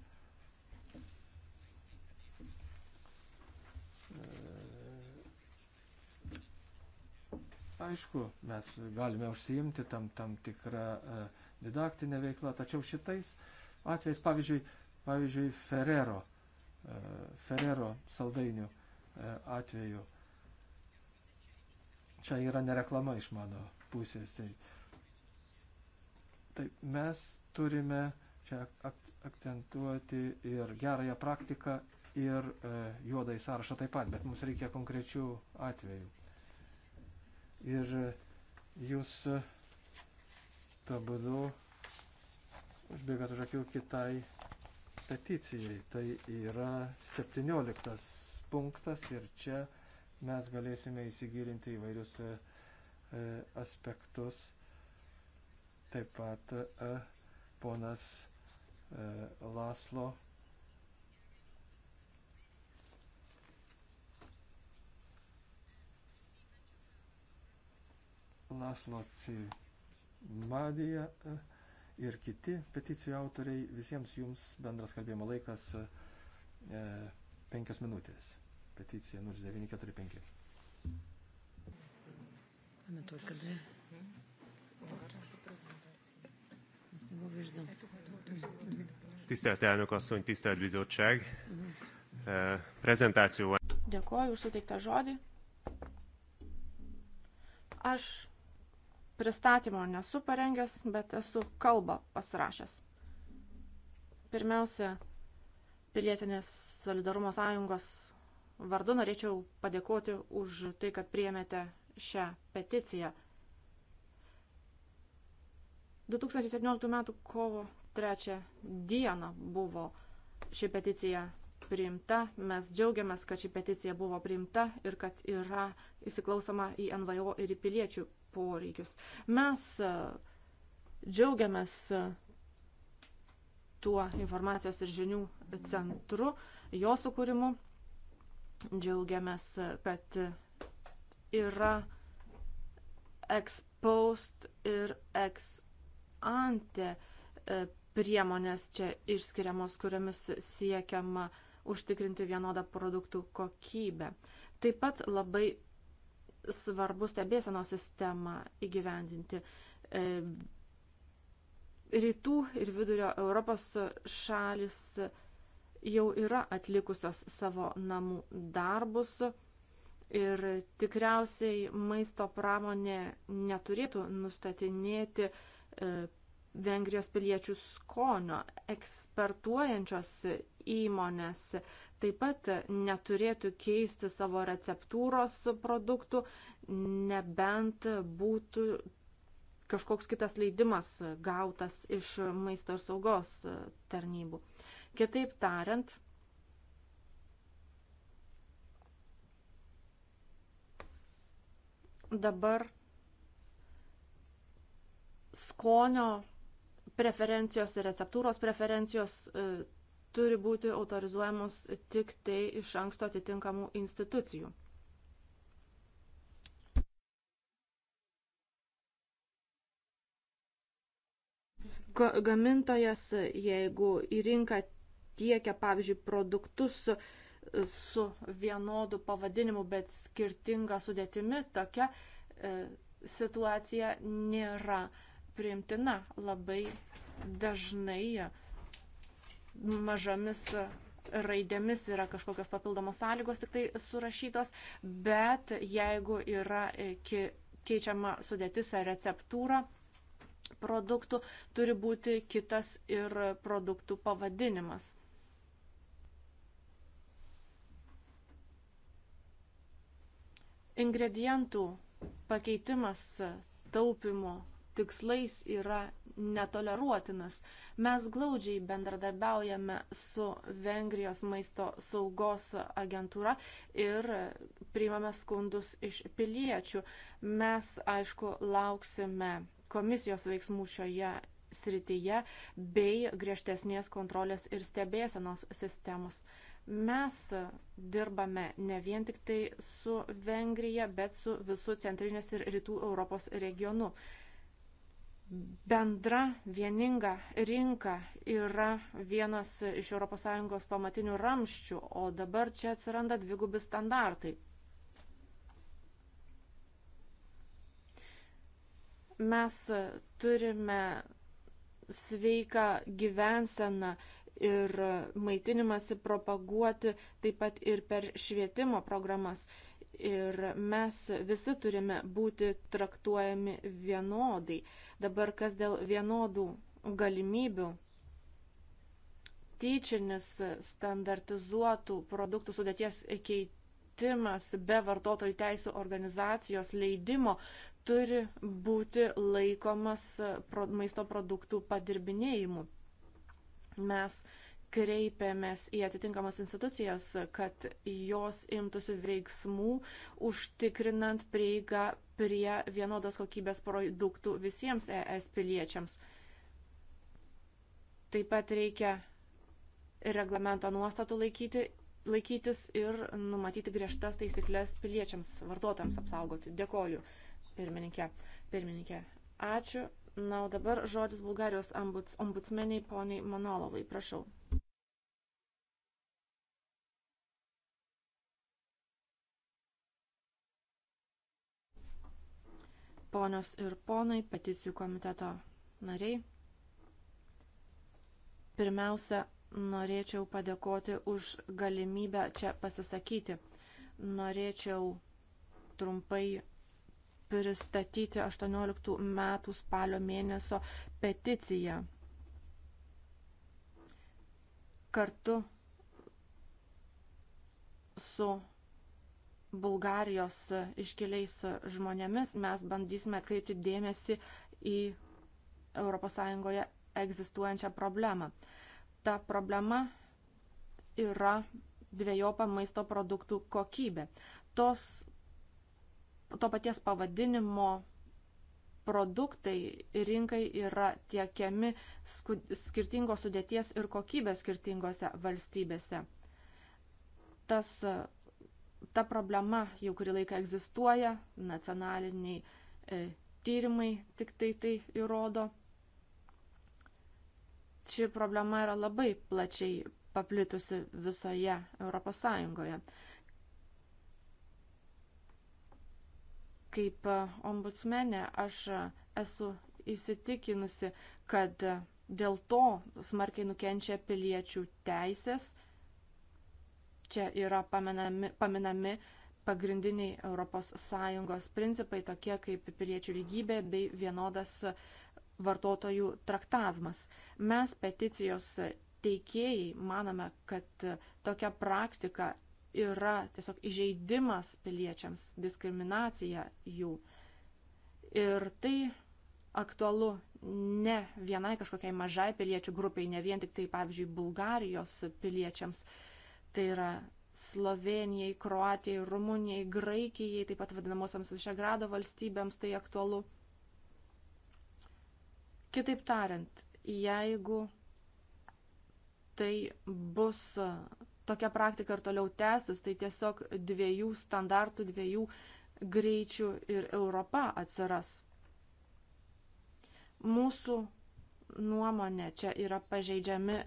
Speaker 4: Aišku, mes galime užsiimti tam, tam tikrą e, didaktinę veiklą, tačiau šitais atvejais, pavyzdžiui, pavyzdžiui Ferrero, e, Ferrero saldainių e, atveju, čia yra nereklama iš mano pusės. Tai, tai mes turime čia akcentuoti ir gerąją praktiką, ir e, juodai sąrašą taip pat, bet mums reikia konkrečių atvejų ir jūs tuo būdu užbėgat už akių kitai peticijai. Tai yra 17 punktas ir čia mes galėsime įsigilinti įvairius e, aspektus. Taip pat e, ponas e, Laslo Laslo Cimadija e, ir kiti peticijų autoriai. Visiems jums bendras kalbėjimo laikas 5 e, minutės. Peticija 0945.
Speaker 3: Mamy только две.
Speaker 7: Tisztelt elnök asszony, tisztelt bizottság! E, prezentáció van.
Speaker 5: Dėkuoju už suteiktą žodį. Aš pristatymo nesu parengęs, bet esu kalbą pasirašęs. Pirmiausia, pilietinės solidarumo sąjungos vardu norėčiau padėkoti už tai, kad priėmėte šią peticiją. 2017 m. kovo 3 dieną buvo ši peticija priimta. Mes džiaugiamės, kad ši peticija buvo priimta ir kad yra įsiklausoma į NVO ir į piliečių poreikius. Mes e, džiaugiamės e, tuo informacijos ir žinių centru, jo sukūrimu. Džiaugiamės, e, kad yra ekspost ir ex ante priemonės čia išskiriamos, kuriamis siekiama užtikrinti vienodą produktų kokybę. Taip pat labai svarbu stebėsenos sistemą įgyvendinti. E, rytų ir vidurio Europos šalis jau yra atlikusios savo namų darbus ir tikriausiai maisto pramonė neturėtų nustatinėti e, Vengrijos piliečių skonio. Ekspertuojančios įmonės taip pat neturėtų keisti savo receptūros produktų, nebent būtų kažkoks kitas leidimas gautas iš maisto ir saugos tarnybų. Kitaip tariant, dabar skonio preferencijos ir receptūros preferencijos e, turi būti autorizuojamos tik tai iš anksto atitinkamų institucijų. Gamintojas, jeigu į rinką tiekia, pavyzdžiui, produktus su, e, su vienodu pavadinimu, bet skirtinga sudėtimi, tokia e, situacija nėra priimtina labai dažnai mažomis raidėmis yra kažkokios papildomos sąlygos tik tai surašytos, bet jeigu yra e, keičiama sudėtis ar receptūra produktų, turi būti kitas ir produktų pavadinimas. Ingredientų pakeitimas taupimo tikslais yra netoleruotinas. Mes glaudžiai bendradarbiaujame su Vengrijos maisto saugos agentūra ir priimame skundus iš piliečių. Mes, aišku, lauksime komisijos veiksmų šioje srityje bei griežtesnės kontrolės ir stebėsenos sistemos. Mes dirbame ne vien tik tai su Vengrija, bet su visu centrinės ir rytų Europos regionu bendra vieninga rinka yra vienas iš ES pamatinių ramščių, o dabar čia atsiranda dvigubi standartai. Mes turime sveiką gyvenseną ir maitinimąsi propaguoti taip pat ir per švietimo programas. Ir mes visi turime būti traktuojami vienodai. Dabar kas dėl vienodų galimybių, tyčinis standartizuotų produktų sudėties keitimas be vartotojų teisų organizacijos leidimo turi būti laikomas maisto produktų padirbinėjimu. Mes uh, kreipiamės į atitinkamas institucijas, kad jos imtųsi veiksmų, užtikrinant prieigą prie vienodos kokybės produktų visiems ES piliečiams. Taip pat reikia reglamento nuostatų laikyti, laikytis ir numatyti griežtas taisyklės piliečiams, vartotojams apsaugoti. Dėkoju, pirmininkė. pirmininkė. Ačiū. Na, o dabar žodis Bulgarijos ombudsmeniai poniai Manolovai. Prašau. ponios ir ponai, peticijų komiteto nariai. Pirmiausia, norėčiau padėkoti už galimybę čia pasisakyti. Norėčiau trumpai pristatyti 18 metų spalio mėnesio peticiją. Kartu su Bulgarijos iškeliais žmonėmis, mes bandysime atkreipti dėmesį į ES egzistuojančią problemą. Ta problema yra dviejopa maisto produktų kokybė. Tos, to paties pavadinimo produktai rinkai yra tiekiami skirtingos sudėties ir kokybės skirtingose valstybėse. Tas ta problema jau kurį laiką egzistuoja, nacionaliniai e, tyrimai tik tai tai įrodo. Ši problema yra labai plačiai paplitusi visoje Europos Sąjungoje. Kaip e, ombudsmenė aš e, esu įsitikinusi, kad e, dėl to smarkiai nukenčia piliečių teisės Čia yra paminami, paminami pagrindiniai ES principai, tokie kaip piliečių lygybė bei vienodas vartotojų traktavimas. Mes peticijos teikėjai manome, kad tokia praktika yra tiesiog įžeidimas piliečiams, diskriminacija jų. Ir tai aktualu ne vienai kažkokiai mažai piliečių grupiai, ne vien tik tai, pavyzdžiui, Bulgarijos piliečiams, uh, tai yra Slovenijai, Kroatijai, Rumunijai, Graikijai, taip pat vadinamosiams Višegrado valstybėms tai aktualu. Kitaip tariant, jeigu tai bus tokia praktika ir toliau tęsis, tai tiesiog dviejų standartų, dviejų greičių ir Europa atsiras. Mūsų nuomonė čia yra pažeidžiami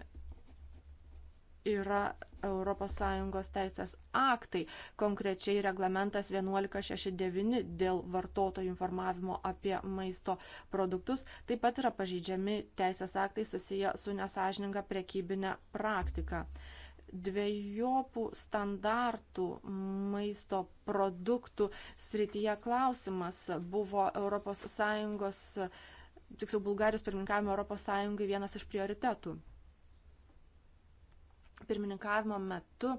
Speaker 5: yra ES teisės aktai, konkrečiai reglamentas 1169 dėl vartotojų informavimo apie maisto produktus, taip pat yra pažeidžiami teisės aktai susiję su nesažininga prekybinė praktika. Dviejopų standartų maisto produktų srityje klausimas buvo ES, tiksliau Bulgarijos pirmininkavimo ES vienas iš prioritetų pirmininkavimo metu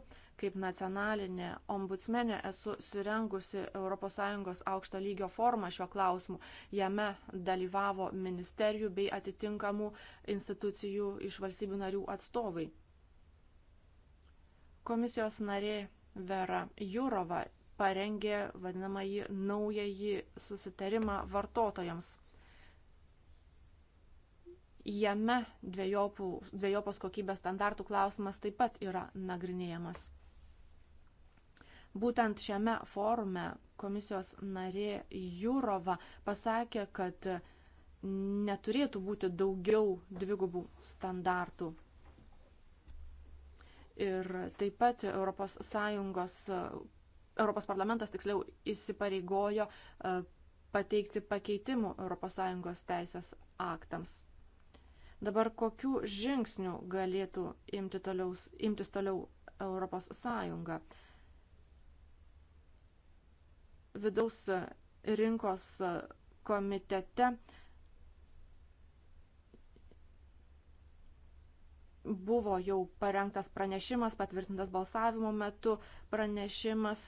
Speaker 5: kaip nacionalinė ombudsmenė esu surengusi ES aukšto lygio formą šiuo klausimu. Jame dalyvavo ministerijų bei atitinkamų institucijų iš valstybių narių atstovai. Komisijos narė Vera Jurova parengė vadinamąjį naująjį susitarimą vartotojams jame dviejopų, dviejopos kokybės standartų klausimas taip pat yra nagrinėjamas. Būtent šiame forume komisijos narė Jurova pasakė, kad neturėtų būti daugiau dvigubų standartų. Ir taip pat ES, Europos parlamentas tiksliau įsipareigojo e, pateikti pakeitimų ES teisės aktams. Dabar kokių žingsnių galėtų imti toliau, imtis toliau Europos Sąjunga? Vidaus rinkos komitete buvo jau parengtas pranešimas, patvirtintas balsavimo metu pranešimas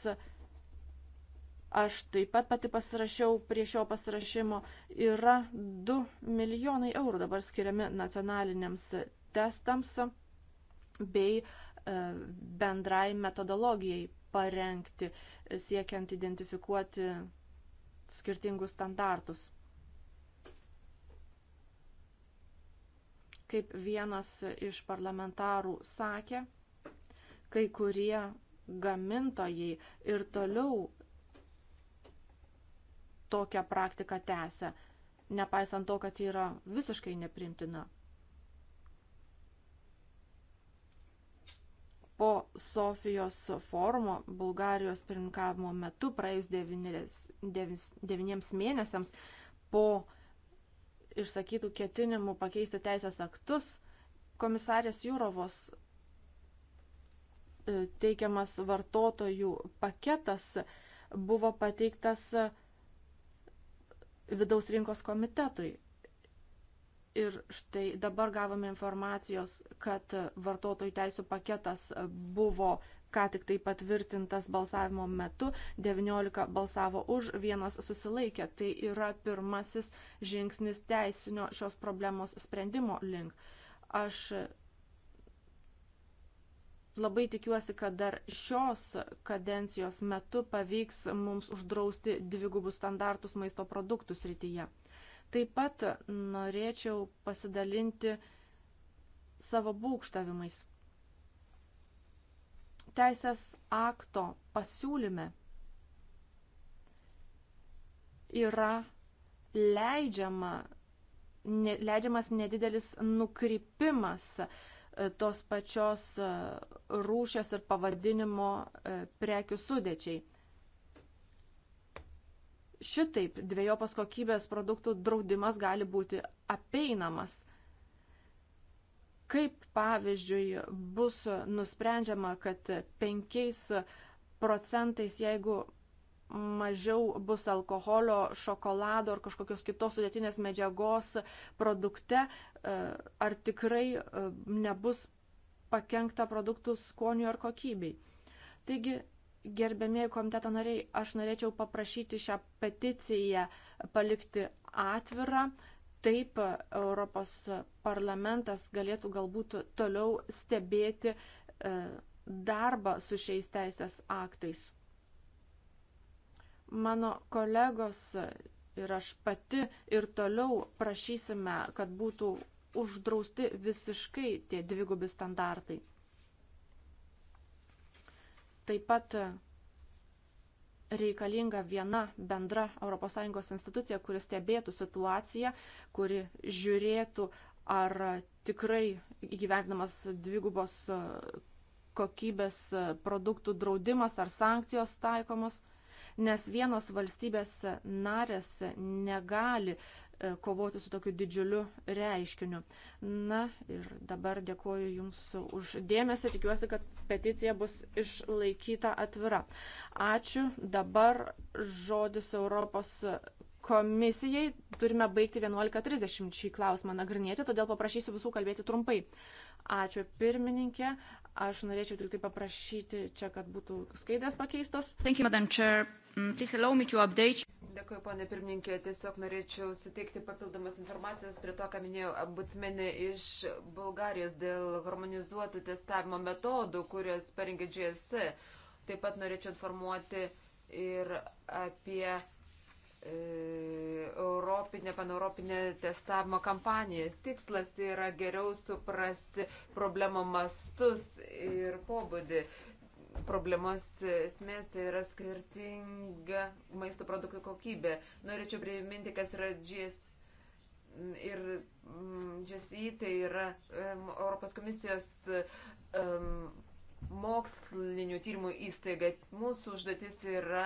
Speaker 5: Aš taip pat pati pasirašiau, prie šio pasirašymo yra 2 milijonai eurų dabar skiriami nacionaliniams testams bei e, bendrai metodologijai parengti, siekiant identifikuoti skirtingus standartus. Kaip vienas iš parlamentarų sakė, kai kurie gamintojai ir toliau tokią praktiką tęsia, nepaisant to, kad ji yra visiškai neprimtina. Po Sofijos forumo Bulgarijos pirmininkavimo metu praėjus devyniems mėnesiams po išsakytų ketinimų pakeisti teisės aktus, komisarės Jūrovos e, teikiamas vartotojų paketas buvo pateiktas vidaus rinkos komitetui. Ir štai dabar gavome informacijos, kad vartotojų teisų paketas buvo ką tik tai patvirtintas balsavimo metu, 19 balsavo už, vienas susilaikė. Tai yra pirmasis žingsnis teisinio šios problemos sprendimo link. Aš Labai tikiuosi, kad dar šios kadencijos metu pavyks mums uždrausti dvigubus standartus maisto produktų srityje. Taip pat norėčiau pasidalinti savo būkštavimais. Teisės akto pasiūlyme yra leidžiama, ne, leidžiamas nedidelis nukrypimas E, tos pačios e, rūšės ir pavadinimo e, prekių sudėčiai. Šitaip dviejopos kokybės produktų draudimas gali būti apeinamas. Kaip pavyzdžiui bus nusprendžiama, kad 5 procentais, jeigu mažiau bus alkoholio, šokolado ar kažkokios kitos sudėtinės medžiagos produkte, E, ar tikrai e, nebus pakengta produktų skoniu ar kokybei. Taigi, gerbėmėjai komiteto nariai, aš norėčiau paprašyti šią peticiją palikti atvirą. Taip e, Europos parlamentas galėtų galbūt toliau stebėti darbą su šiais teisės aktais. Mano kolegos ir aš pati ir toliau prašysime, kad būtų uždrausti visiškai tie dvigubi standartai. Taip pat reikalinga viena bendra ES institucija, kuri stebėtų situaciją, kuri žiūrėtų, ar tikrai įgyvendinamas dvigubos kokybės produktų draudimas ar sankcijos taikomas nes vienos valstybės narės negali e, kovoti su tokiu didžiuliu reiškiniu. Na ir dabar dėkoju Jums už dėmesį, tikiuosi, kad peticija bus išlaikyta atvira. Ačiū. Dabar žodis Europos komisijai. Turime baigti 11.30 šį klausimą nagrinėti, todėl paprašysiu visų kalbėti trumpai. Ačiū pirmininkė, Aš norėčiau tik tai paprašyti čia, kad būtų skaidrės pakeistos. Thank you, Madam Chair. Mm, please allow me to update. Dėkuoju, ponė pirmininkė.
Speaker 2: Tiesiog norėčiau suteikti papildomas informacijas prie to, ką minėjo abutsmenė iš Bulgarijos dėl harmonizuotų testavimo metodų, kurias parengė GSC. E. Taip pat norėčiau informuoti ir apie E, europinė, paneuropinė testavimo kampanija. Tikslas yra geriau suprasti problemo mastus ir pobūdį. Problemos esmė tai yra skirtinga maisto produktų kokybė. Norėčiau priminti, kas yra GST. Ir mm, GSI tai yra um, Europos komisijos um, mokslinių tyrimų įstaiga. Mūsų užduotis yra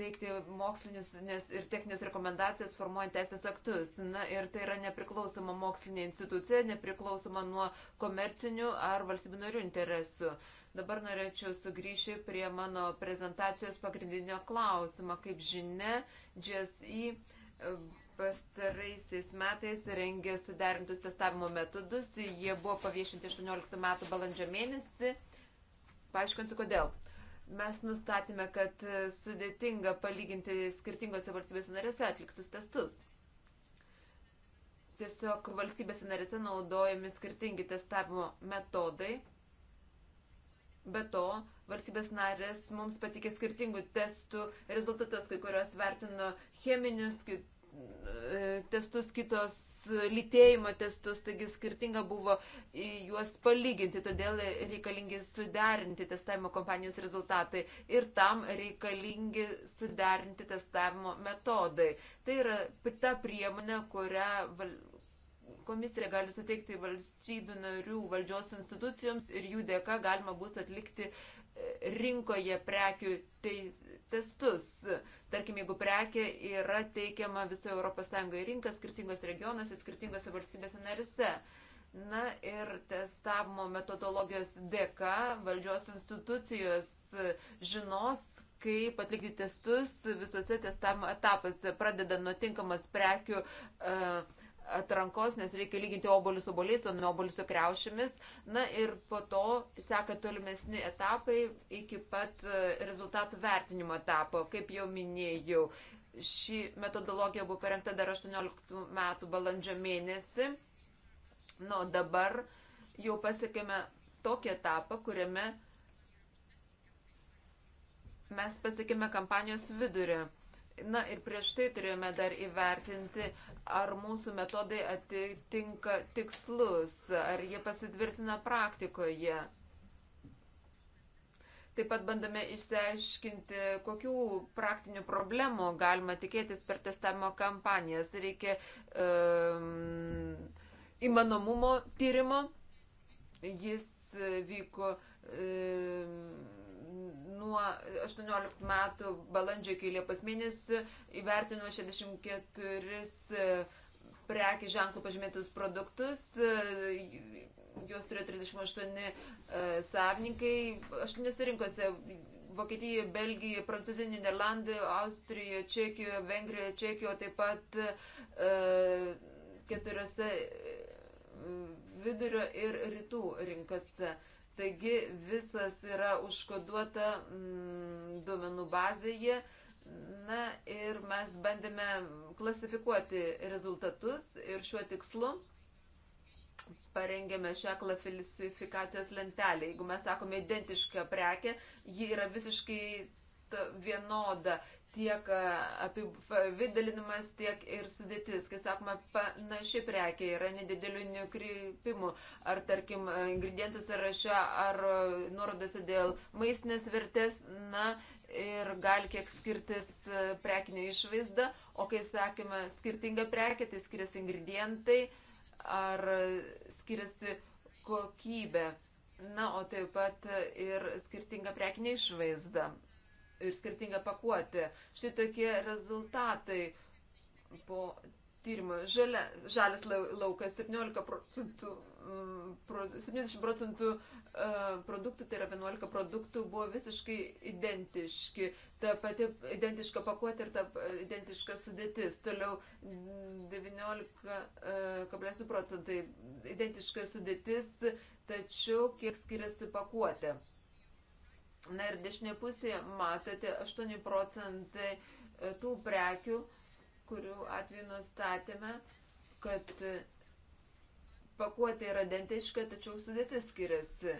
Speaker 2: teikti mokslinius ir techninės rekomendacijas formuojant teisės aktus. Na ir tai yra nepriklausoma mokslinė institucija, nepriklausoma nuo komercinių ar valstybinarių interesų. Dabar norėčiau sugrįžti prie mano prezentacijos pagrindinio klausimo. Kaip žinia, GSI e, pastaraisiais metais rengė suderintus testavimo metodus. Jie buvo paviešinti 18 metų balandžio mėnesį. Paaiškinsiu, kodėl. Mes nustatėme, kad sudėtinga palyginti skirtingose valstybėse narėse atliktus testus. Tiesiog valstybėse narėse naudojami skirtingi testavimo metodai. Be to, valstybės narės mums patikė skirtingų testų rezultatus, kai kurios vertino cheminius, kitus testus, kitos e, lytėjimo testus, taigi skirtinga buvo juos palyginti, todėl reikalingi suderinti testavimo kompanijos rezultatai ir tam reikalingi suderinti testavimo metodai. Tai yra ta priemonė, kurią komisija gali suteikti valstybių narių valdžios institucijoms ir jų dėka galima bus atlikti uh, rinkoje prekių testus. Tarkim, jeigu prekė yra teikiama visoje ES rinka, skirtingose regionuose, skirtingose valstybėse narise. Na ir testavimo metodologijos dėka valdžios institucijos žinos, kaip atlikti testus visose testavimo etapuose, pradedant nuo tinkamas prekių uh, atrankos, nes reikia lyginti obolius su oboliais, o ne obolius su kreušiamis. Na ir po to seka tolimesni etapai iki pat e, rezultatų vertinimo etapo. Kaip jau minėjau, ši metodologija buvo parengta dar 18 metų balandžio mėnesį. Na, nu, dabar jau pasiekėme tokį etapą, kuriame mes pasiekėme kampanijos vidurį Na ir prieš tai turėjome dar įvertinti, ar mūsų metodai atitinka tikslus, ar jie pasitvirtina praktikoje. Taip pat bandome išsiaiškinti, kokių praktinių problemų galima tikėtis per testavimo kampanijas. Reikia um, įmanomumo tyrimo. Jis vyko um, nuo 18 metų balandžio iki Liepos mėnesį įvertino 64 prekių ženklų pažymėtus produktus. Jos turėjo 38 e, savininkai. Aštuoniuose rinkose Vokietijoje, Belgijoje, Prancūzijoje, Niderlandijoje, Austrijoje, Čekijoje, Vengrijoje, Čekijoje, taip pat e, keturiose e, vidurio ir rytų rinkose. E, Taigi visas yra užkoduota mm, duomenų bazėje. Na ir mes bandėme klasifikuoti rezultatus ir šiuo tikslu parengėme šią klasifikacijos lentelę. Jeigu mes sakome identišką prekę, ji yra visiškai vienoda tiek apividalinimas, tiek ir sudėtis. Kai sakoma, panaši prekė yra nedidelių nukrypimų, ar tarkim ingredientų sąraše, ar nuorodose dėl maistinės vertės, na ir gali kiek skirtis prekinio išvaizda, o kai sakome skirtinga prekė, tai skiriasi ingredientai ar skiriasi kokybė. Na, o taip pat ir skirtinga prekinė išvaizda ir skirtinga pakuotė. Šitokie rezultatai po tyrimo. Žalia, žalias laukas 17 procentų, 70 mm, procentų e, produktų, tai yra 11 produktų, buvo visiškai identiški. Ta pati identiška pakuotė ir ta identiška sudėtis. Toliau 19,2 mm, e, procentai identiška sudėtis, tačiau kiek skiriasi pakuotė. Na ir dešinė pusė matote 8 procentai e, tų prekių, kurių atveju nustatėme, kad e, pakuotė yra identiška, tačiau sudėtis skiriasi.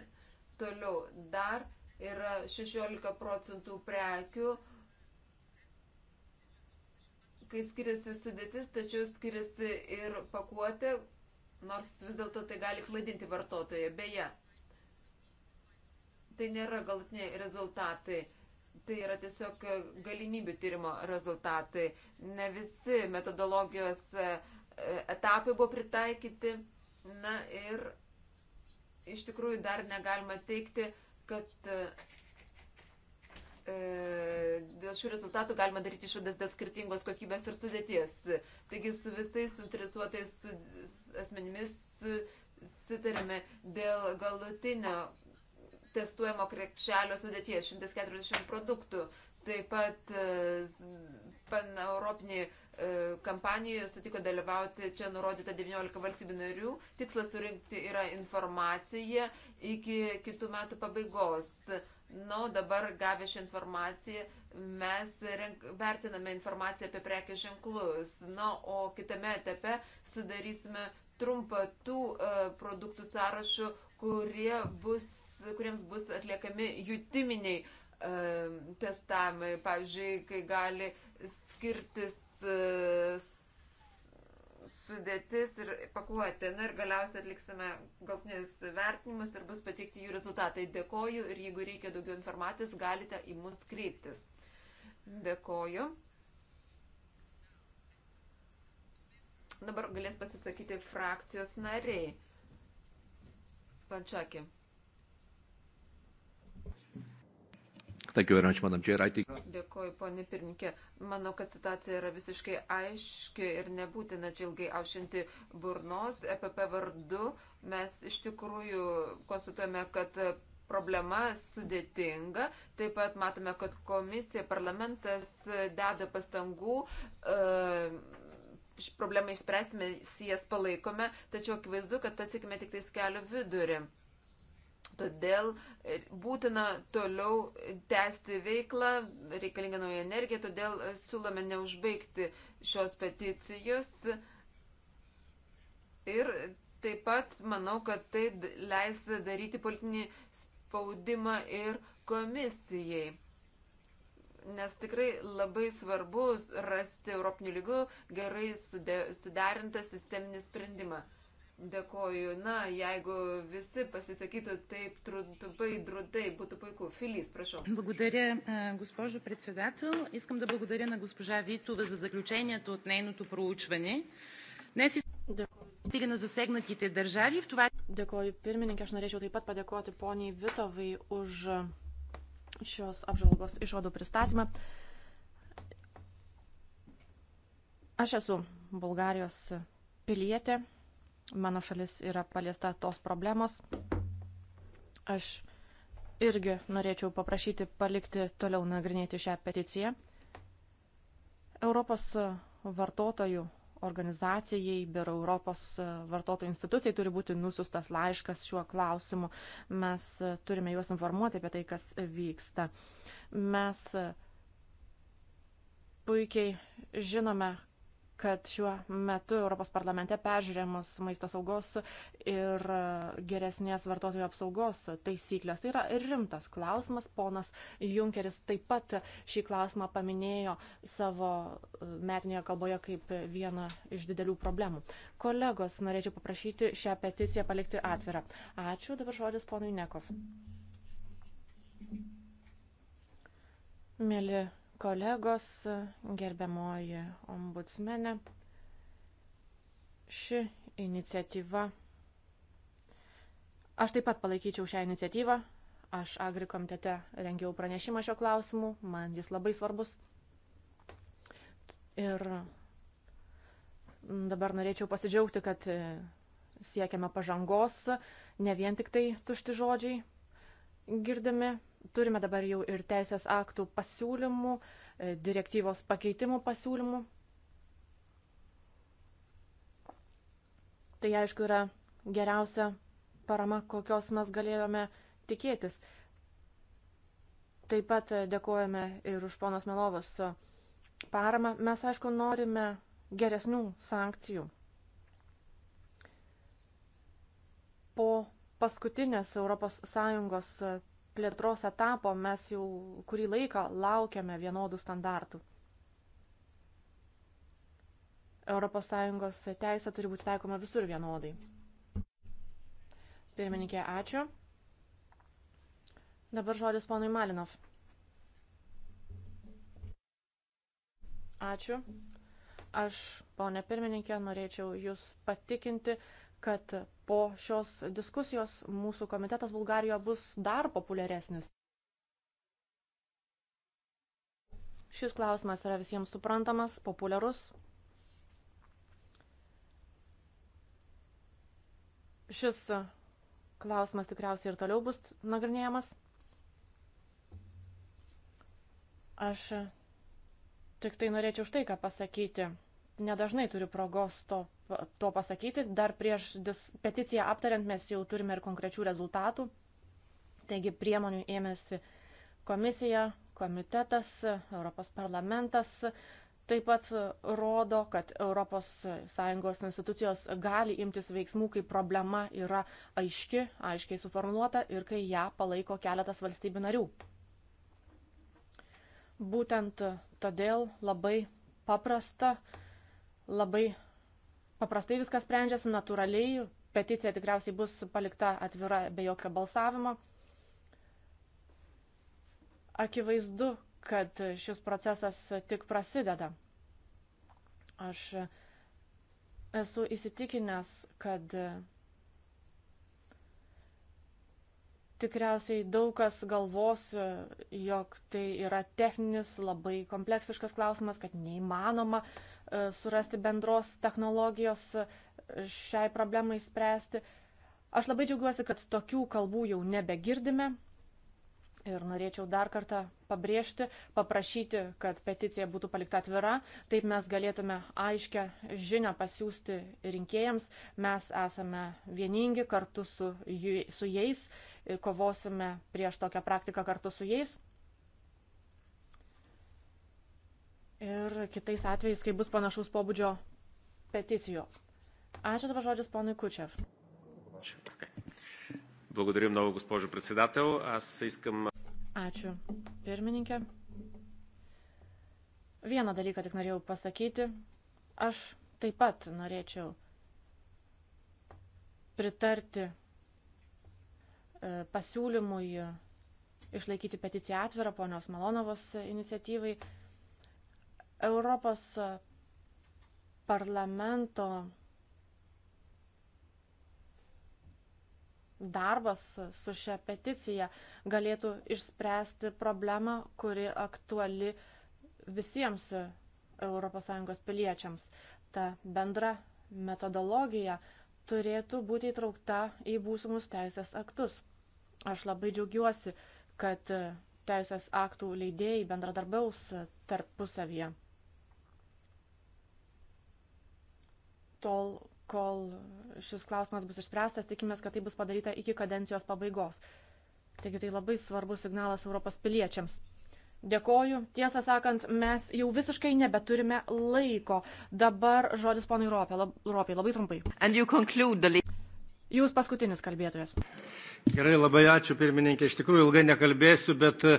Speaker 2: Toliau dar yra 16 procentų prekių, kai skiriasi sudėtis, tačiau skiriasi ir pakuotė, nors vis dėlto tai gali klaidinti vartotoje. Beje, tai nėra galutiniai rezultatai. Tai yra tiesiog e, galimybių tyrimo rezultatai. Ne visi metodologijos e, etapai buvo pritaikyti. Na ir iš tikrųjų dar negalima teikti, kad e, dėl šių rezultatų galima daryti išvadas dėl skirtingos kokybės ir sudėties. Taigi su visais suinteresuotais su asmenimis susitarėme dėl galutinio testuojamo krepšelio sudėties 140 produktų. Taip pat e, paneuropinį e, kampanijoje sutiko dalyvauti čia nurodyta 19 valstybių narių. Tikslas surinkti yra informaciją iki kitų metų pabaigos. Na, nu, dabar gavę šią informaciją, mes renk, vertiname informaciją apie prekės ženklus. Na, nu, o kitame etape sudarysime trumpą tų uh, produktų sąrašų, kurie bus kuriems bus atliekami jutiminiai e, testavimai, pavyzdžiui, kai gali skirtis e, sudėtis ir pakuoti. Na ir galiausiai atliksime galtinius vertinimus ir bus pateikti jų rezultatai. Dėkoju ir jeigu reikia daugiau informacijos, galite į mus kreiptis. Dėkoju. Dabar galės pasisakyti frakcijos nariai. Pančiakė.
Speaker 7: Dėkuoju,
Speaker 2: ponė pirmininkė. Manau, kad situacija yra visiškai aiški ir nebūtina čia ilgai aušinti burnos. EPP vardu mes iš tikrųjų konstatuojame, kad problema sudėtinga. Taip pat matome, kad komisija, parlamentas deda pastangų. Uh, problemą išspręsime, jas palaikome, tačiau akivaizdu, kad pasiekime tik tais kelio vidurį. Todėl e, būtina toliau tęsti veiklą, reikalinga nauja energija, todėl e, siūlome neužbaigti šios peticijos. Ir taip pat manau, kad tai leis daryti politinį spaudimą ir komisijai. Nes tikrai labai svarbu rasti Europinių lygių gerai sude, suderintą sisteminį sprendimą. Dėkoju. Na, jeigu visi pasisakytų taip trumpai, drūtai, būtų puiku. Filys, prašau.
Speaker 1: Благодаря, госпожо председател. Искам да благодаря на госпожа Витова за заключението от нейното
Speaker 5: проучване. Днес Dėkoju. на засегнатите държави. В това... Dėkoju, pirmininkė. Aš norėčiau taip pat padėkoti poniai Vitovai už šios apžvalgos išvadų pristatymą. Aš esu Bulgarijos pilietė. Mano šalis yra paliesta tos problemos. Aš irgi norėčiau paprašyti palikti toliau nagrinėti šią peticiją. Europos vartotojų organizacijai ir Europos vartotojų institucijai turi būti nusiustas laiškas šiuo klausimu. Mes turime juos informuoti apie tai, kas vyksta. Mes puikiai žinome, kad šiuo metu Europos parlamente peržiūrėmus maisto saugos ir geresnės vartotojų apsaugos taisyklės. Tai yra rimtas klausimas. Ponas Junkeris taip pat šį klausimą paminėjo savo metinėje kalboje kaip vieną iš didelių problemų. Kolegos, norėčiau paprašyti šią peticiją palikti atvirą. Ačiū. Dabar žodis ponui Nekov. Mėly kolegos, gerbiamoji ombudsmenė, ši iniciatyva. Aš taip pat palaikyčiau šią iniciatyvą. Aš Agri komitete rengiau pranešimą šio klausimu, man jis labai svarbus. Ir dabar norėčiau pasidžiaugti, kad siekiame pažangos, ne vien tik tai tušti žodžiai girdimi, Turime dabar jau ir teisės aktų pasiūlymų, e, direktyvos pakeitimų pasiūlymų. Tai aišku yra geriausia parama, kokios mes galėjome tikėtis. Taip pat e, dėkojame ir už ponos Melovos e, paramą. Mes, aišku, norime geresnių sankcijų. Po paskutinės ES plėtros etapo mes jau kurį laiką laukiame vienodų standartų. ES teisė turi būti taikoma visur vienodai. Pirmininkė, ačiū. Dabar žodis ponui Malinov. Ačiū. Aš, ponė pirmininkė, norėčiau Jūs patikinti, kad po šios diskusijos mūsų komitetas Bulgarijoje bus dar populiaresnis. Šis klausimas yra visiems suprantamas, populiarus. Šis klausimas tikriausiai ir toliau bus nagrinėjamas. Aš tik tai norėčiau štai ką pasakyti nedažnai turiu progos to, to pasakyti. Dar prieš dis, peticiją aptariant mes jau turime ir konkrečių rezultatų. Taigi priemonių ėmėsi komisija, komitetas, Europos parlamentas. Taip pat rodo, kad ES institucijos gali imtis veiksmų, kai problema yra aiški, aiškiai suformuoluota ir kai ją palaiko keletas valstybių narių. Būtent todėl labai paprasta uh, labai paprastai viskas sprendžiasi, natūraliai, peticija tikriausiai bus palikta atvira be jokio balsavimo. Akivaizdu, kad šis procesas tik prasideda. Aš esu įsitikinęs, kad tikriausiai daug kas galvos, jog tai yra techninis, labai kompleksiškas klausimas, kad neįmanoma E, surasti bendros technologijos e, šiai problemai spręsti. Aš labai džiaugiuosi, kad tokių kalbų jau nebegirdime. Ir norėčiau dar kartą pabrėžti, paprašyti, kad peticija būtų palikta atvira, taip mes galėtume aiškę žinę pasiūsti rinkėjams. Mes esame vieningi kartu su, su jais, kovosime prieš tokią praktiką kartu su jais. ir kitais atvejais, kai bus panašaus pobūdžio peticijų. Ačiū dabar žodžius ponui Kučev.
Speaker 6: Благодаря много, госпожо председател. Аз искам.
Speaker 5: Ačiū, pirmininkė. Vieną dalyką tik norėjau pasakyti. Aš taip pat norėčiau pritarti e, pasiūlymui išlaikyti peticiją atvirą ponios Malonovos iniciatyvai Europos parlamento darbas su šia peticija galėtų išspręsti problemą, kuri aktuali visiems ES piliečiams. Ta bendra metodologija turėtų būti įtraukta į būsimus teisės aktus. Aš labai džiaugiuosi, kad teisės aktų leidėjai bendradarbiaus tarpusavyje. tol, kol šis klausimas bus išspręstas, tikimės, kad tai bus padaryta iki kadencijos pabaigos. Taigi tai labai svarbus signalas Europos piliečiams. Dėkoju. Tiesą sakant, mes jau visiškai nebeturime laiko. Dabar žodis ponui Ropė, lab, Ropė labai trumpai. The... Jūs paskutinis kalbėtojas.
Speaker 6: Gerai, labai ačiū pirmininkė. Iš tikrųjų ilgai nekalbėsiu, bet e,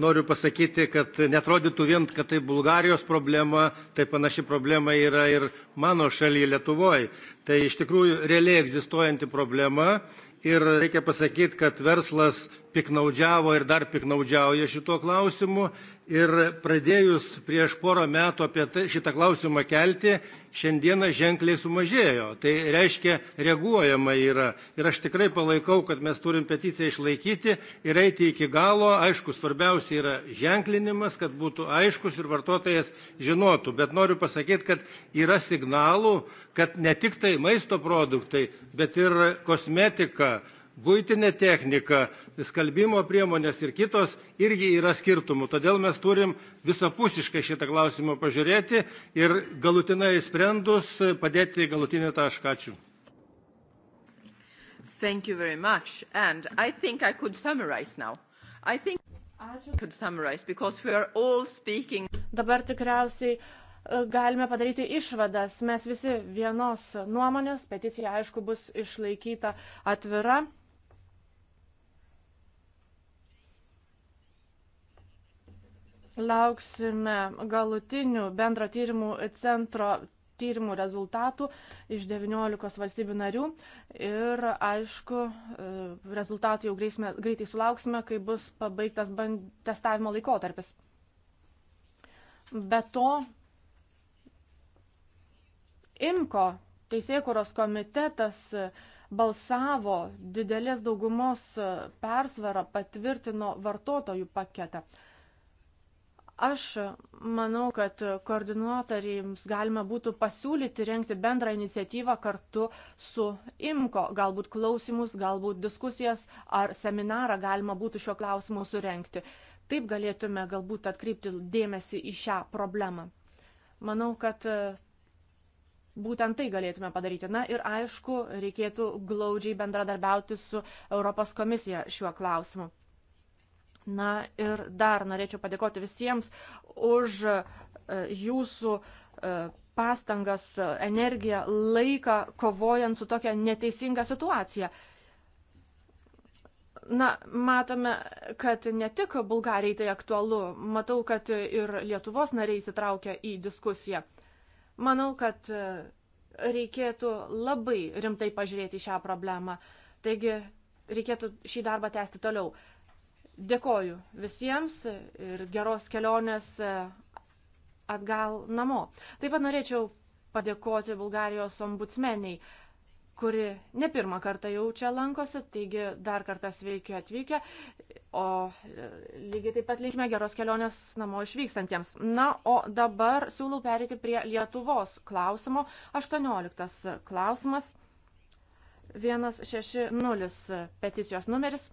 Speaker 6: noriu pasakyti, kad netrodytų vien, kad tai Bulgarijos problema, tai panaši problema yra ir mano šalyje Lietuvoje. Tai iš tikrųjų realiai egzistuojanti problema ir reikia pasakyti, kad verslas piknaudžiavo ir dar piknaudžiauja šituo klausimu ir pradėjus prieš porą metų apie tai, šitą klausimą kelti, šiandieną ženkliai sumažėjo. Tai reiškia, reaguojama yra. Ir aš tikrai palaikau, kad mes turim peticiją išlaikyti ir eiti iki galo. Aišku, svarbiausia yra ženklinimas, kad būtų aiškus ir vartotojas žinotų. Bet noriu pasakyti, kad yra signalų, kad ne tik tai maisto produktai, bet ir kosmetika, buitinė technika, skalbimo priemonės ir kitos irgi yra skirtumų. Todėl mes turim visapusiškai šitą klausimą pažiūrėti ir galutinai sprendus padėti galutinį tašką. Ačiū.
Speaker 1: Thank you very much. And I think I could summarize now. I think I
Speaker 5: could summarize because we are all speaking. Dabar tikriausiai e, galime padaryti išvadas. Mes visi vienos nuomonės, peticija aišku bus išlaikyta atvira. Lauksime galutinių bendro tyrimų centro tyrimų rezultatų iš 19 valstybių narių ir aišku, e, rezultatų jau greisime, greitai sulauksime, kai bus pabaigtas band, testavimo laikotarpis. Be to, IMKO teisėkuros komitetas e, balsavo didelės daugumos e, persvarą patvirtino vartotojų paketą. Aš manau, kad koordinuotoriams galima būtų pasiūlyti renkti bendrą iniciatyvą kartu su IMKO, galbūt klausimus, galbūt diskusijas ar seminarą galima būtų šiuo klausimu surenkti. Taip galėtume galbūt atkreipti dėmesį į šią problemą. Manau, kad e, būtent tai galėtume padaryti. Na ir aišku, reikėtų glaudžiai bendradarbiauti su Europos komisija šiuo klausimu. Na ir dar norėčiau padėkoti visiems už e, jūsų e, pastangas, energiją, laiką, kovojant su tokia neteisinga situacija. Na, matome, kad ne tik Bulgarijai tai aktualu, matau, kad ir Lietuvos nariai įsitraukia į diskusiją. Manau, kad e, reikėtų labai rimtai pažiūrėti šią problemą. Taigi, reikėtų šį darbą tęsti toliau. Dėkoju visiems ir geros kelionės e, atgal namo. Taip pat norėčiau padėkoti Bulgarijos ombudsmeniai, kuri ne pirmą kartą jau čia lankosi, taigi dar kartą sveiki atvykę, o e, lygiai taip pat linkime geros kelionės namo išvykstantiems. Na, o dabar siūlau perėti prie Lietuvos klausimo. 18 klausimas. 160 peticijos numeris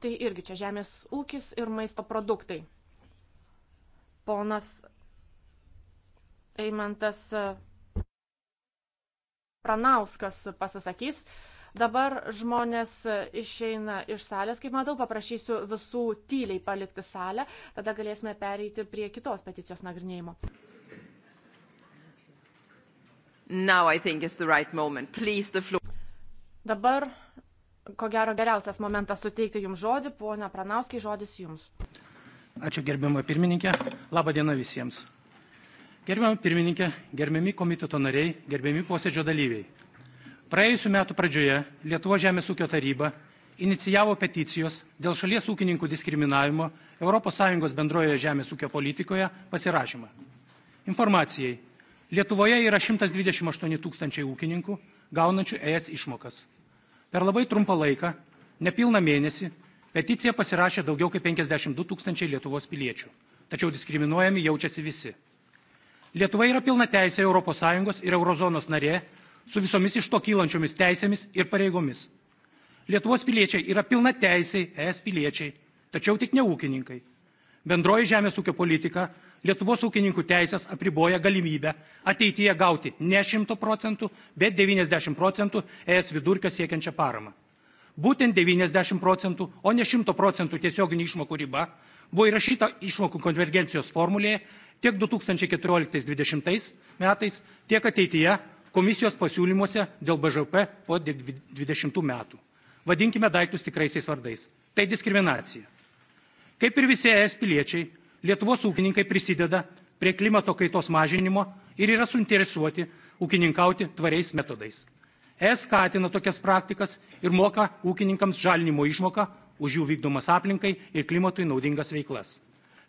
Speaker 5: Tai irgi čia žemės ūkis ir maisto produktai. Ponas Eimantas e, Pranauskas pasisakys. Dabar žmonės e, išeina iš salės, kaip matau, paprašysiu visų tyliai palikti salę, tada galėsime pereiti prie kitos peticijos nagrinėjimo.
Speaker 1: Now I think is the right moment. Please,
Speaker 5: the floor. Dabar ko gero geriausias momentas suteikti jums žodį. Pone Pranauskai, žodis jums.
Speaker 7: Ačiū gerbiamą pirmininkę. Labą dieną visiems. Gerbiamą pirmininkę, gerbiami komiteto nariai, gerbiami posėdžio dalyviai. Praėjusiu metu pradžioje Lietuvo žemės ūkio taryba inicijavo peticijos dėl šalies ūkininkų diskriminavimo ES bendrojoje žemės ūkio politikoje pasirašymą. Informacijai. Lietuvoje yra 128 tūkstančiai ūkininkų gaunančių ES išmokas. Per labai trumpą laiką, nepilną mėnesį, peticiją pasirašė daugiau kaip 52 tūkstančiai Lietuvos piliečių. Tačiau diskriminuojami jaučiasi visi. Lietuva yra pilna teisė ES ir Eurozonos narė su visomis iš to kylančiomis teisėmis ir pareigomis. Lietuvos piliečiai yra pilna teisiai ES piliečiai, tačiau tik ne ūkininkai. Bendroji žemės ūkio politika Lietuvos ūkininkų teisės apriboja galimybę ateityje gauti ne 100 procentų, bet 90 procentų ES vidurkio siekiančią paramą. Būtent 90 procentų, o ne 100 procentų tiesioginį išmokų riba buvo įrašyta išmokų konvergencijos formulėje tiek 2014-2020 metais, tiek ateityje komisijos pasiūlymuose dėl BŽP po 2020 metų. Vadinkime daiktus tikraisiais vardais. Tai diskriminacija. Kaip ir visi ES piliečiai, Lietuvos ūkininkai prisideda prie klimato kaitos mažinimo ir yra suinteresuoti ūkininkauti tvariais metodais. Es skatina tokias praktikas ir moka ūkininkams žalinimo išmoką už jų vykdomas aplinkai ir klimatui naudingas veiklas.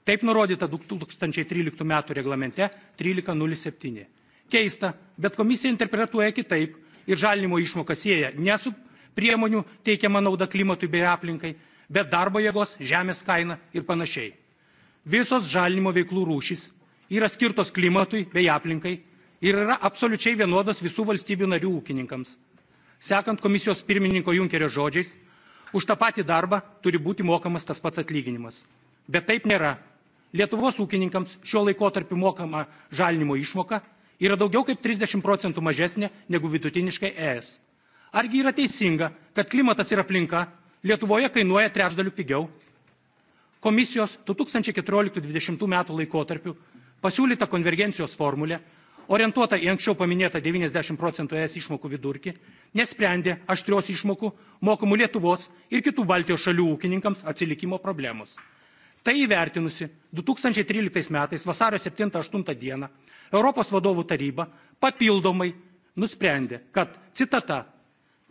Speaker 7: Taip nurodyta 2013 m. reglamente 1307. Keista, bet komisija interpretuoja kitaip ir žalinimo išmoką sieja ne su priemonių teikiama nauda klimatui bei aplinkai, bet darbo jėgos, žemės kaina ir panašiai visos žalinimo veiklų rūšys yra skirtos klimatui bei aplinkai ir yra absoliučiai vienodos visų valstybių narių ūkininkams. Sekant komisijos pirmininko Junkerio žodžiais, už tą patį darbą turi būti mokamas tas pats atlyginimas. Bet taip nėra. Lietuvos ūkininkams šiuo laikotarpiu mokama žalinimo išmoka yra daugiau kaip 30 procentų mažesnė negu vidutiniškai ES. Argi yra teisinga, kad klimatas ir aplinka Lietuvoje kainuoja trečdaliu pigiau komisijos du tūkstančiai keturiolika dvidešimt metų laikotarpiu pasiūlyta konvergencijos formulė orientuota į anksčiau paminėtą devyniasdešimt procentų es išmokų vidurkį nesprendė aštrios išmokų mokamų lietuvos ir kitų baltijos šalių ūkininkams atsilikimo problemos. tai įvertinusi du tūkstančiai trylika metais vasario septyni aštuoni dieną europos vadovų taryba papildomai nusprendė kad citata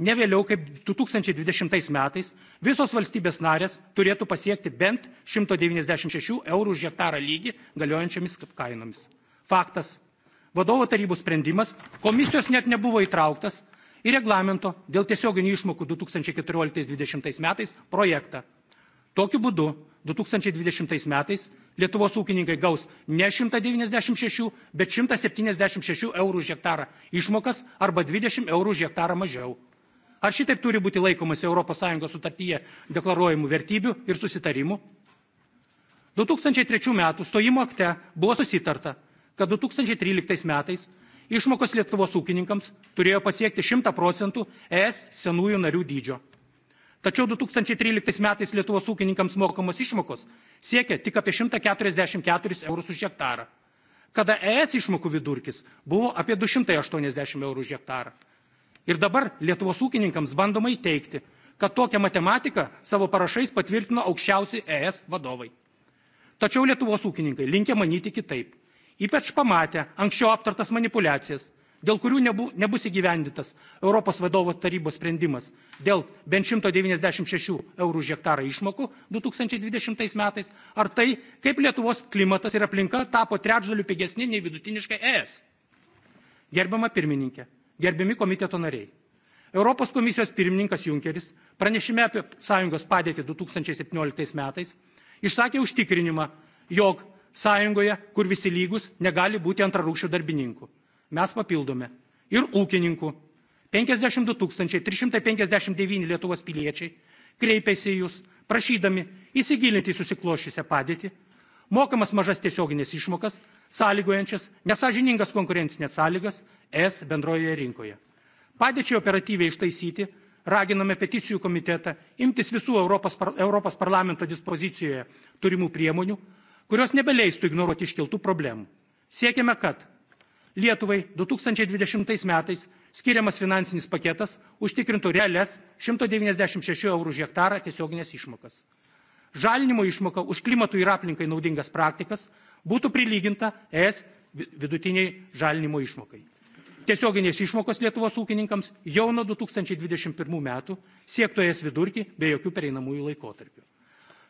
Speaker 7: ne vėliau kaip 2020 metais visos valstybės narės turėtų pasiekti bent 196 eurų už hektarą lygį galiojančiamis kainomis. Faktas. Vadovo tarybos sprendimas komisijos net nebuvo įtrauktas į reglamento dėl tiesioginių išmokų 2014-2020 metais projektą. Tokiu būdu 2020 metais Lietuvos ūkininkai gaus ne 196, bet 176 eurų už hektarą išmokas arba 20 eurų už hektarą mažiau. Ar šitaip turi būti laikomasi ES sutartyje deklaruojamų vertybių ir susitarimų? 2003 metų stojimo akte buvo susitarta, kad 2013 metais išmokos Lietuvos ūkininkams turėjo pasiekti 100 procentų ES senųjų narių dydžio. Tačiau 2013 metais Lietuvos ūkininkams mokamos išmokos siekia tik apie 144 eurus už hektarą, kada ES išmokų vidurkis buvo apie 280 eurų už hektarą ir dabar lietuvos ūkininkams bandoma įteigti kad tokią matematiką savo parašais patvirtino aukščiausi es vadovai tačiau lietuvos ūkininkai linkę manyti kitaip ypač pamatę anksčiau aptartas manipuliacijas dėl kurių nebu, nebus įgyvendintas Europos vadovo tarybos sprendimas dėl bent 196 eurų už hektarą išmokų 2020 metais, ar tai, kaip Lietuvos klimatas ir aplinka tapo trečdaliu pigesnė nei vidutiniškai ES. Gerbiama pirmininkė, gerbiami komiteto nariai. Europos komisijos pirmininkas Junkeris pranešime apie sąjungos padėtį 2017 metais išsakė užtikrinimą, jog sąjungoje, kur visi lygus, negali būti antrarūšių darbininkų. Mes papildome ir ūkininkų. 52 359 Lietuvos piliečiai kreipėsi į jūs, prašydami įsigilinti į susikloščiusią padėtį, mokamas mažas tiesioginės išmokas, sąlygojančias nesažiningas konkurencinės sąlygas ES bendrojoje rinkoje. Padėčiai operatyviai ištaisyti raginame peticijų komitetą imtis visų Europos, Europos parlamento dispozicijoje turimų priemonių, kurios nebeleistų ignoruoti iškeltų problemų. Siekiame, kad Lietuvai 2020 metais skiriamas finansinis paketas užtikrintų realias 196 eurų už hektarą tiesioginės išmokas. Žalinimo išmoka už klimatui ir aplinkai naudingas praktikas būtų prilyginta ES vidutiniai žalinimo išmokai tiesioginės išmokos lietuvos ūkininkams jau nuo 2021 metų siektų es vidurkį be jokių pereinamųjų laikotarpių.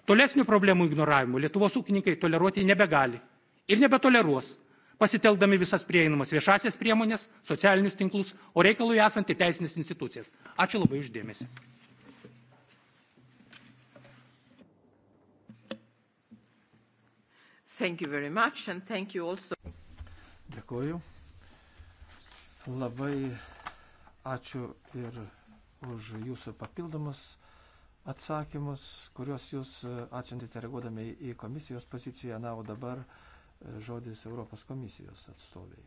Speaker 7: Tolesnių problemų ignoravimo Lietuvos ūkininkai toleruoti nebegali ir nebetoleruos, pasitelkdami visas prieinamas viešasias priemonės, socialinius tinklus, o reikalui esant į teisinės institucijas. Ačiū labai uždėmesi.
Speaker 1: Thank you very much and thank you also.
Speaker 4: Dėkuoju. Labai ačiū ir už jūsų papildomus atsakymus, kuriuos jūs e, atsiuntėte reaguodami į komisijos poziciją, na, o dabar e, žodis Europos komisijos atstoviai.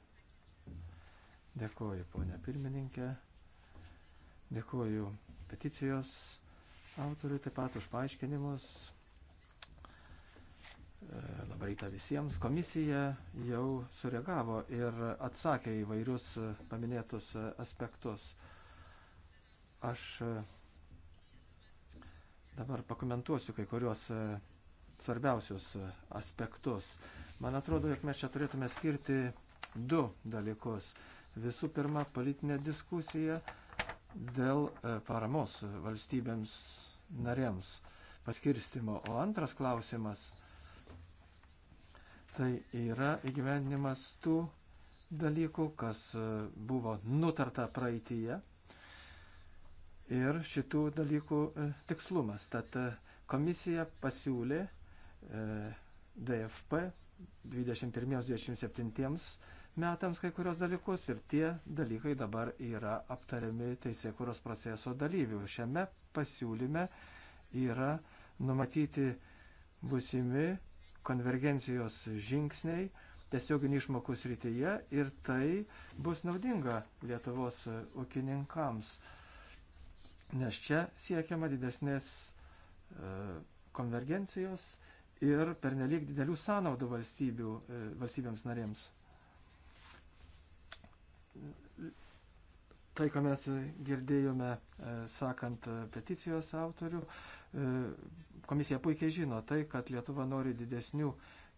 Speaker 4: Dėkuoju, ponia pirmininkė. Dėkuoju peticijos autoriui taip pat už paaiškinimus. E, Labai tą visiems. Komisija jau sureagavo ir atsakė į vairius e, paminėtus e, aspektus. Aš dabar pakomentuosiu kai kuriuos svarbiausius aspektus. Man atrodo, jog mes čia turėtume skirti du dalykus. Visų pirma, politinė diskusija dėl paramos valstybėms narėms paskirstimo. O antras klausimas – Tai yra įgyvenimas tų dalykų, kas e, buvo nutarta praeitįje ir šitų dalykų e, tikslumas. Tad e, komisija pasiūlė DFP 21-27 metams kai kurios dalykus ir tie dalykai dabar yra aptariami teisėkuros proceso dalyvių. Šiame pasiūlyme yra numatyti busimi konvergencijos žingsniai tiesioginių išmokų srityje ir tai bus naudinga Lietuvos ūkininkams, nes čia siekiama didesnės e, konvergencijos ir pernelyg didelių sąnaudų valstybių, e, valstybėms narėms tai, ką mes girdėjome, e, sakant peticijos autorių, e, komisija puikiai žino tai, kad Lietuva nori didesnių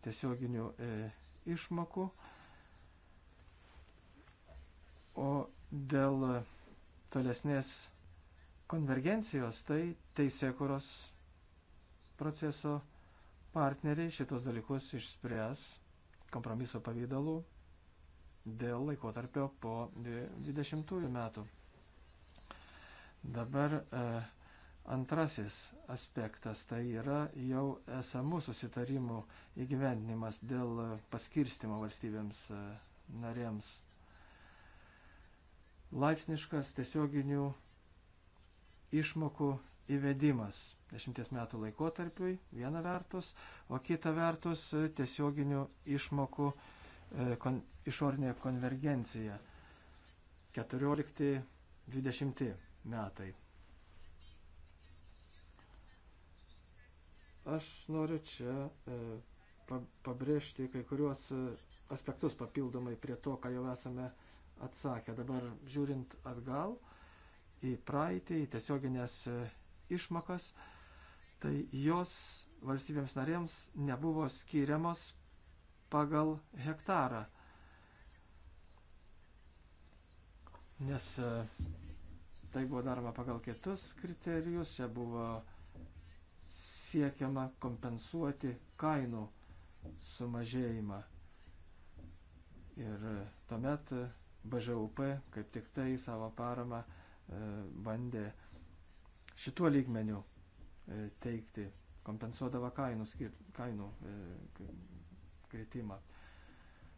Speaker 4: tiesioginių e, išmokų. O dėl tolesnės konvergencijos, tai teisėkuros proceso partneriai šitos dalykus išspręs kompromiso pavydalu dėl laikotarpio po 20 metų. Dabar e, antrasis aspektas tai yra jau esamų susitarimų įgyvendinimas dėl paskirstimo valstybėms e, narėms. Laipsniškas tiesioginių išmokų įvedimas dešimties metų laikotarpiui viena vertus, o kita vertus e, tiesioginių išmokų įvedimas E, kon, išorinė konvergencija 14-20 metai. Aš noriu čia e, pabrėžti kai kuriuos e, aspektus papildomai prie to, ką jau esame atsakę. Dabar žiūrint atgal į praeitį, į tiesioginės e, išmokas, tai jos valstybėms narėms nebuvo skiriamos pagal hektarą. Nes e, tai buvo daroma pagal kitus kriterijus, čia buvo siekiama kompensuoti kainų sumažėjimą. Ir e, tuomet BŽUP kaip tik tai savo paramą e, bandė šituo lygmeniu teikti, kompensuodavo kainų, kainų kritimą.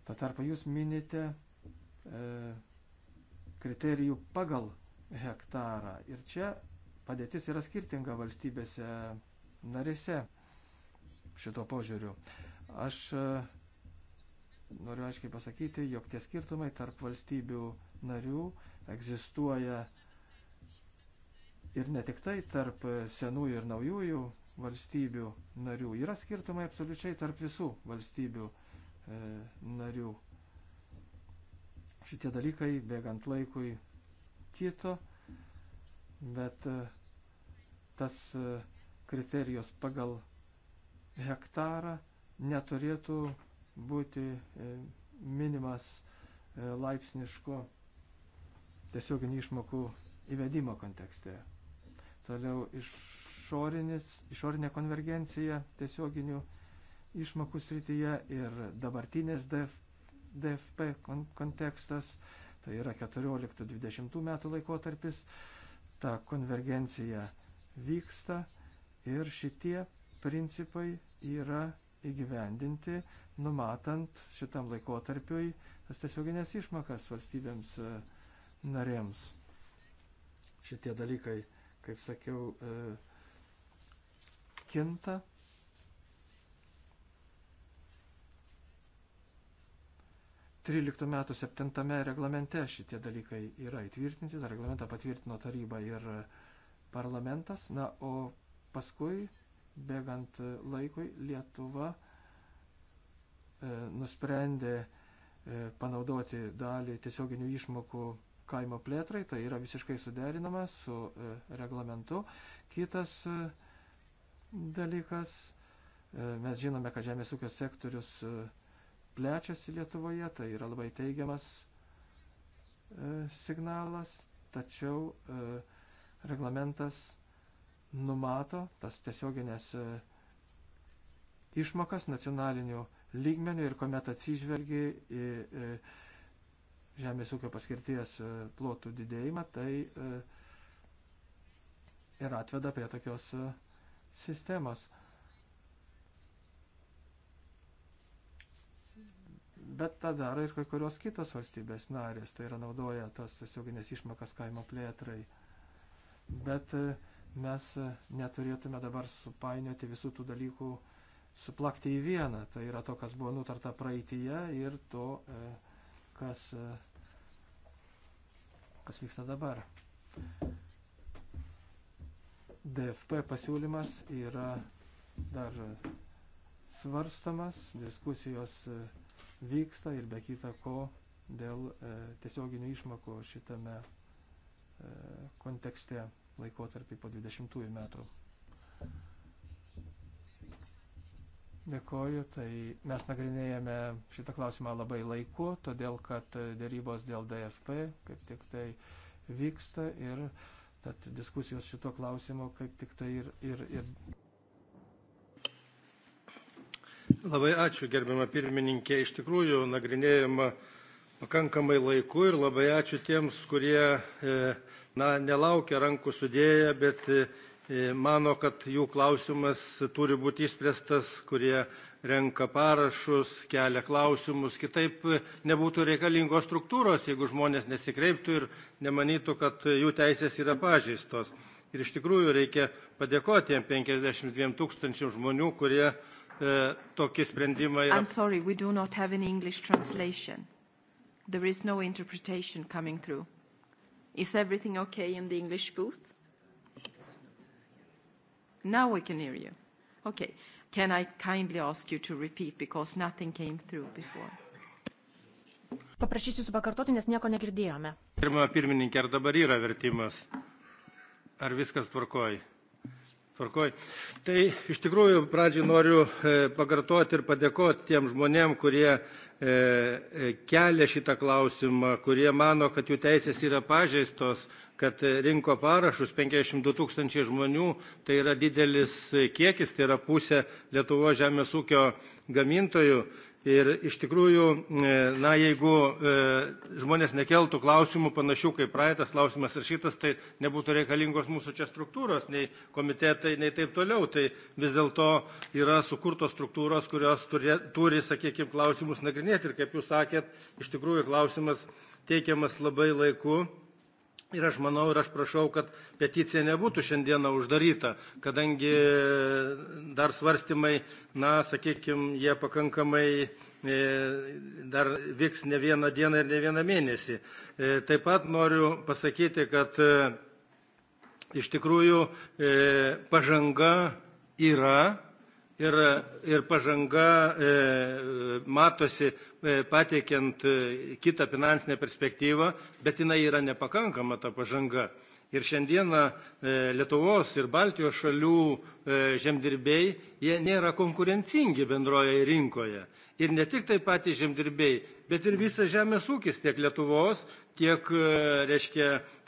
Speaker 4: Tuo tarpu jūs minite e, kriterijų pagal hektarą ir čia padėtis yra skirtinga valstybėse narėse šito požiūriu. Aš e, noriu aiškiai pasakyti, jog tie skirtumai tarp valstybių narių egzistuoja ir ne tik tai tarp senųjų ir naujųjų valstybių narių. Yra skirtumai absoliučiai tarp visų valstybių e, narių. Šitie dalykai bėgant laikui kito, bet e, tas e, kriterijos pagal hektarą neturėtų būti e, minimas e, laipsniško tiesioginių išmokų įvedimo kontekste. Toliau iš išorinis, išorinė konvergencija tiesioginių išmokų srityje ir dabartinės DF, DFP kon, kontekstas, tai yra 14-20 metų laikotarpis, ta konvergencija vyksta ir šitie principai yra įgyvendinti, numatant šitam laikotarpiui tas tiesioginės išmokas valstybėms e, narėms. Šitie dalykai, kaip sakiau, e, kinta. Tryliktų metų septintame reglamente šitie dalykai yra įtvirtinti, tą reglamentą patvirtino taryba ir parlamentas, na, o paskui, bėgant laikui, Lietuva e, nusprendė e, panaudoti dalį tiesioginių išmokų kaimo plėtrai, tai yra visiškai suderinama su e, reglamentu. Kitas e, dalykas. E, mes žinome, kad žemės ūkio sektorius e, plečiasi Lietuvoje, tai yra labai teigiamas e, signalas, tačiau reglamentas numato tas tiesioginės išmokas nacionalinių lygmenių ir kuomet atsižvelgi į žemės ūkio paskirties plotų didėjimą, tai ir atveda prie tokios sistemos. Bet tą daro ir kai kurios kitos valstybės narės, tai yra naudoja tas tiesioginės išmokas kaimo plėtrai. Bet e, mes e, neturėtume dabar supainioti visų tų dalykų, suplakti į vieną. Tai yra to, kas buvo nutarta praeitįje ir to, e, kas, kas vyksta dabar. DFP pasiūlymas yra dar svarstamas, diskusijos e, vyksta ir be kita ko dėl e, tiesioginių išmokų šitame e, kontekste laikotarpį po 20 metų. Dėkoju, tai mes nagrinėjame šitą klausimą labai laiku, todėl kad dėrybos dėl DFP kaip tik tai vyksta ir uh, Tad diskusijos šito klausimo kaip tik tai ir. ir, ir...
Speaker 6: Labai ačiū, gerbiama pirmininkė. Iš tikrųjų, nagrinėjama pakankamai laiku ir labai ačiū tiems, kurie e, na, nelaukia rankų sudėję, bet e, mano, kad jų klausimas turi būti išspręstas, kurie renka parašus, kelia klausimus. Kitaip nebūtų reikalingos struktūros, jeigu žmonės nesikreiptų ir nemanytų, kad jų teisės yra pažeistos. Ir iš tikrųjų reikia padėkoti 52 tūkstančių žmonių, kurie e, tokį sprendimą yra. I'm sorry,
Speaker 1: we do not have an English translation. There is no interpretation coming through. Is everything okay in the English booth? Now we can hear you. Okay. Can I kindly ask you to repeat because nothing came through before?
Speaker 5: Paprašysiu jūsų pakartoti, nes nieko negirdėjome.
Speaker 6: Pirma pirmininkė, ar dabar yra vertimas? Ar viskas tvarkoji? Tvarkoj. Tai iš tikrųjų pradžiai noriu e, pakartoti ir padėkoti tiem žmonėm, kurie e, e, kelia šitą klausimą, kurie mano, kad jų teisės yra pažeistos kad rinko parašus 52 tūkstančiai žmonių, tai yra didelis kiekis, tai yra pusė Lietuvo žemės ūkio gamintojų. Ir iš tikrųjų, e, na, jeigu e, žmonės nekeltų klausimų panašių kaip praeitas klausimas ir šitas, tai nebūtų reikalingos mūsų čia struktūros, nei komitetai, nei taip toliau. Tai vis dėlto yra sukurtos struktūros, kurios turi, turi sakykime, klausimus nagrinėti. Ir kaip jūs sakėt, iš tikrųjų klausimas teikiamas labai laiku Ir aš manau ir aš prašau, kad peticija nebūtų šiandieną uždaryta, kadangi dar svarstymai, na, sakykime, jie pakankamai e, dar vyks ne vieną dieną ir ne vieną mėnesį. E, taip pat noriu pasakyti, kad e, iš tikrųjų pažanga yra ir, ir pažanga matosi E, pateikiant e, kitą finansinę perspektyvą, bet jinai yra nepakankama ta pažanga. Ir šiandieną e, Lietuvos ir Baltijos šalių žemdirbiai, jie nėra konkurencingi bendroje rinkoje. Ir ne tik tai patys žemdirbiai, bet ir visas žemės ūkis tiek Lietuvos, tiek, reiškia,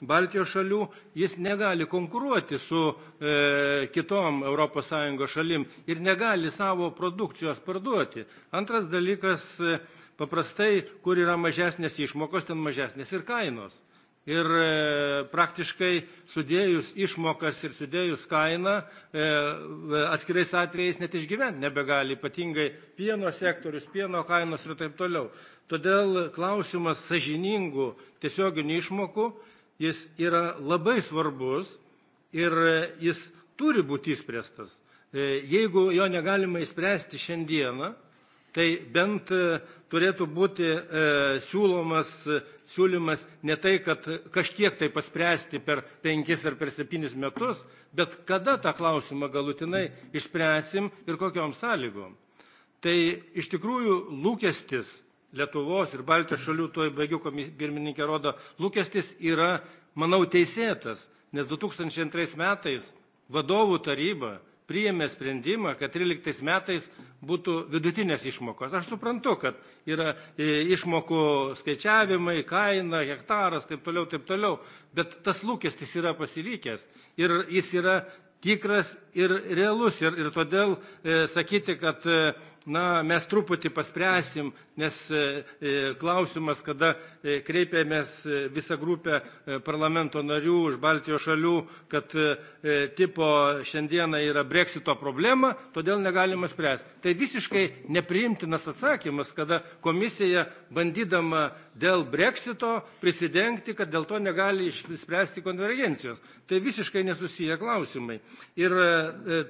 Speaker 6: Baltijos šalių, jis negali konkuruoti su e, kitom ES šalim ir negali savo produkcijos parduoti. Antras dalykas, e, Paprastai, kur yra mažesnės išmokos, ten mažesnės ir kainos. Ir e, praktiškai sudėjus išmokas ir sudėjus kainą e, e, atskirais atvejais net išgyventi nebegali, ypatingai pieno sektorius, pieno kainos ir taip toliau. Todėl klausimas sažiningų tiesioginių išmokų, jis yra labai svarbus ir jis turi būti įspręstas. Jeigu jo negalima įspręsti šiandieną, tai bent e, turėtų būti e, siūlomas, e, siūlymas ne tai, kad kažkiek tai paspręsti per penkis ar per septynis metus, bet kada tą klausimą galutinai išspręsim ir kokiom sąlygom. Tai iš tikrųjų lūkestis Lietuvos ir Baltijos šalių, toj baigiu pirmininkė rodo, lūkestis yra, manau, teisėtas, nes 2002 metais vadovų taryba priėmė sprendimą, kad 13 metais būtų vidutinės išmokos. Aš suprantu, kad yra e, išmokų skaičiavimai, kaina, hektaras, taip toliau, taip toliau, bet tas lūkestis yra pasilikęs ir jis yra tikras ir realus. Ir, ir todėl e, sakyti, kad e, na mes truputį paspręsim nes e, e, klausimas kada e, kreipėmės visą grupę parlamento narių iš baltijos šalių kad tipo šiandieną yra breksito problema todėl negalima spręsti tai visiškai nepriimtinas atsakymas kada komisija bandydama dėl breksito prisidengti kad dėl to negali išspręsti konvergencijos tai visiškai nesusiję klausimai ir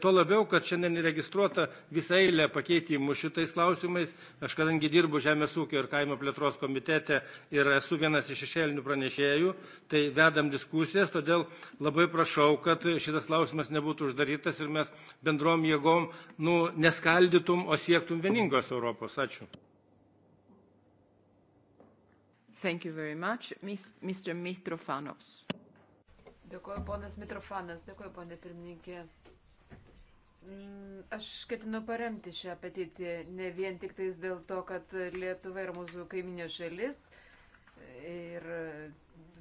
Speaker 6: tuo labiau kad šiandien įregistruota visa eilė pakeitimų klausimus šitais klausimais. Aš kadangi dirbu Žemės ūkio ir kaimo plėtros komitete ir esu vienas iš šešėlinių pranešėjų, tai vedam diskusijas, todėl labai prašau, kad šitas klausimas nebūtų uždarytas ir mes bendrom jėgom nu, neskaldytum, o siektum vieningos Europos. Ačiū.
Speaker 1: Thank you very much. Mr. Mitrofanovs.
Speaker 2: Dėkuoju, ponas Mitrofanas, dėkuoju, ponė pirmininkė. Mm, aš ketinu paremti šią peticiją ne vien tik tais dėl to, kad Lietuva yra mūsų kaiminė šalis ir e,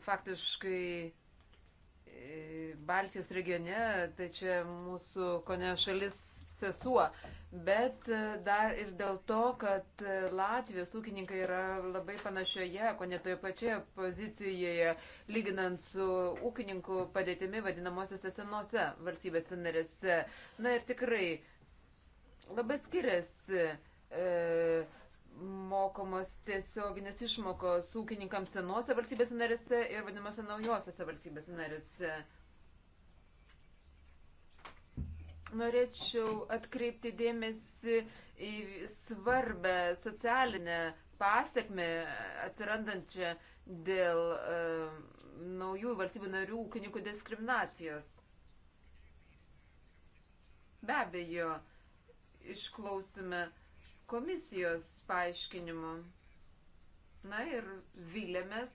Speaker 2: faktiškai e, Baltijos regione, tai čia mūsų kone šalis sesuo, bet e, dar ir dėl to, kad e, Latvijos ūkininkai yra labai panašioje, ko netoje pačioje pozicijoje, lyginant su ūkininkų padėtimi vadinamosiose senose valstybėse narėse. Na ir tikrai labai skiriasi. E, mokamos tiesioginės išmokos ūkininkams senose valstybėse narėse ir vadinamose naujosiose valstybėse narėse. norėčiau atkreipti dėmesį į svarbę socialinę pasiekmę atsirandančią dėl e, naujų valstybių narių ūkininkų diskriminacijos. Be abejo, išklausime komisijos paaiškinimu. Na ir vilėmės,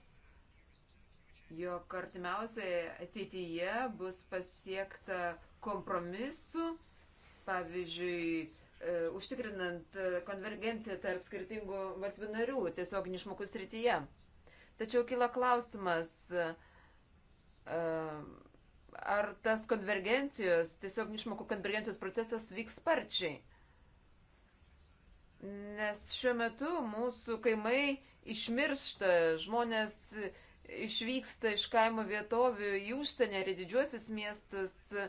Speaker 2: jog artimiausioje ateityje bus pasiekta kompromisų, pavyzdžiui, e, užtikrinant konvergenciją tarp skirtingų valstybių narių tiesiog išmokų srityje. Tačiau kila klausimas, e, ar tas konvergencijos, tiesiog išmokų konvergencijos procesas vyks sparčiai. Nes šiuo metu mūsų kaimai išmiršta, žmonės išvyksta iš kaimo vietovių į užsienį ar į didžiuosius miestus, uh,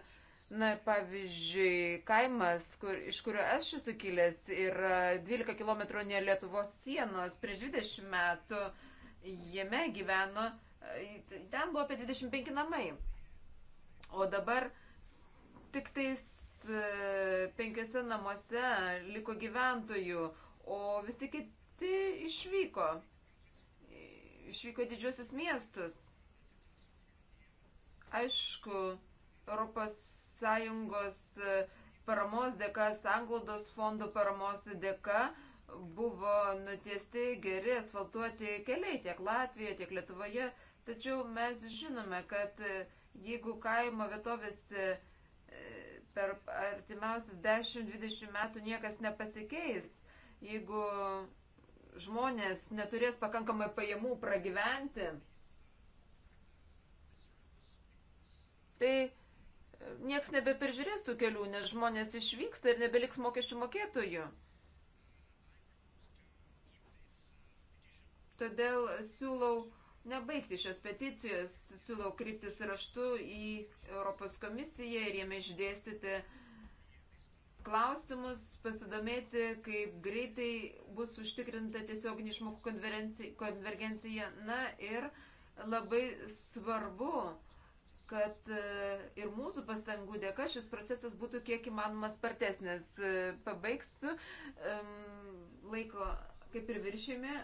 Speaker 2: Na ir pavyzdžiui, kaimas, kur, iš kurio aš esu kilęs, yra 12 km nuo Lietuvos sienos. Prieš 20 metų jame gyveno, e, ten buvo apie 25 namai. O dabar tik tais e, penkiose namuose liko gyventojų, o visi kiti išvyko. Išvyko didžiosius miestus. Aišku, Europos Sąjungos e, paramos dėka, sanglaudos fondų paramos dėka buvo nutiesti geri asfaltuoti keliai tiek Latvijoje, tiek Lietuvoje. Tačiau mes žinome, kad e, jeigu kaimo vietovės e, per artimiausius 10-20 metų niekas nepasikeis, jeigu žmonės neturės pakankamai pajamų pragyventi, tai nieks nebeperžiūrės tų kelių, nes žmonės išvyksta ir nebeliks mokesčių mokėtojų. Todėl siūlau nebaigti šios peticijos, siūlau kryptis raštu į Europos komisiją ir jame išdėstyti klausimus, pasidomėti, kaip greitai bus užtikrinta tiesioginė išmokų konvergencija. Na ir labai svarbu kad e, ir mūsų pastangų dėka šis procesas būtų kiek įmanoma spartesnis. E, pabaigsiu laiko kaip ir viršėme,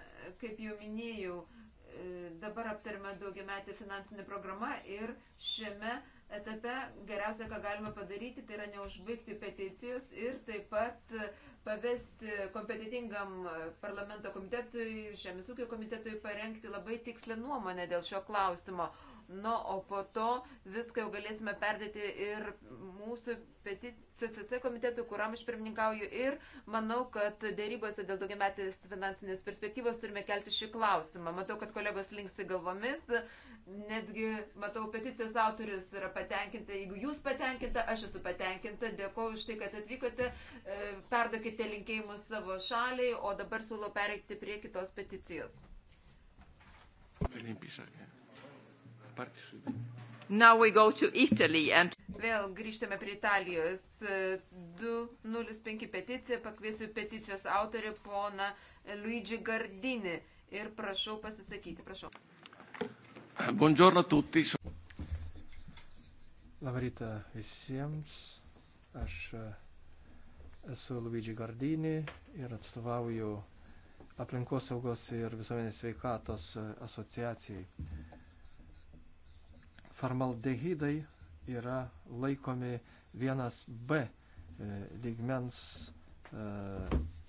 Speaker 2: kaip jau minėjau, e, dabar aptarime daugiametį finansinį programą ir šiame etape geriausia, ką galima padaryti, tai yra neužbaigti peticijos ir taip pat pavesti kompetitingam parlamento komitetui, žemės ūkio komitetui parengti labai tikslę nuomonę dėl šio klausimo nu, o po to viską jau galėsime perdėti ir mūsų CCC komitetui, kuriam aš pirmininkauju. Ir manau, kad dėrybose dėl daugiametės finansinės perspektyvos turime kelti šį klausimą. Matau, kad kolegos linksi galvomis, netgi matau, peticijos autorius yra patenkinta. Jeigu jūs patenkinta, aš esu patenkinta. Dėkuoju už tai, kad atvykote. Perdokite linkėjimus savo šaliai, o dabar siūlau pereikti prie kitos peticijos.
Speaker 1: Pelin pisakė. And...
Speaker 2: Vėl grįžtame prie Italijos. 205 peticija, pakviesiu peticijos autorį poną Luigi Gardini ir prašau pasisakyti. Prašau.
Speaker 4: Buongiorno tutti. Labą rytą visiems. Aš eh, esu Luigi Gardini ir atstovauju aplinkosaugos ir visuomenės sveikatos eh, asociacijai formaldehydai yra laikomi 1B e, lygmens e,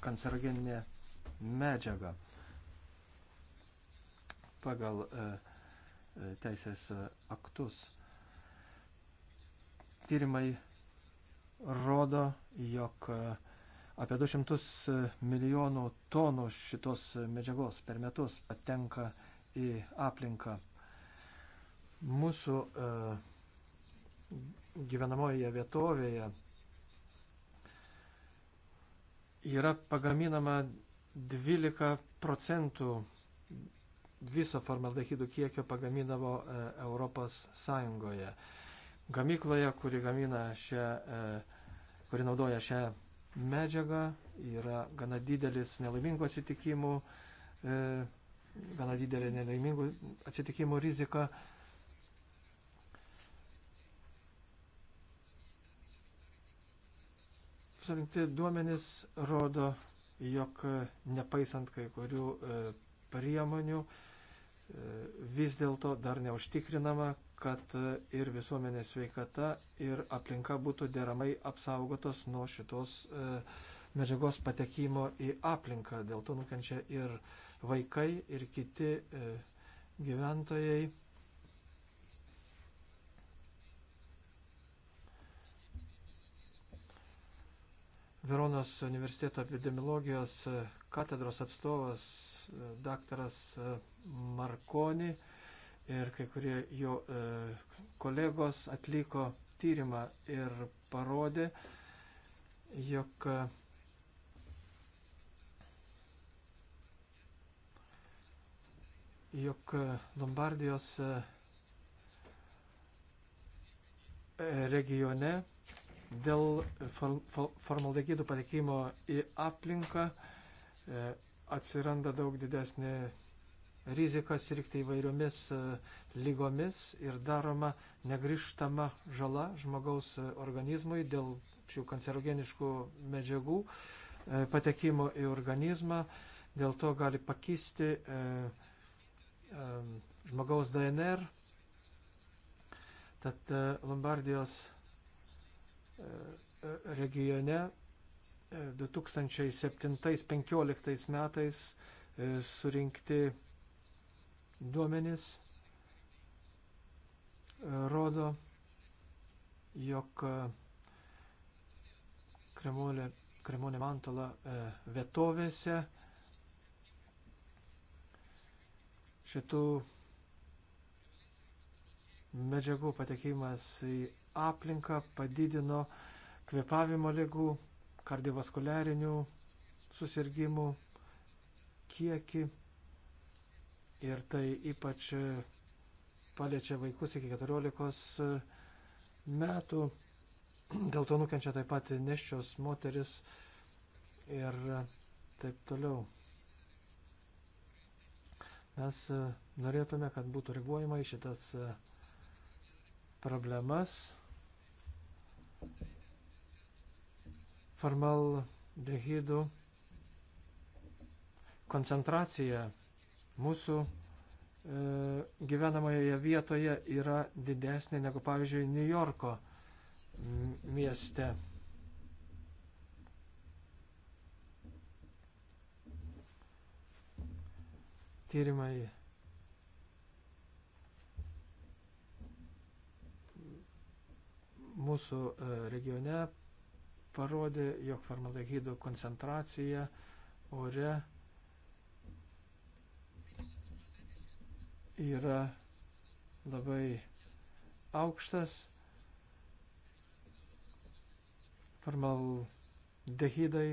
Speaker 4: kancerogeninė medžiaga pagal e, teisės aktus. Tyrimai rodo, jog apie 200 milijonų tonų šitos medžiagos per metus patenka į aplinką mūsų e, gyvenamoje vietovėje yra pagaminama 12 procentų viso formaldehidų kiekio pagaminavo e, Europos Sąjungoje. Gamykloje, kuri, gamina šią, e, kuri naudoja šią medžiagą, yra gana didelis nelaimingų atsitikimų, gana didelė nelaimingų atsitikimų rizika. Surinkti duomenys rodo, jog e, nepaisant kai kurių e, priemonių, e, vis dėlto dar neužtikrinama, kad ir visuomenės sveikata, ir aplinka būtų deramai apsaugotos nuo šitos medžiagos patekimo į aplinką. Dėl to nukenčia ir vaikai, ir kiti gyventojai. Veronos universiteto epidemiologijos e, katedros atstovas e, daktaras e, Markoni ir kai kurie jo kolegos atliko tyrimą ir parodė, jog jog Lombardijos regione Dėl formaldehydų patekimo į aplinką e, atsiranda daug didesnė rizika sirgti įvairiomis e, lygomis ir daroma negrižtama žala žmogaus e, organizmui dėl šių kancerogeniškų medžiagų patekimo į organizmą. Dėl to gali pakisti žmogaus DNR. Tad Lombardijos regione 2007-2015 e, metais e, surinkti duomenys e, rodo, jog Kremolė, Kremonė Mantola vietovėse šitų medžiagų patekimas į aplinką, padidino kvepavimo lygų, kardiovaskuliarinių susirgymų kiekį. Ir tai ypač paliečia vaikus iki 14 metų. Dėl to nukenčia taip pat neščios moteris ir taip toliau. Mes norėtume, kad būtų reaguojama į šitas problemas formaldehidų koncentracija mūsų e, gyvenamoje vietoje yra didesnė negu, pavyzdžiui, New Yorko mieste. Tyrimai mūsų e, regione parodė, jog formaldehido koncentracija ore yra labai aukštas. Formaldehidai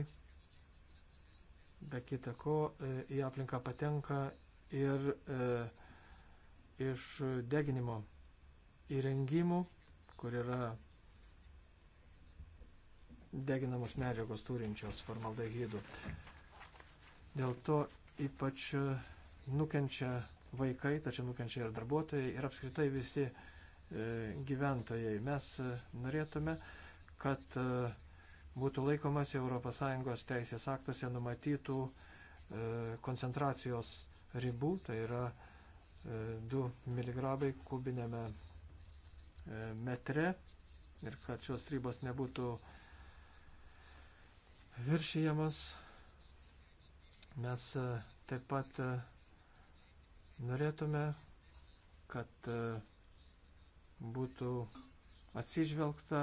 Speaker 4: be kita ko e, į aplinką patenka ir e, iš deginimo įrengimų, kur yra deginamos medžiagos turinčios formaldehydų. Dėl to ypač e, nukenčia vaikai, tačiau nukenčia ir darbuotojai ir apskritai visi e, gyventojai. Mes e, norėtume, kad būtų laikomas ES teisės aktuose numatytų koncentracijos ribų, tai yra 2 mg kubinėme metre ir kad šios ribos nebūtų viršijamos. Mes e, taip pat e, norėtume, kad e, būtų atsižvelgta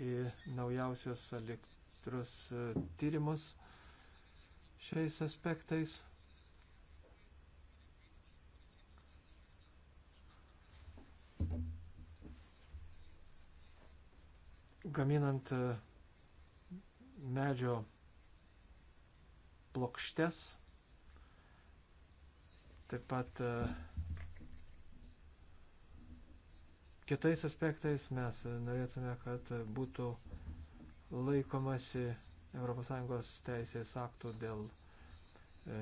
Speaker 4: į naujausios elektros tyrimus šiais aspektais. Gaminant medžio plokštes, taip pat e, kitais aspektais mes norėtume, kad būtų laikomasi ES teisės aktų dėl e,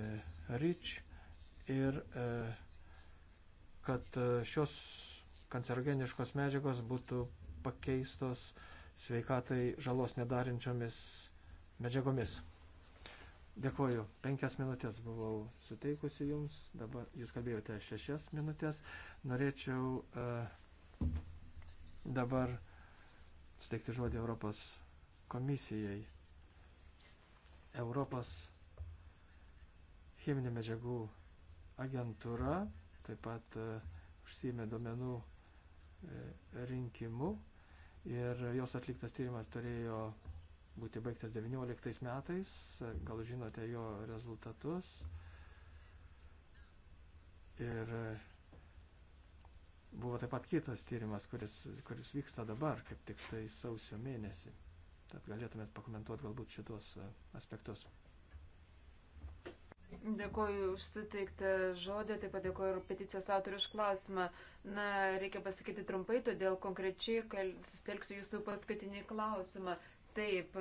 Speaker 4: REACH ir e, kad e, šios kancerogeniškos medžiagos būtų pakeistos sveikatai žalos nedarinčiomis medžiagomis. Dėkuoju, penkias minutės buvau suteikusi jums, dabar jūs kalbėjote šešias minutės. Norėčiau uh, dabar steigti žodį Europos komisijai. Europos cheminių medžiagų agentūra taip pat uh, užsiėmė duomenų uh, rinkimu ir jos atliktas tyrimas turėjo būti baigtas 19 metais, gal žinote jo rezultatus. Ir buvo taip pat kitas tyrimas, kuris, kuris vyksta dabar, kaip tik tai sausio mėnesį. Tad galėtumėt pakomentuoti galbūt šitos e, aspektus.
Speaker 2: Dėkoju už suteiktą žodį, taip pat dėkoju ir peticijos autorių už klausimą. Na, reikia pasakyti trumpai, todėl konkrečiai sustelksiu jūsų paskutinį klausimą. Taip,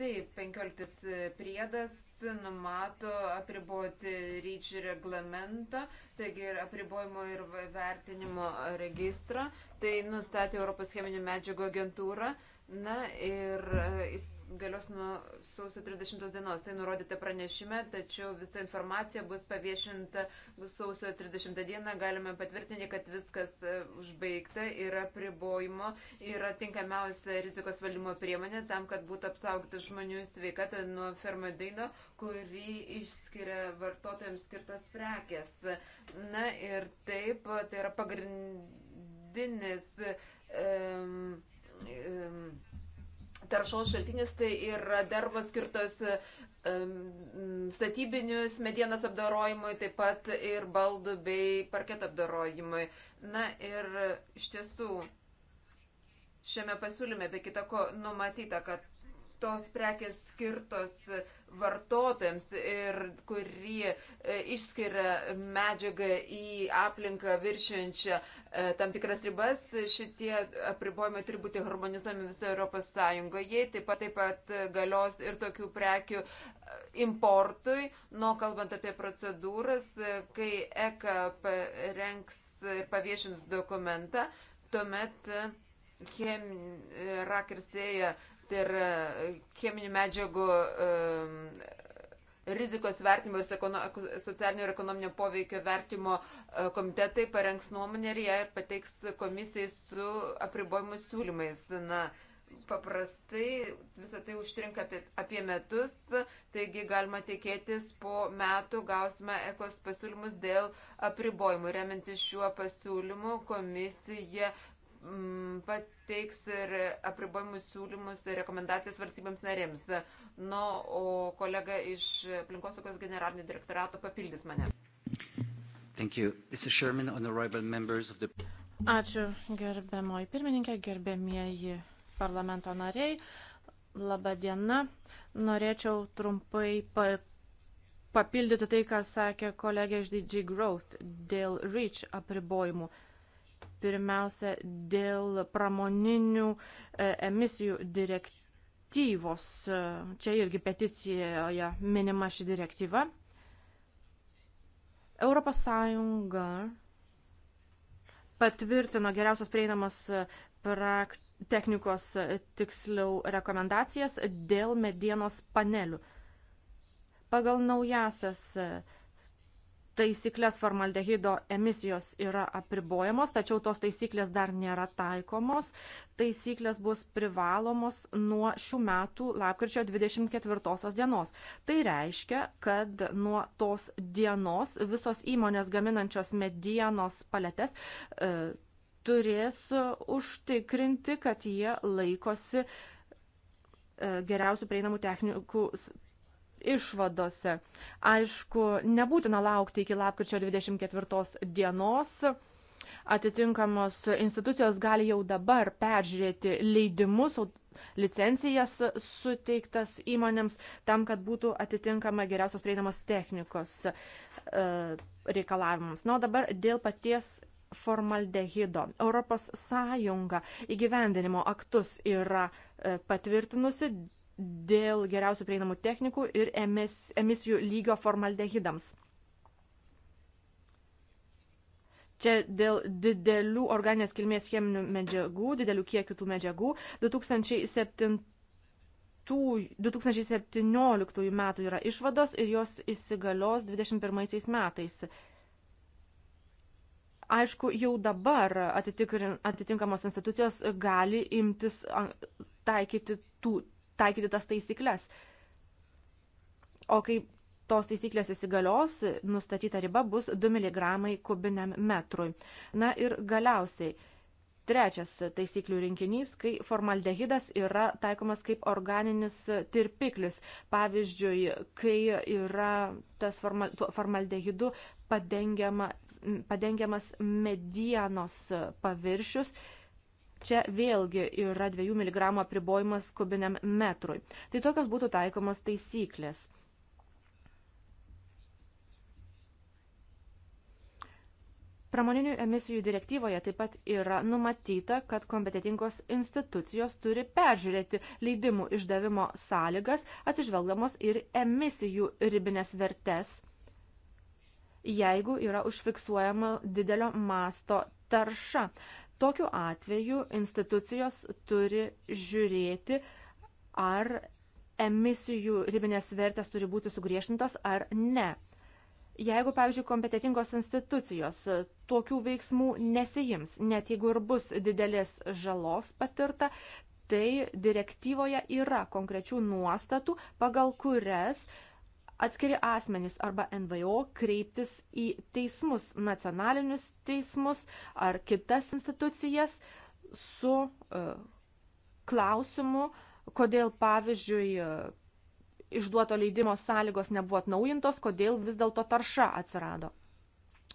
Speaker 2: taip, 15 priedas numato apriboti ryčių reglamentą, taigi ir apribojimo ir vertinimo registrą, tai nustatė Europos cheminių medžiagų agentūra. Na ir e, jis galios nuo sausio 30 dienos, tai nurodyta pranešime, tačiau visa informacija bus paviešinta bus sausio 30 dieną. Galime patvirtinti, kad viskas e, užbaigta, yra pribojimo, yra tinkamiausia rizikos valdymo priemonė tam, kad būtų apsaugta žmonių sveikata nuo fermadino, kurį išskiria vartotojams skirtos prekės. Na ir taip, tai yra pagrindinis. Um, taršos šaltinis tai yra dervos skirtos statybinius medienos apdarojimui, taip pat ir baldų bei parketo apdarojimui. Na ir iš tiesų šiame pasiūlyme be kitako numatyta, kad tos prekės skirtos vartotojams ir kuri e, išskiria medžiagą į aplinką viršiančią e, tam tikras ribas, šitie apribojimai turi būti harmonizuojami visoje Europos Sąjungoje. Taip pat, taip pat galios ir tokių prekių e, importui. Nuo kalbant apie procedūras, kai ECA renks ir paviešins dokumentą, tuomet Kem Rakersėja tai yra e, cheminių medžiagų um, rizikos vertinimo socialinio ir ekonominio poveikio vertimo e, komitetai parengs nuomonę ir ją ir pateiks komisijai su apribojimu siūlymais. Na, paprastai visą tai užtrinka apie, apie metus, taigi galima tikėtis po metų gausime ekos pasiūlymus dėl apribojimų. Remiantis šiuo pasiūlymu komisija Mm, pateiks ir apribojimus siūlymus ir rekomendacijas valstybėms narėms. Nu, o kolega iš aplinkosaugos generalinio direktorato papildys mane.
Speaker 7: Sherman, the...
Speaker 5: Ačiū, gerbiamoji pirmininkė, gerbėmieji parlamento nariai. Labą dieną. Norėčiau trumpai pa papildyti tai, ką sakė kolegė iš DG Growth dėl REACH apribojimų. Uh, Pirmiausia, dėl pramoninių e, emisijų direktyvos. E, čia irgi peticijoje minima ši direktyva. Europos Sąjunga patvirtino geriausios prieinamos e, praktikos technikos tiksliau rekomendacijas dėl medienos panelių. Pagal naujasias taisyklės formaldehido emisijos yra apribojamos, tačiau tos taisyklės dar nėra taikomos. Taisyklės bus privalomos nuo šių metų lapkričio 24 dienos. Tai reiškia, kad nuo tos dienos visos įmonės gaminančios medienos paletes e, turės užtikrinti, kad jie laikosi e, geriausių prieinamų technikų išvadose. Aišku, nebūtina laukti iki lapkričio 24 dienos. Atitinkamos institucijos gali jau dabar peržiūrėti leidimus, licencijas suteiktas įmonėms tam, kad būtų atitinkama geriausios prieinamos technikos e, reikalavimams. Na, o dabar dėl paties formaldehido. Europos Sąjunga įgyvendinimo aktus yra e, patvirtinusi dėl geriausių prieinamų technikų ir emisijų lygio formaldehidams. Čia dėl didelių organinės kilmės cheminių medžiagų, didelių kiekių tų medžiagų, 2007, 2017 metų yra išvados ir jos įsigalios 2021 metais aišku, jau dabar atitinkamos institucijos gali imtis taikyti tų taikyti tas taisyklės. O kai tos taisyklės įsigalios, nustatyta riba bus 2 mg kubiniam metrui. Na ir galiausiai. Trečias taisyklių rinkinys, kai formaldehidas yra taikomas kaip organinis tirpiklis. Pavyzdžiui, kai yra tas formal, formaldehidu padengiama, padengiamas medienos paviršius, Čia vėlgi yra 2 mg apribojimas kubiniam metrui. Tai tokios būtų taikomos taisyklės. Pramoninių emisijų direktyvoje taip pat yra numatyta, kad kompetitingos institucijos turi peržiūrėti leidimų išdavimo sąlygas, atsižvelgdamos ir emisijų ribinės vertes, jeigu yra užfiksuojama didelio masto tarša. Tokiu atveju institucijos turi žiūrėti, ar emisijų ribinės vertės turi būti sugriešintos ar ne. Jeigu, pavyzdžiui, kompetitingos institucijos tokių veiksmų nesijims, net jeigu ir bus didelės žalos patirta, tai direktyvoje yra konkrečių nuostatų, pagal kurias uh, atskiri asmenys arba NVO kreiptis į teismus, nacionalinius teismus ar kitas institucijas su uh, klausimu, kodėl pavyzdžiui uh, išduoto leidimo sąlygos nebuvo atnaujintos, kodėl vis dėlto tarša atsirado.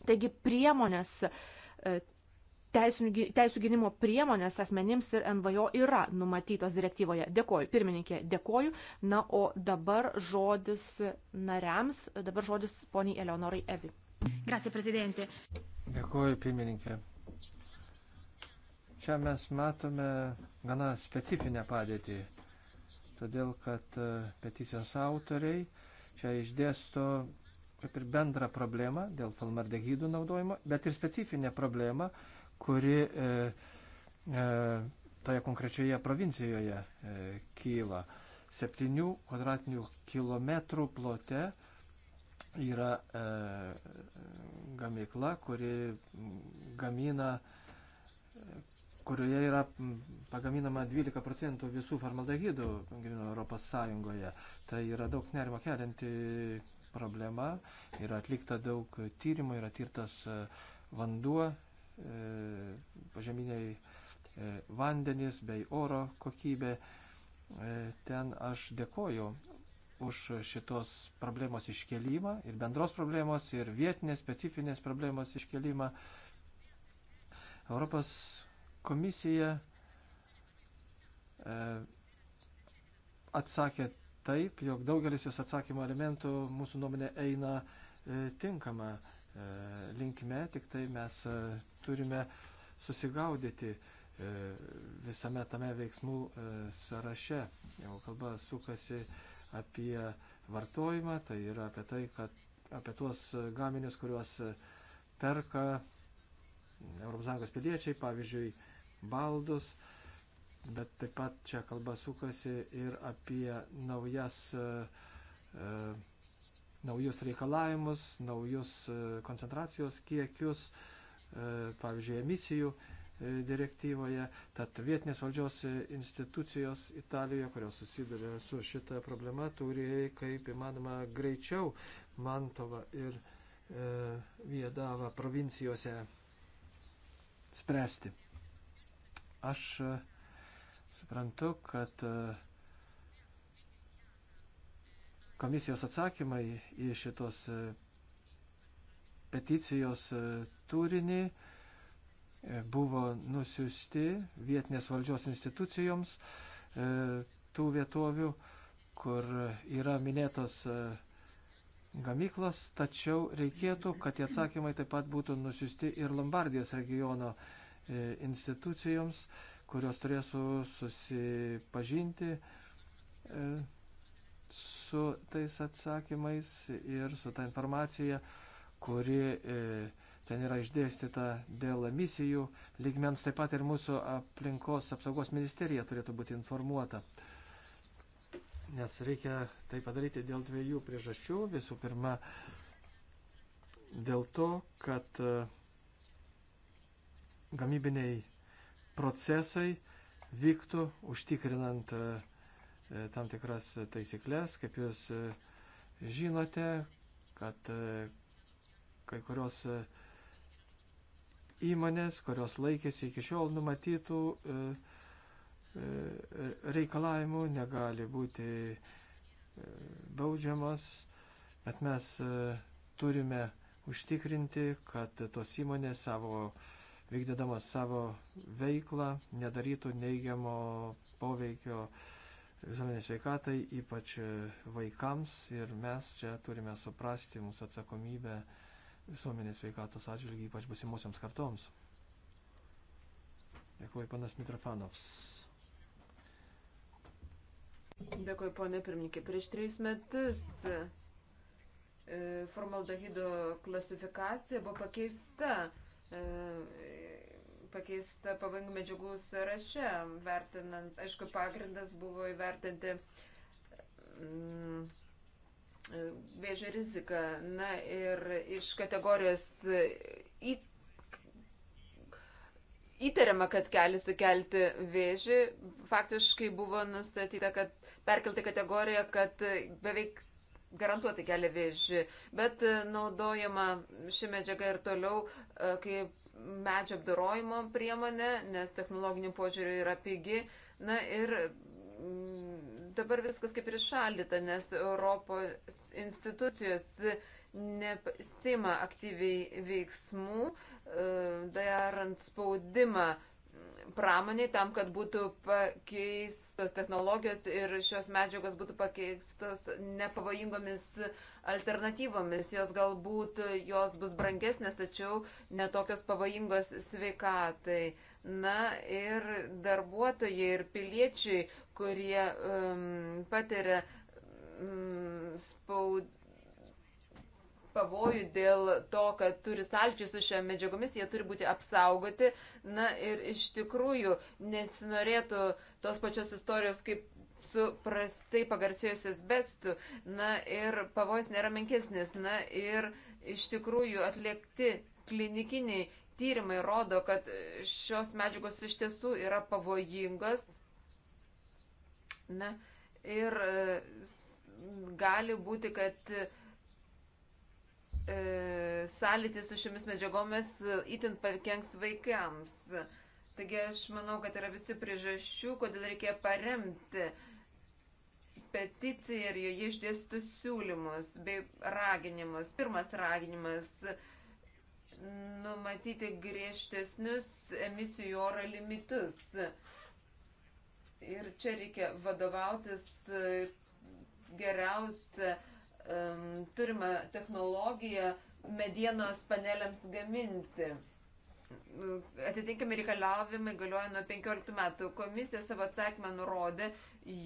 Speaker 5: Taigi priemonės uh, teisinių, teisų gynimo priemonės asmenims ir NVO yra numatytos direktyvoje. Dėkoju, pirmininkė, dėkoju. Na, o dabar žodis nariams, dabar žodis poniai Eleonorai Evi. Grazie, prezidentė.
Speaker 4: Dėkoju, pirmininkė. Čia mes matome gana specifinę padėtį, todėl kad e, peticijos autoriai čia išdėsto kaip ir bendrą problemą dėl falmardegydų naudojimo, bet ir specifinę problemą, kuri e, e, toje konkrečioje provincijoje e, kyla. 7 kvadratinių kilometrų plote yra e, gamykla, kuri gamina, kurioje yra pagaminama 12 procentų visų formaldehidų gamino Europos Sąjungoje. Tai yra daug nerimo kelianti problema, yra atlikta daug tyrimų, yra tirtas e, vanduo E, pažeminiai e, vandenys bei oro kokybė. E, ten aš dėkoju už šitos problemos iškelimą ir bendros problemos, ir vietinės specifinės problemos iškelimą. Europos komisija atsakė taip, jog daugelis jos atsakymo elementų mūsų nuomonė eina tinkama E, linkme, tik tai mes e, turime susigaudyti e, visame tame veiksmų sąraše. Jeigu kalba sukasi apie vartojimą, tai yra apie tai, kad apie tuos gaminius, kuriuos perka ES piliečiai, pavyzdžiui, baldus, bet taip pat čia kalba sukasi ir apie naujas e, e, naujus reikalavimus, naujus e, koncentracijos kiekius, e, pavyzdžiui, emisijų e, direktyvoje. Tad vietinės valdžios institucijos Italijoje, kurios susiduria su šita problema, turi kaip įmanoma greičiau Mantova ir e, Viedava provincijose spręsti. Aš suprantu, kad e, Komisijos atsakymai į šitos e, peticijos e, turinį e, buvo nusiusti vietinės valdžios institucijoms tų vietovių, kur yra minėtos gamyklos, tačiau reikėtų, kad tie atsakymai taip pat būtų nusiusti ir Lombardijos regiono institucijoms, kurios turėsų susipažinti su tais atsakymais ir su ta informacija, kuri e, ten yra išdėstyta dėl emisijų lygmens, taip pat ir mūsų aplinkos apsaugos ministerija turėtų būti informuota. Nes reikia tai padaryti dėl dviejų priežasčių. Visų pirma, dėl to, kad e, gamybiniai procesai vyktų užtikrinant uh, E, tam tikras taisyklės, kaip jūs e, žinote, kad e, kai kurios įmonės, kurios laikėsi iki šiol numatytų reikalavimų, negali būti baudžiamas, bet mes turime užtikrinti, kad tos įmonės savo vykdydamas savo veiklą nedarytų neigiamo poveikio uh, visuomenės sveikatai, ypač e, vaikams ir mes čia turime suprasti mūsų atsakomybę visuomenės sveikatos atžvilgių, ypač busimusiams kartoms. Dėkuoju, panas Mitrofanovs.
Speaker 5: Dėkuoju, ponė pirmininkė. Prieš
Speaker 2: trejus metus e, formaldehido klasifikacija buvo pakeista e, pakeista pavojingų medžiagų sąraše. Vertinant, aišku, pagrindas buvo įvertinti mm, vėžio riziką. Na ir iš kategorijos į, įtariama, kad gali sukelti vėžį, faktiškai buvo nustatyta, kad perkelti kategoriją, kad beveik garantuoti kelia vėžį, bet e, naudojama ši medžiaga ir toliau e, kaip medžio apdarojimo priemonė, nes technologinių požiūrių yra pigi. Na ir mm, dabar viskas kaip ir išaldyta, nes Europos institucijos nepasima aktyviai veiksmų, e, darant spaudimą pramoniai tam, kad būtų pakeis tos technologijos ir šios medžiagos būtų pakeistos nepavojingomis alternatyvomis. Jos galbūt jos bus brangesnės, tačiau netokios pavojingos sveikatai. Na ir darbuotojai ir piliečiai, kurie um, patiria um, spaudimą pavojų dėl to, kad turi salčių su šiomis medžiagomis, jie turi būti apsaugoti. Na ir iš tikrųjų nesinorėtų tos pačios istorijos kaip su prastai pagarsėjusios bestų. Na ir pavojus nėra menkesnis. Na ir iš tikrųjų atliekti klinikiniai tyrimai rodo, kad šios medžiagos iš tiesų yra pavojingos. Na ir e, gali būti, kad E, sąlytis su šiomis medžiagomis e, itin pakenks vaikams. Taigi aš manau, kad yra visi priežasčių, kodėl reikia paremti peticiją ir joje išdėstų siūlymus bei raginimus. Pirmas raginimas - numatyti griežtesnius emisijų oro limitus. Ir čia reikia vadovautis e, geriausia um, turimą technologiją medienos panelėms gaminti. Atitinkami reikalavimai galioja nuo 15 metų. Komisija savo atsakymą nurodė,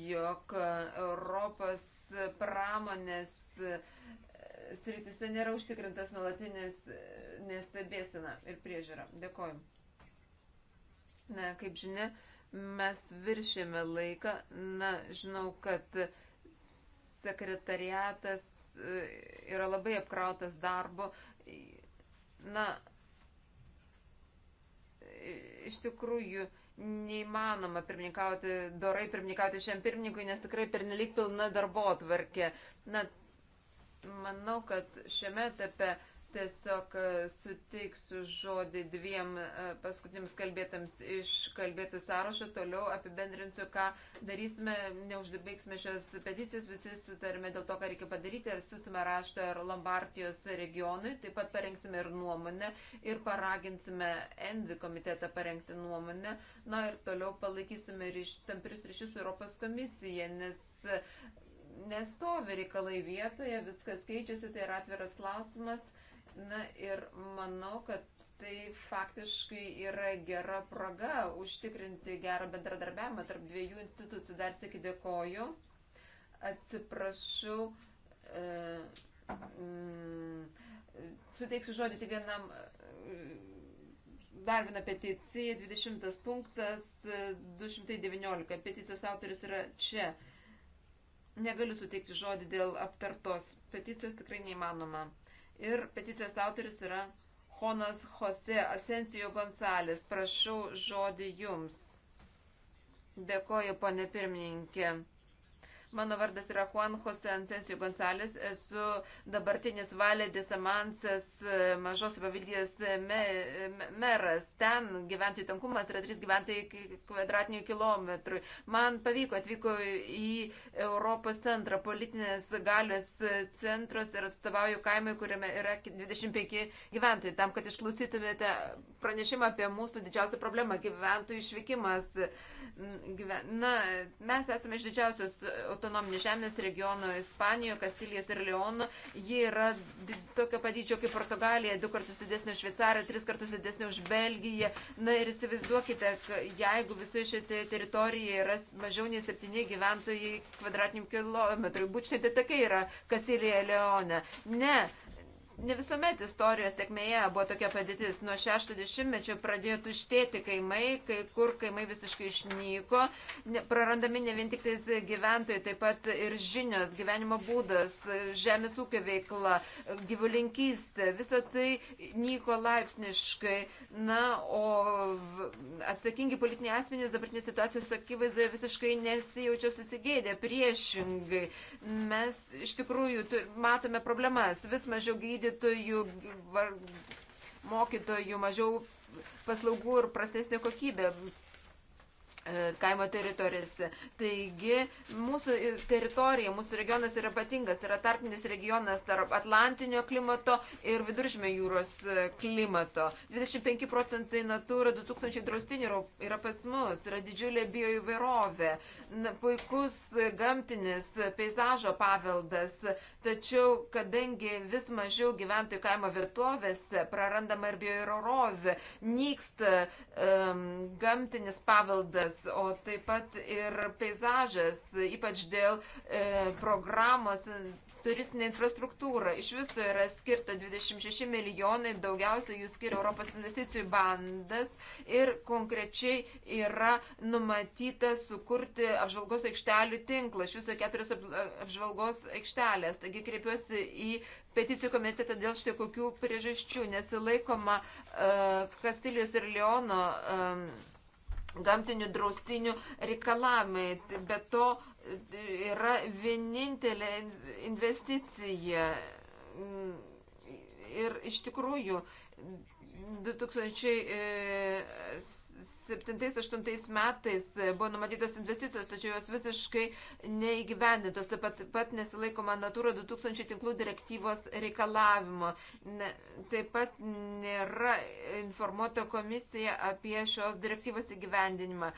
Speaker 2: jog Europos pramonės e, sritise nėra užtikrintas nuolatinis e, nestebėsina ir priežiūra. Dėkoju. Na, kaip žinia, mes viršėme laiką. Na, žinau, kad uh, sekretariatas e, yra labai apkrautas darbo. Na, iš tikrųjų, neįmanoma pirmininkauti, dorai pirmininkauti šiam pirmininkui, nes tikrai pernelyg pilna darbo atvarkė. Na, manau, kad šiame etape Tiesiog e, suteiksiu žodį dviem e, paskutinims kalbėtams iš kalbėtų sąrašo, toliau apibendrinsiu, ką darysime, neuždibaigsime šios peticijos, visi sutarime dėl to, ką reikia padaryti, ar siūsime raštą ar Lombardijos regionui, taip pat parengsime ir nuomonę ir paraginsime Envi komitetą parengti nuomonę, na ir toliau palaikysime ryš, tamprius ryšius su Europos komisija, nes e, nestovi reikalai vietoje, viskas keičiasi, tai yra atviras klausimas Na ir manau, kad tai faktiškai yra gera praga užtikrinti gerą bendradarbiavimą tarp dviejų institucijų. Dar sėki dėkoju. Atsiprašau. E, mm, suteiksiu žodį tik vienam. E, dar viena peticija, 20 punktas, 219. E, peticijos autoris yra čia. Negaliu suteikti žodį dėl aptartos peticijos, tikrai neįmanoma ir peticijos autoris yra Jonas Jose Asencijo Gonzalės. Prašau žodį jums. Dėkoju, ponė pirmininkė. Mano vardas yra Juan Jose Ancensijo Gonzalės, esu dabartinis Valėdės Amansas e, mažos pavildyjas e, e, me, meras. Ten gyventojų tankumas yra 3 gyventojai kvadratinių kilometrų. Man pavyko atvyko į Europos centrą, politinės galios centros ir atstovauju kaimui, kuriame yra 25 gyventojai. Tam, kad išklausytumėte pranešimą apie mūsų didžiausią problemą - gyventojų išvykimas. Na, mes esame iš didžiausios autonominį žemės regiono Ispanijoje, Kastilijos ir Leono. Ji yra tokio padydžio kaip Portugalija, du kartus didesnė už Šveicariją, tris kartus didesnė už Belgiją. Na ir įsivaizduokite, jeigu visoje šitoje teritorijoje yra mažiau nei septyni gyventojai kvadratiniam kilometrui, būtent tai tokia yra Kastilija Leone. Ne, Ne visuomet istorijos tekmėje buvo tokia padėtis. Nuo 60-mečio pradėjo tuštėti kaimai, kai kur kaimai visiškai išnyko. Ne, prarandami ne vien tik tais gyventojai, taip pat ir žinios, gyvenimo būdas, žemės ūkio veikla, gyvulinkystė. Visa tai nyko laipsniškai. Na, o atsakingi politiniai asmenys dabartinės situacijos akivaizdoje visiškai nesijaučia susigėdę. Priešingai, mes iš tikrųjų matome problemas. Vis mažiau gydyti mokytojų, var, mokytojų mažiau paslaugų ir prastesnė kokybė kaimo teritorijose. Taigi mūsų teritorija, mūsų regionas yra ypatingas, yra tarpinis regionas tarp Atlantinio klimato ir viduržmė jūros e, klimato. 25 procentai natūra 2000 draustinių yra pas mus, yra didžiulė bioįvairovė, puikus gamtinis peizažo paveldas, tačiau kadangi vis mažiau gyventojų kaimo vietovėse prarandama ir bioįvairovė, nyksta um, gamtinis paveldas, tikslas, o taip pat ir peizažas, ypač dėl e, programos e, turistinė infrastruktūra. Iš viso yra skirta 26 milijonai, daugiausia jų skiria Europos investicijų bandas ir konkrečiai yra numatyta sukurti apžvalgos aikštelių tinklą. Iš viso keturios apžvalgos aikštelės. Taigi kreipiuosi į peticijų komitetą dėl štai kokių priežasčių nesilaikoma uh, e, Kastilijos ir Leono. Um, gamtinių draustinių reikalavimai. Be to yra vienintelė investicija. Ir iš tikrųjų 2000 7-8 metais buvo numatytos investicijos, tačiau jos visiškai neįgyvendintos. Taip pat, pat nesilaikoma Natūra 2000 tinklų direktyvos reikalavimo. Ne, taip pat nėra informuota komisija apie šios direktyvos įgyvendinimą.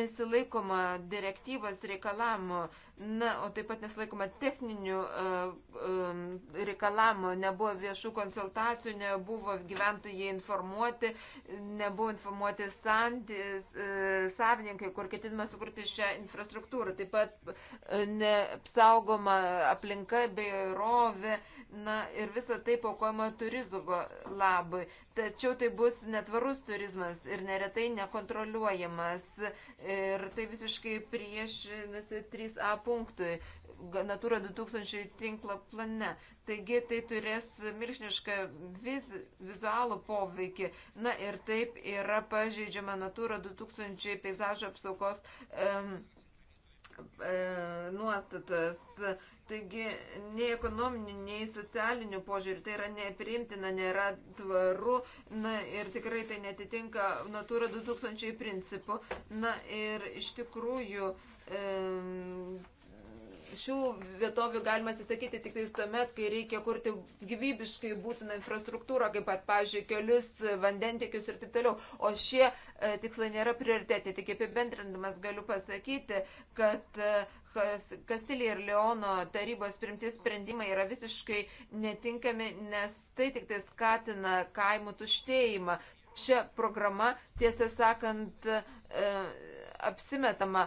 Speaker 2: Nesilaikoma direktyvos reikalavimo. Na, o taip pat nesilaikoma techninių e, e, reikalavimų, nebuvo viešų konsultacijų, nebuvo gyventojai informuoti, nebuvo informuoti santys, e, savininkai, kur ketinama sukurti šią infrastruktūrą. Taip pat neapsaugoma aplinka bei rovė, na ir visa tai paukojama turizmo labai. Tačiau tai bus netvarus turizmas ir neretai nekontroliuojamas. Ir tai visiškai priešinasi 3A punktui Natura 2000 tinklo plane. Taigi tai turės milžinišką viz, vizualų poveikį. Na ir taip yra pažeidžiama Natura 2000 peizažo apsaugos um, e, nuostatas. Taigi nei ekonominių, nei socialinių požiūrių tai yra nepriimtina, nėra tvaru na, ir tikrai tai netitinka Natura 2000 principų. Na ir iš tikrųjų e, šių vietovių galima atsisakyti tik tais tuomet, kai reikia kurti gyvybiškai būtiną infrastruktūrą, kaip pat, pavyzdžiui, kelius, vandentikius ir taip toliau. O šie e, tikslai nėra prioritetė. Tik apibendrindamas galiu pasakyti, kad e, Kasilį ir Leono tarybos primti sprendimai yra visiškai netinkami, nes tai tik tai skatina kaimų tuštėjimą. Šia programa, tiesą sakant, e, apsimetama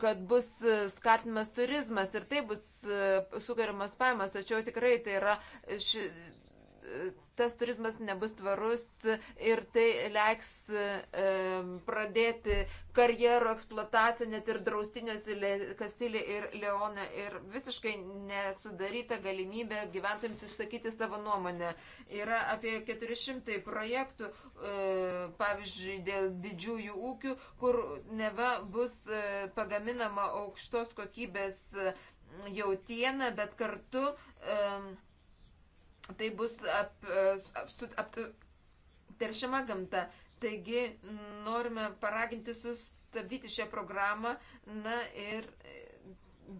Speaker 2: kad bus e, skatimas turizmas ir tai bus e, sukariamas pajamas, tačiau tikrai tai yra ši, tas turizmas nebus tvarus ir tai leiks e, pradėti karjerų eksploataciją net ir draustiniuose Kastilė ir Leona ir visiškai nesudaryta galimybė gyventojams išsakyti savo nuomonę. Yra apie 400 projektų, e, pavyzdžiui, dėl didžiųjų ūkių, kur neva bus e, pagaminama aukštos kokybės jautiena, bet kartu um, tai bus ap, e, ap, ap, teršiama gamta. Taigi norime paraginti sustabdyti šią programą. Na ir e,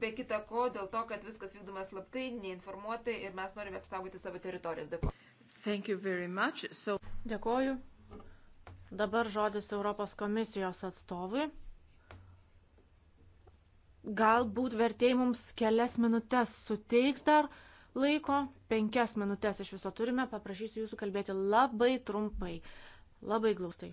Speaker 2: be kita ko, dėl to, kad viskas vykdoma slaptai, neinformuotai ir mes norime apsaugoti savo teritorijas.
Speaker 1: Dėkuoju. So...
Speaker 5: Dėkuoju. Dabar žodis Europos komisijos atstovui. Galbūt vertėjai mums kelias minutės suteiks dar. Uh, laiko, penkias minutės iš viso turime, paprašysiu jūsų kalbėti labai trumpai, labai glaustai.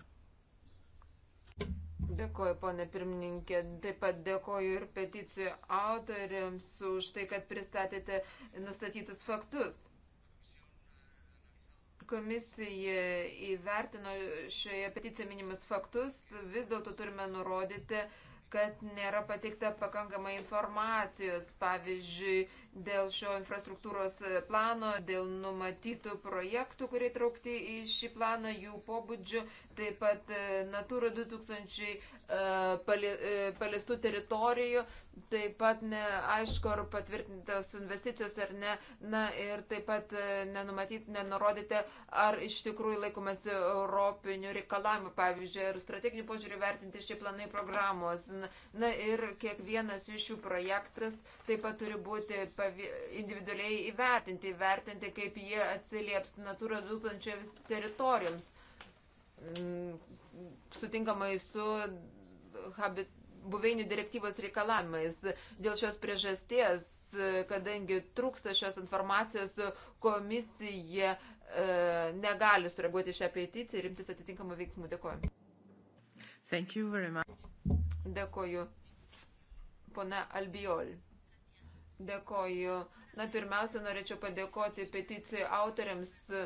Speaker 2: Dėkoju, ponė pirmininkė. Taip pat dėkoju ir peticijų autoriams už tai, kad pristatėte nustatytus faktus. Komisija įvertino šioje peticijoje minimus faktus, vis dėlto turime nurodyti, uh, kad nėra pateikta pakankamai informacijos, pavyzdžiui, dėl šio infrastruktūros plano, dėl numatytų projektų, kurie traukti į šį planą, jų pobūdžių, taip pat e, Natūra 2000 e, e, paliestų teritorijų, taip pat neaišku, ar patvirtintos investicijos ar ne, na ir taip pat nenumatyti, nenurodyti, ar iš tikrųjų laikomasi europinių reikalavimų, pavyzdžiui, ir strateginių požiūrį vertinti šį planai programų programos ten. Na ir kiekvienas iš šių projektas taip pat turi būti individualiai įvertinti, įvertinti, kaip jie atsilieps Natūra 2000 teritorijoms, mm, sutinkamai su habit buveinių direktyvos reikalavimais. Dėl šios priežasties, kadangi trūksta šios informacijos, komisija e, negali sureaguoti šią peticiją ir imtis atitinkamų veiksmų. Dėkuoju. Dėkoju, pone Albiol. Dėkoju. Na, pirmiausia, norėčiau padėkoti peticijų autoriams e,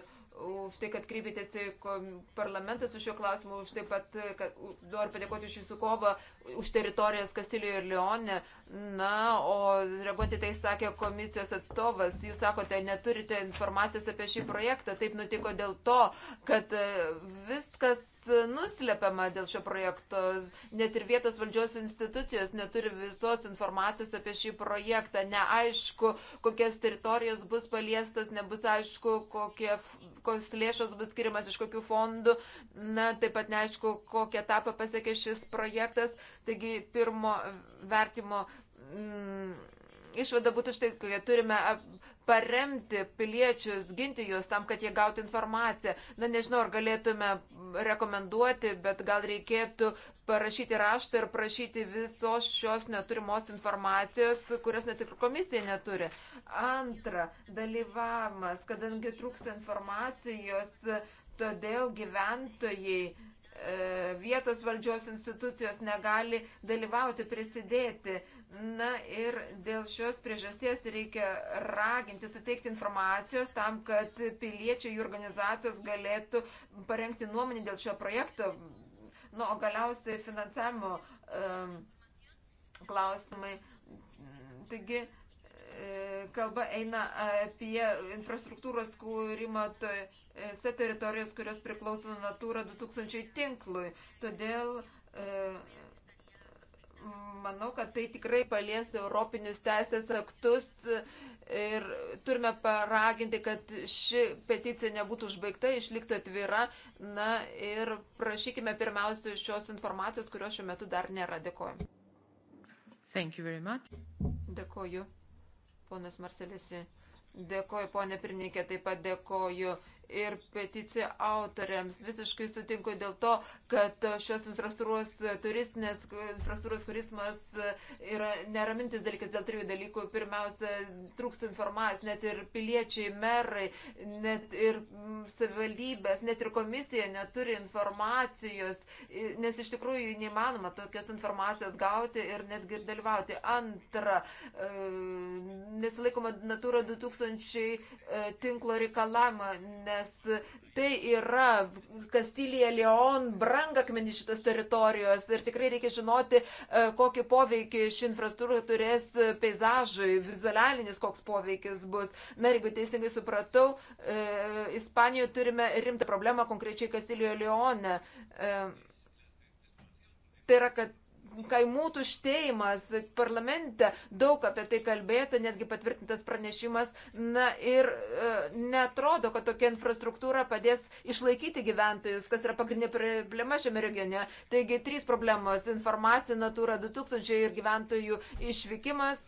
Speaker 2: už tai, kad kreipėtės į parlamentą su šiuo klausimu, už taip pat, kad noriu padėkoti už jūsų kovą, už teritorijas Kastilijoje ir Leone. Na, o reaguoti tai sakė komisijos atstovas, jūs sakote, neturite informacijos apie šį projektą. Taip nutiko dėl to, kad e, viskas nuslepiama dėl šio projekto. Net ir vietos valdžios institucijos neturi visos informacijos apie šį projektą. Neaišku, kokias teritorijas bus paliestas, nebus aišku, kokie, kokios lėšos bus skiriamas iš kokių fondų. Na, taip pat neaišku, kokią etapą pasiekė šis projektas. Taigi, pirmo vertimo. Mm, Išvada būtų štai, kai turime ap, paremti piliečius, ginti juos tam, kad jie gautų informaciją. Na, nežinau, ar galėtume rekomenduoti, bet gal reikėtų parašyti raštą ir prašyti visos šios neturimos informacijos, kurios net ir komisija neturi. Antra, dalyvavimas, kadangi trūksta informacijos, todėl gyventojai E, vietos valdžios institucijos negali dalyvauti, prisidėti. Na ir dėl šios priežasties reikia raginti, suteikti informacijos tam, kad piliečiai ir organizacijos galėtų parengti nuomonį dėl šio projekto. Nu, o galiausiai finansavimo um, klausimai. Taigi, uh, E, kalba eina apie infrastruktūros kūrimą tose e, teritorijos, kurios priklauso Natūra 2000 tinklui. Todėl e, manau, kad tai tikrai palies Europinius teisės aktus ir turime paraginti, kad ši peticija nebūtų užbaigta, išliktų atvira. Na ir prašykime pirmiausia šios informacijos, kurios šiuo metu dar nėra. Dėkuoju. Dėkuoju. Ponas Marcelėsi, dėkoju, ponė Pirnikė, taip pat dėkoju ir peticijų autoriams. Visiškai sutinku dėl to, kad šios infrastruktūros, turistinės infrastruktūros turizmas yra neramintis dalykas dėl trijų dalykų. Pirmiausia, trūksta informacijos, net ir piliečiai, merai, net ir mm, savivaldybės, net ir komisija neturi informacijos, nes iš tikrųjų neįmanoma tokios informacijos gauti ir netgi ir dalyvauti. Antra, e, nesilaikoma Natūra 2000 e, tinklo reikalavimo, nes nes tai yra Kastilija, Leon, brangakmenį šitas teritorijos ir tikrai reikia žinoti, e, kokį poveikį ši infrastruktūra turės peizažui, vizualinis koks poveikis bus. Na ir jeigu teisingai supratau, e, Ispanijoje turime rimtą problemą konkrečiai Kastilijoje, Leone. E, tai yra, kad kaimų tuštėjimas parlamente, daug apie tai kalbėta, netgi patvirtintas pranešimas. Na ir e, netrodo, kad tokia infrastruktūra padės išlaikyti gyventojus, kas yra pagrindinė problema šiame regione. Taigi trys problemos - informacija, natūra 2000 ir gyventojų išvykimas.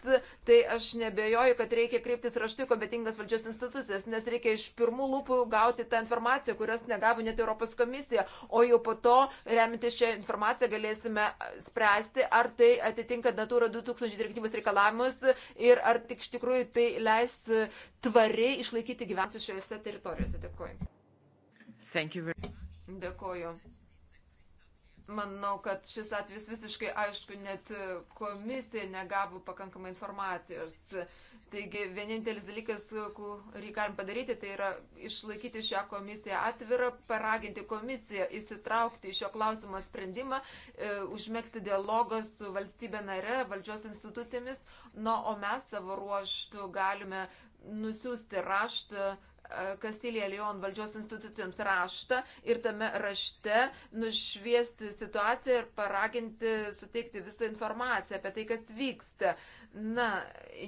Speaker 2: Tai aš nebejoju, kad reikia kreiptis raštu į kompetingas valdžios institucijas, nes reikia iš pirmų lūpų gauti tą informaciją, kurios negavo net Europos komisija, o jau po to, remintis šią informaciją, galėsime spręsti spręsti, ar tai atitinka Natūra 2000 direktyvos reikalavimus ir ar tik iš tikrųjų tai leis tvariai išlaikyti gyventojus šiuose teritorijose. Dėkuoju. Dėkuoju. Manau, kad šis atvejis visiškai aišku, net komisija negavo pakankamai informacijos. Taigi vienintelis dalykas, kurį galim padaryti, tai yra išlaikyti šią komisiją atvirą, paraginti komisiją įsitraukti į šio klausimo sprendimą, e, užmėgsti dialogą su valstybė nare, valdžios institucijomis, na, no, o mes savo ruoštų galime nusiųsti raštą Kasilija Leon valdžios institucijoms raštą ir tame rašte nušviesti situaciją ir paraginti suteikti visą informaciją apie tai, kas vyksta. Na,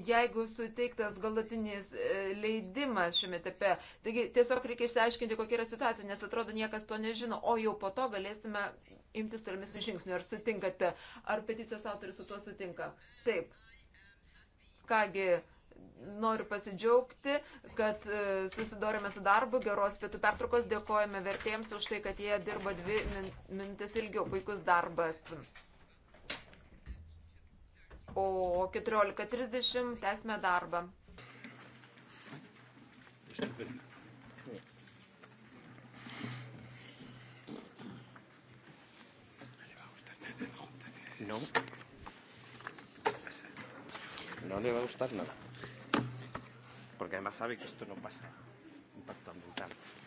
Speaker 2: jeigu suteiktas galutinis e, leidimas šiame etape, taigi tiesiog reikia išsiaiškinti, kokia yra situacija, nes atrodo niekas to nežino, o jau po to galėsime imtis tolimesnių žingsnių. Ar sutinkate, ar peticijos autoris su tuo sutinka? Taip. Kągi, noriu pasidžiaugti, kad e, susidorėme su darbu, geros pietų pertraukos, dėkojame vertėjams už tai, kad jie dirbo dvi mintis ilgiau, puikus darbas. O 14.30 tęsime darbą.
Speaker 7: No. No le va a gustar nada porque además sabe que esto no pasa, impacto ambiental.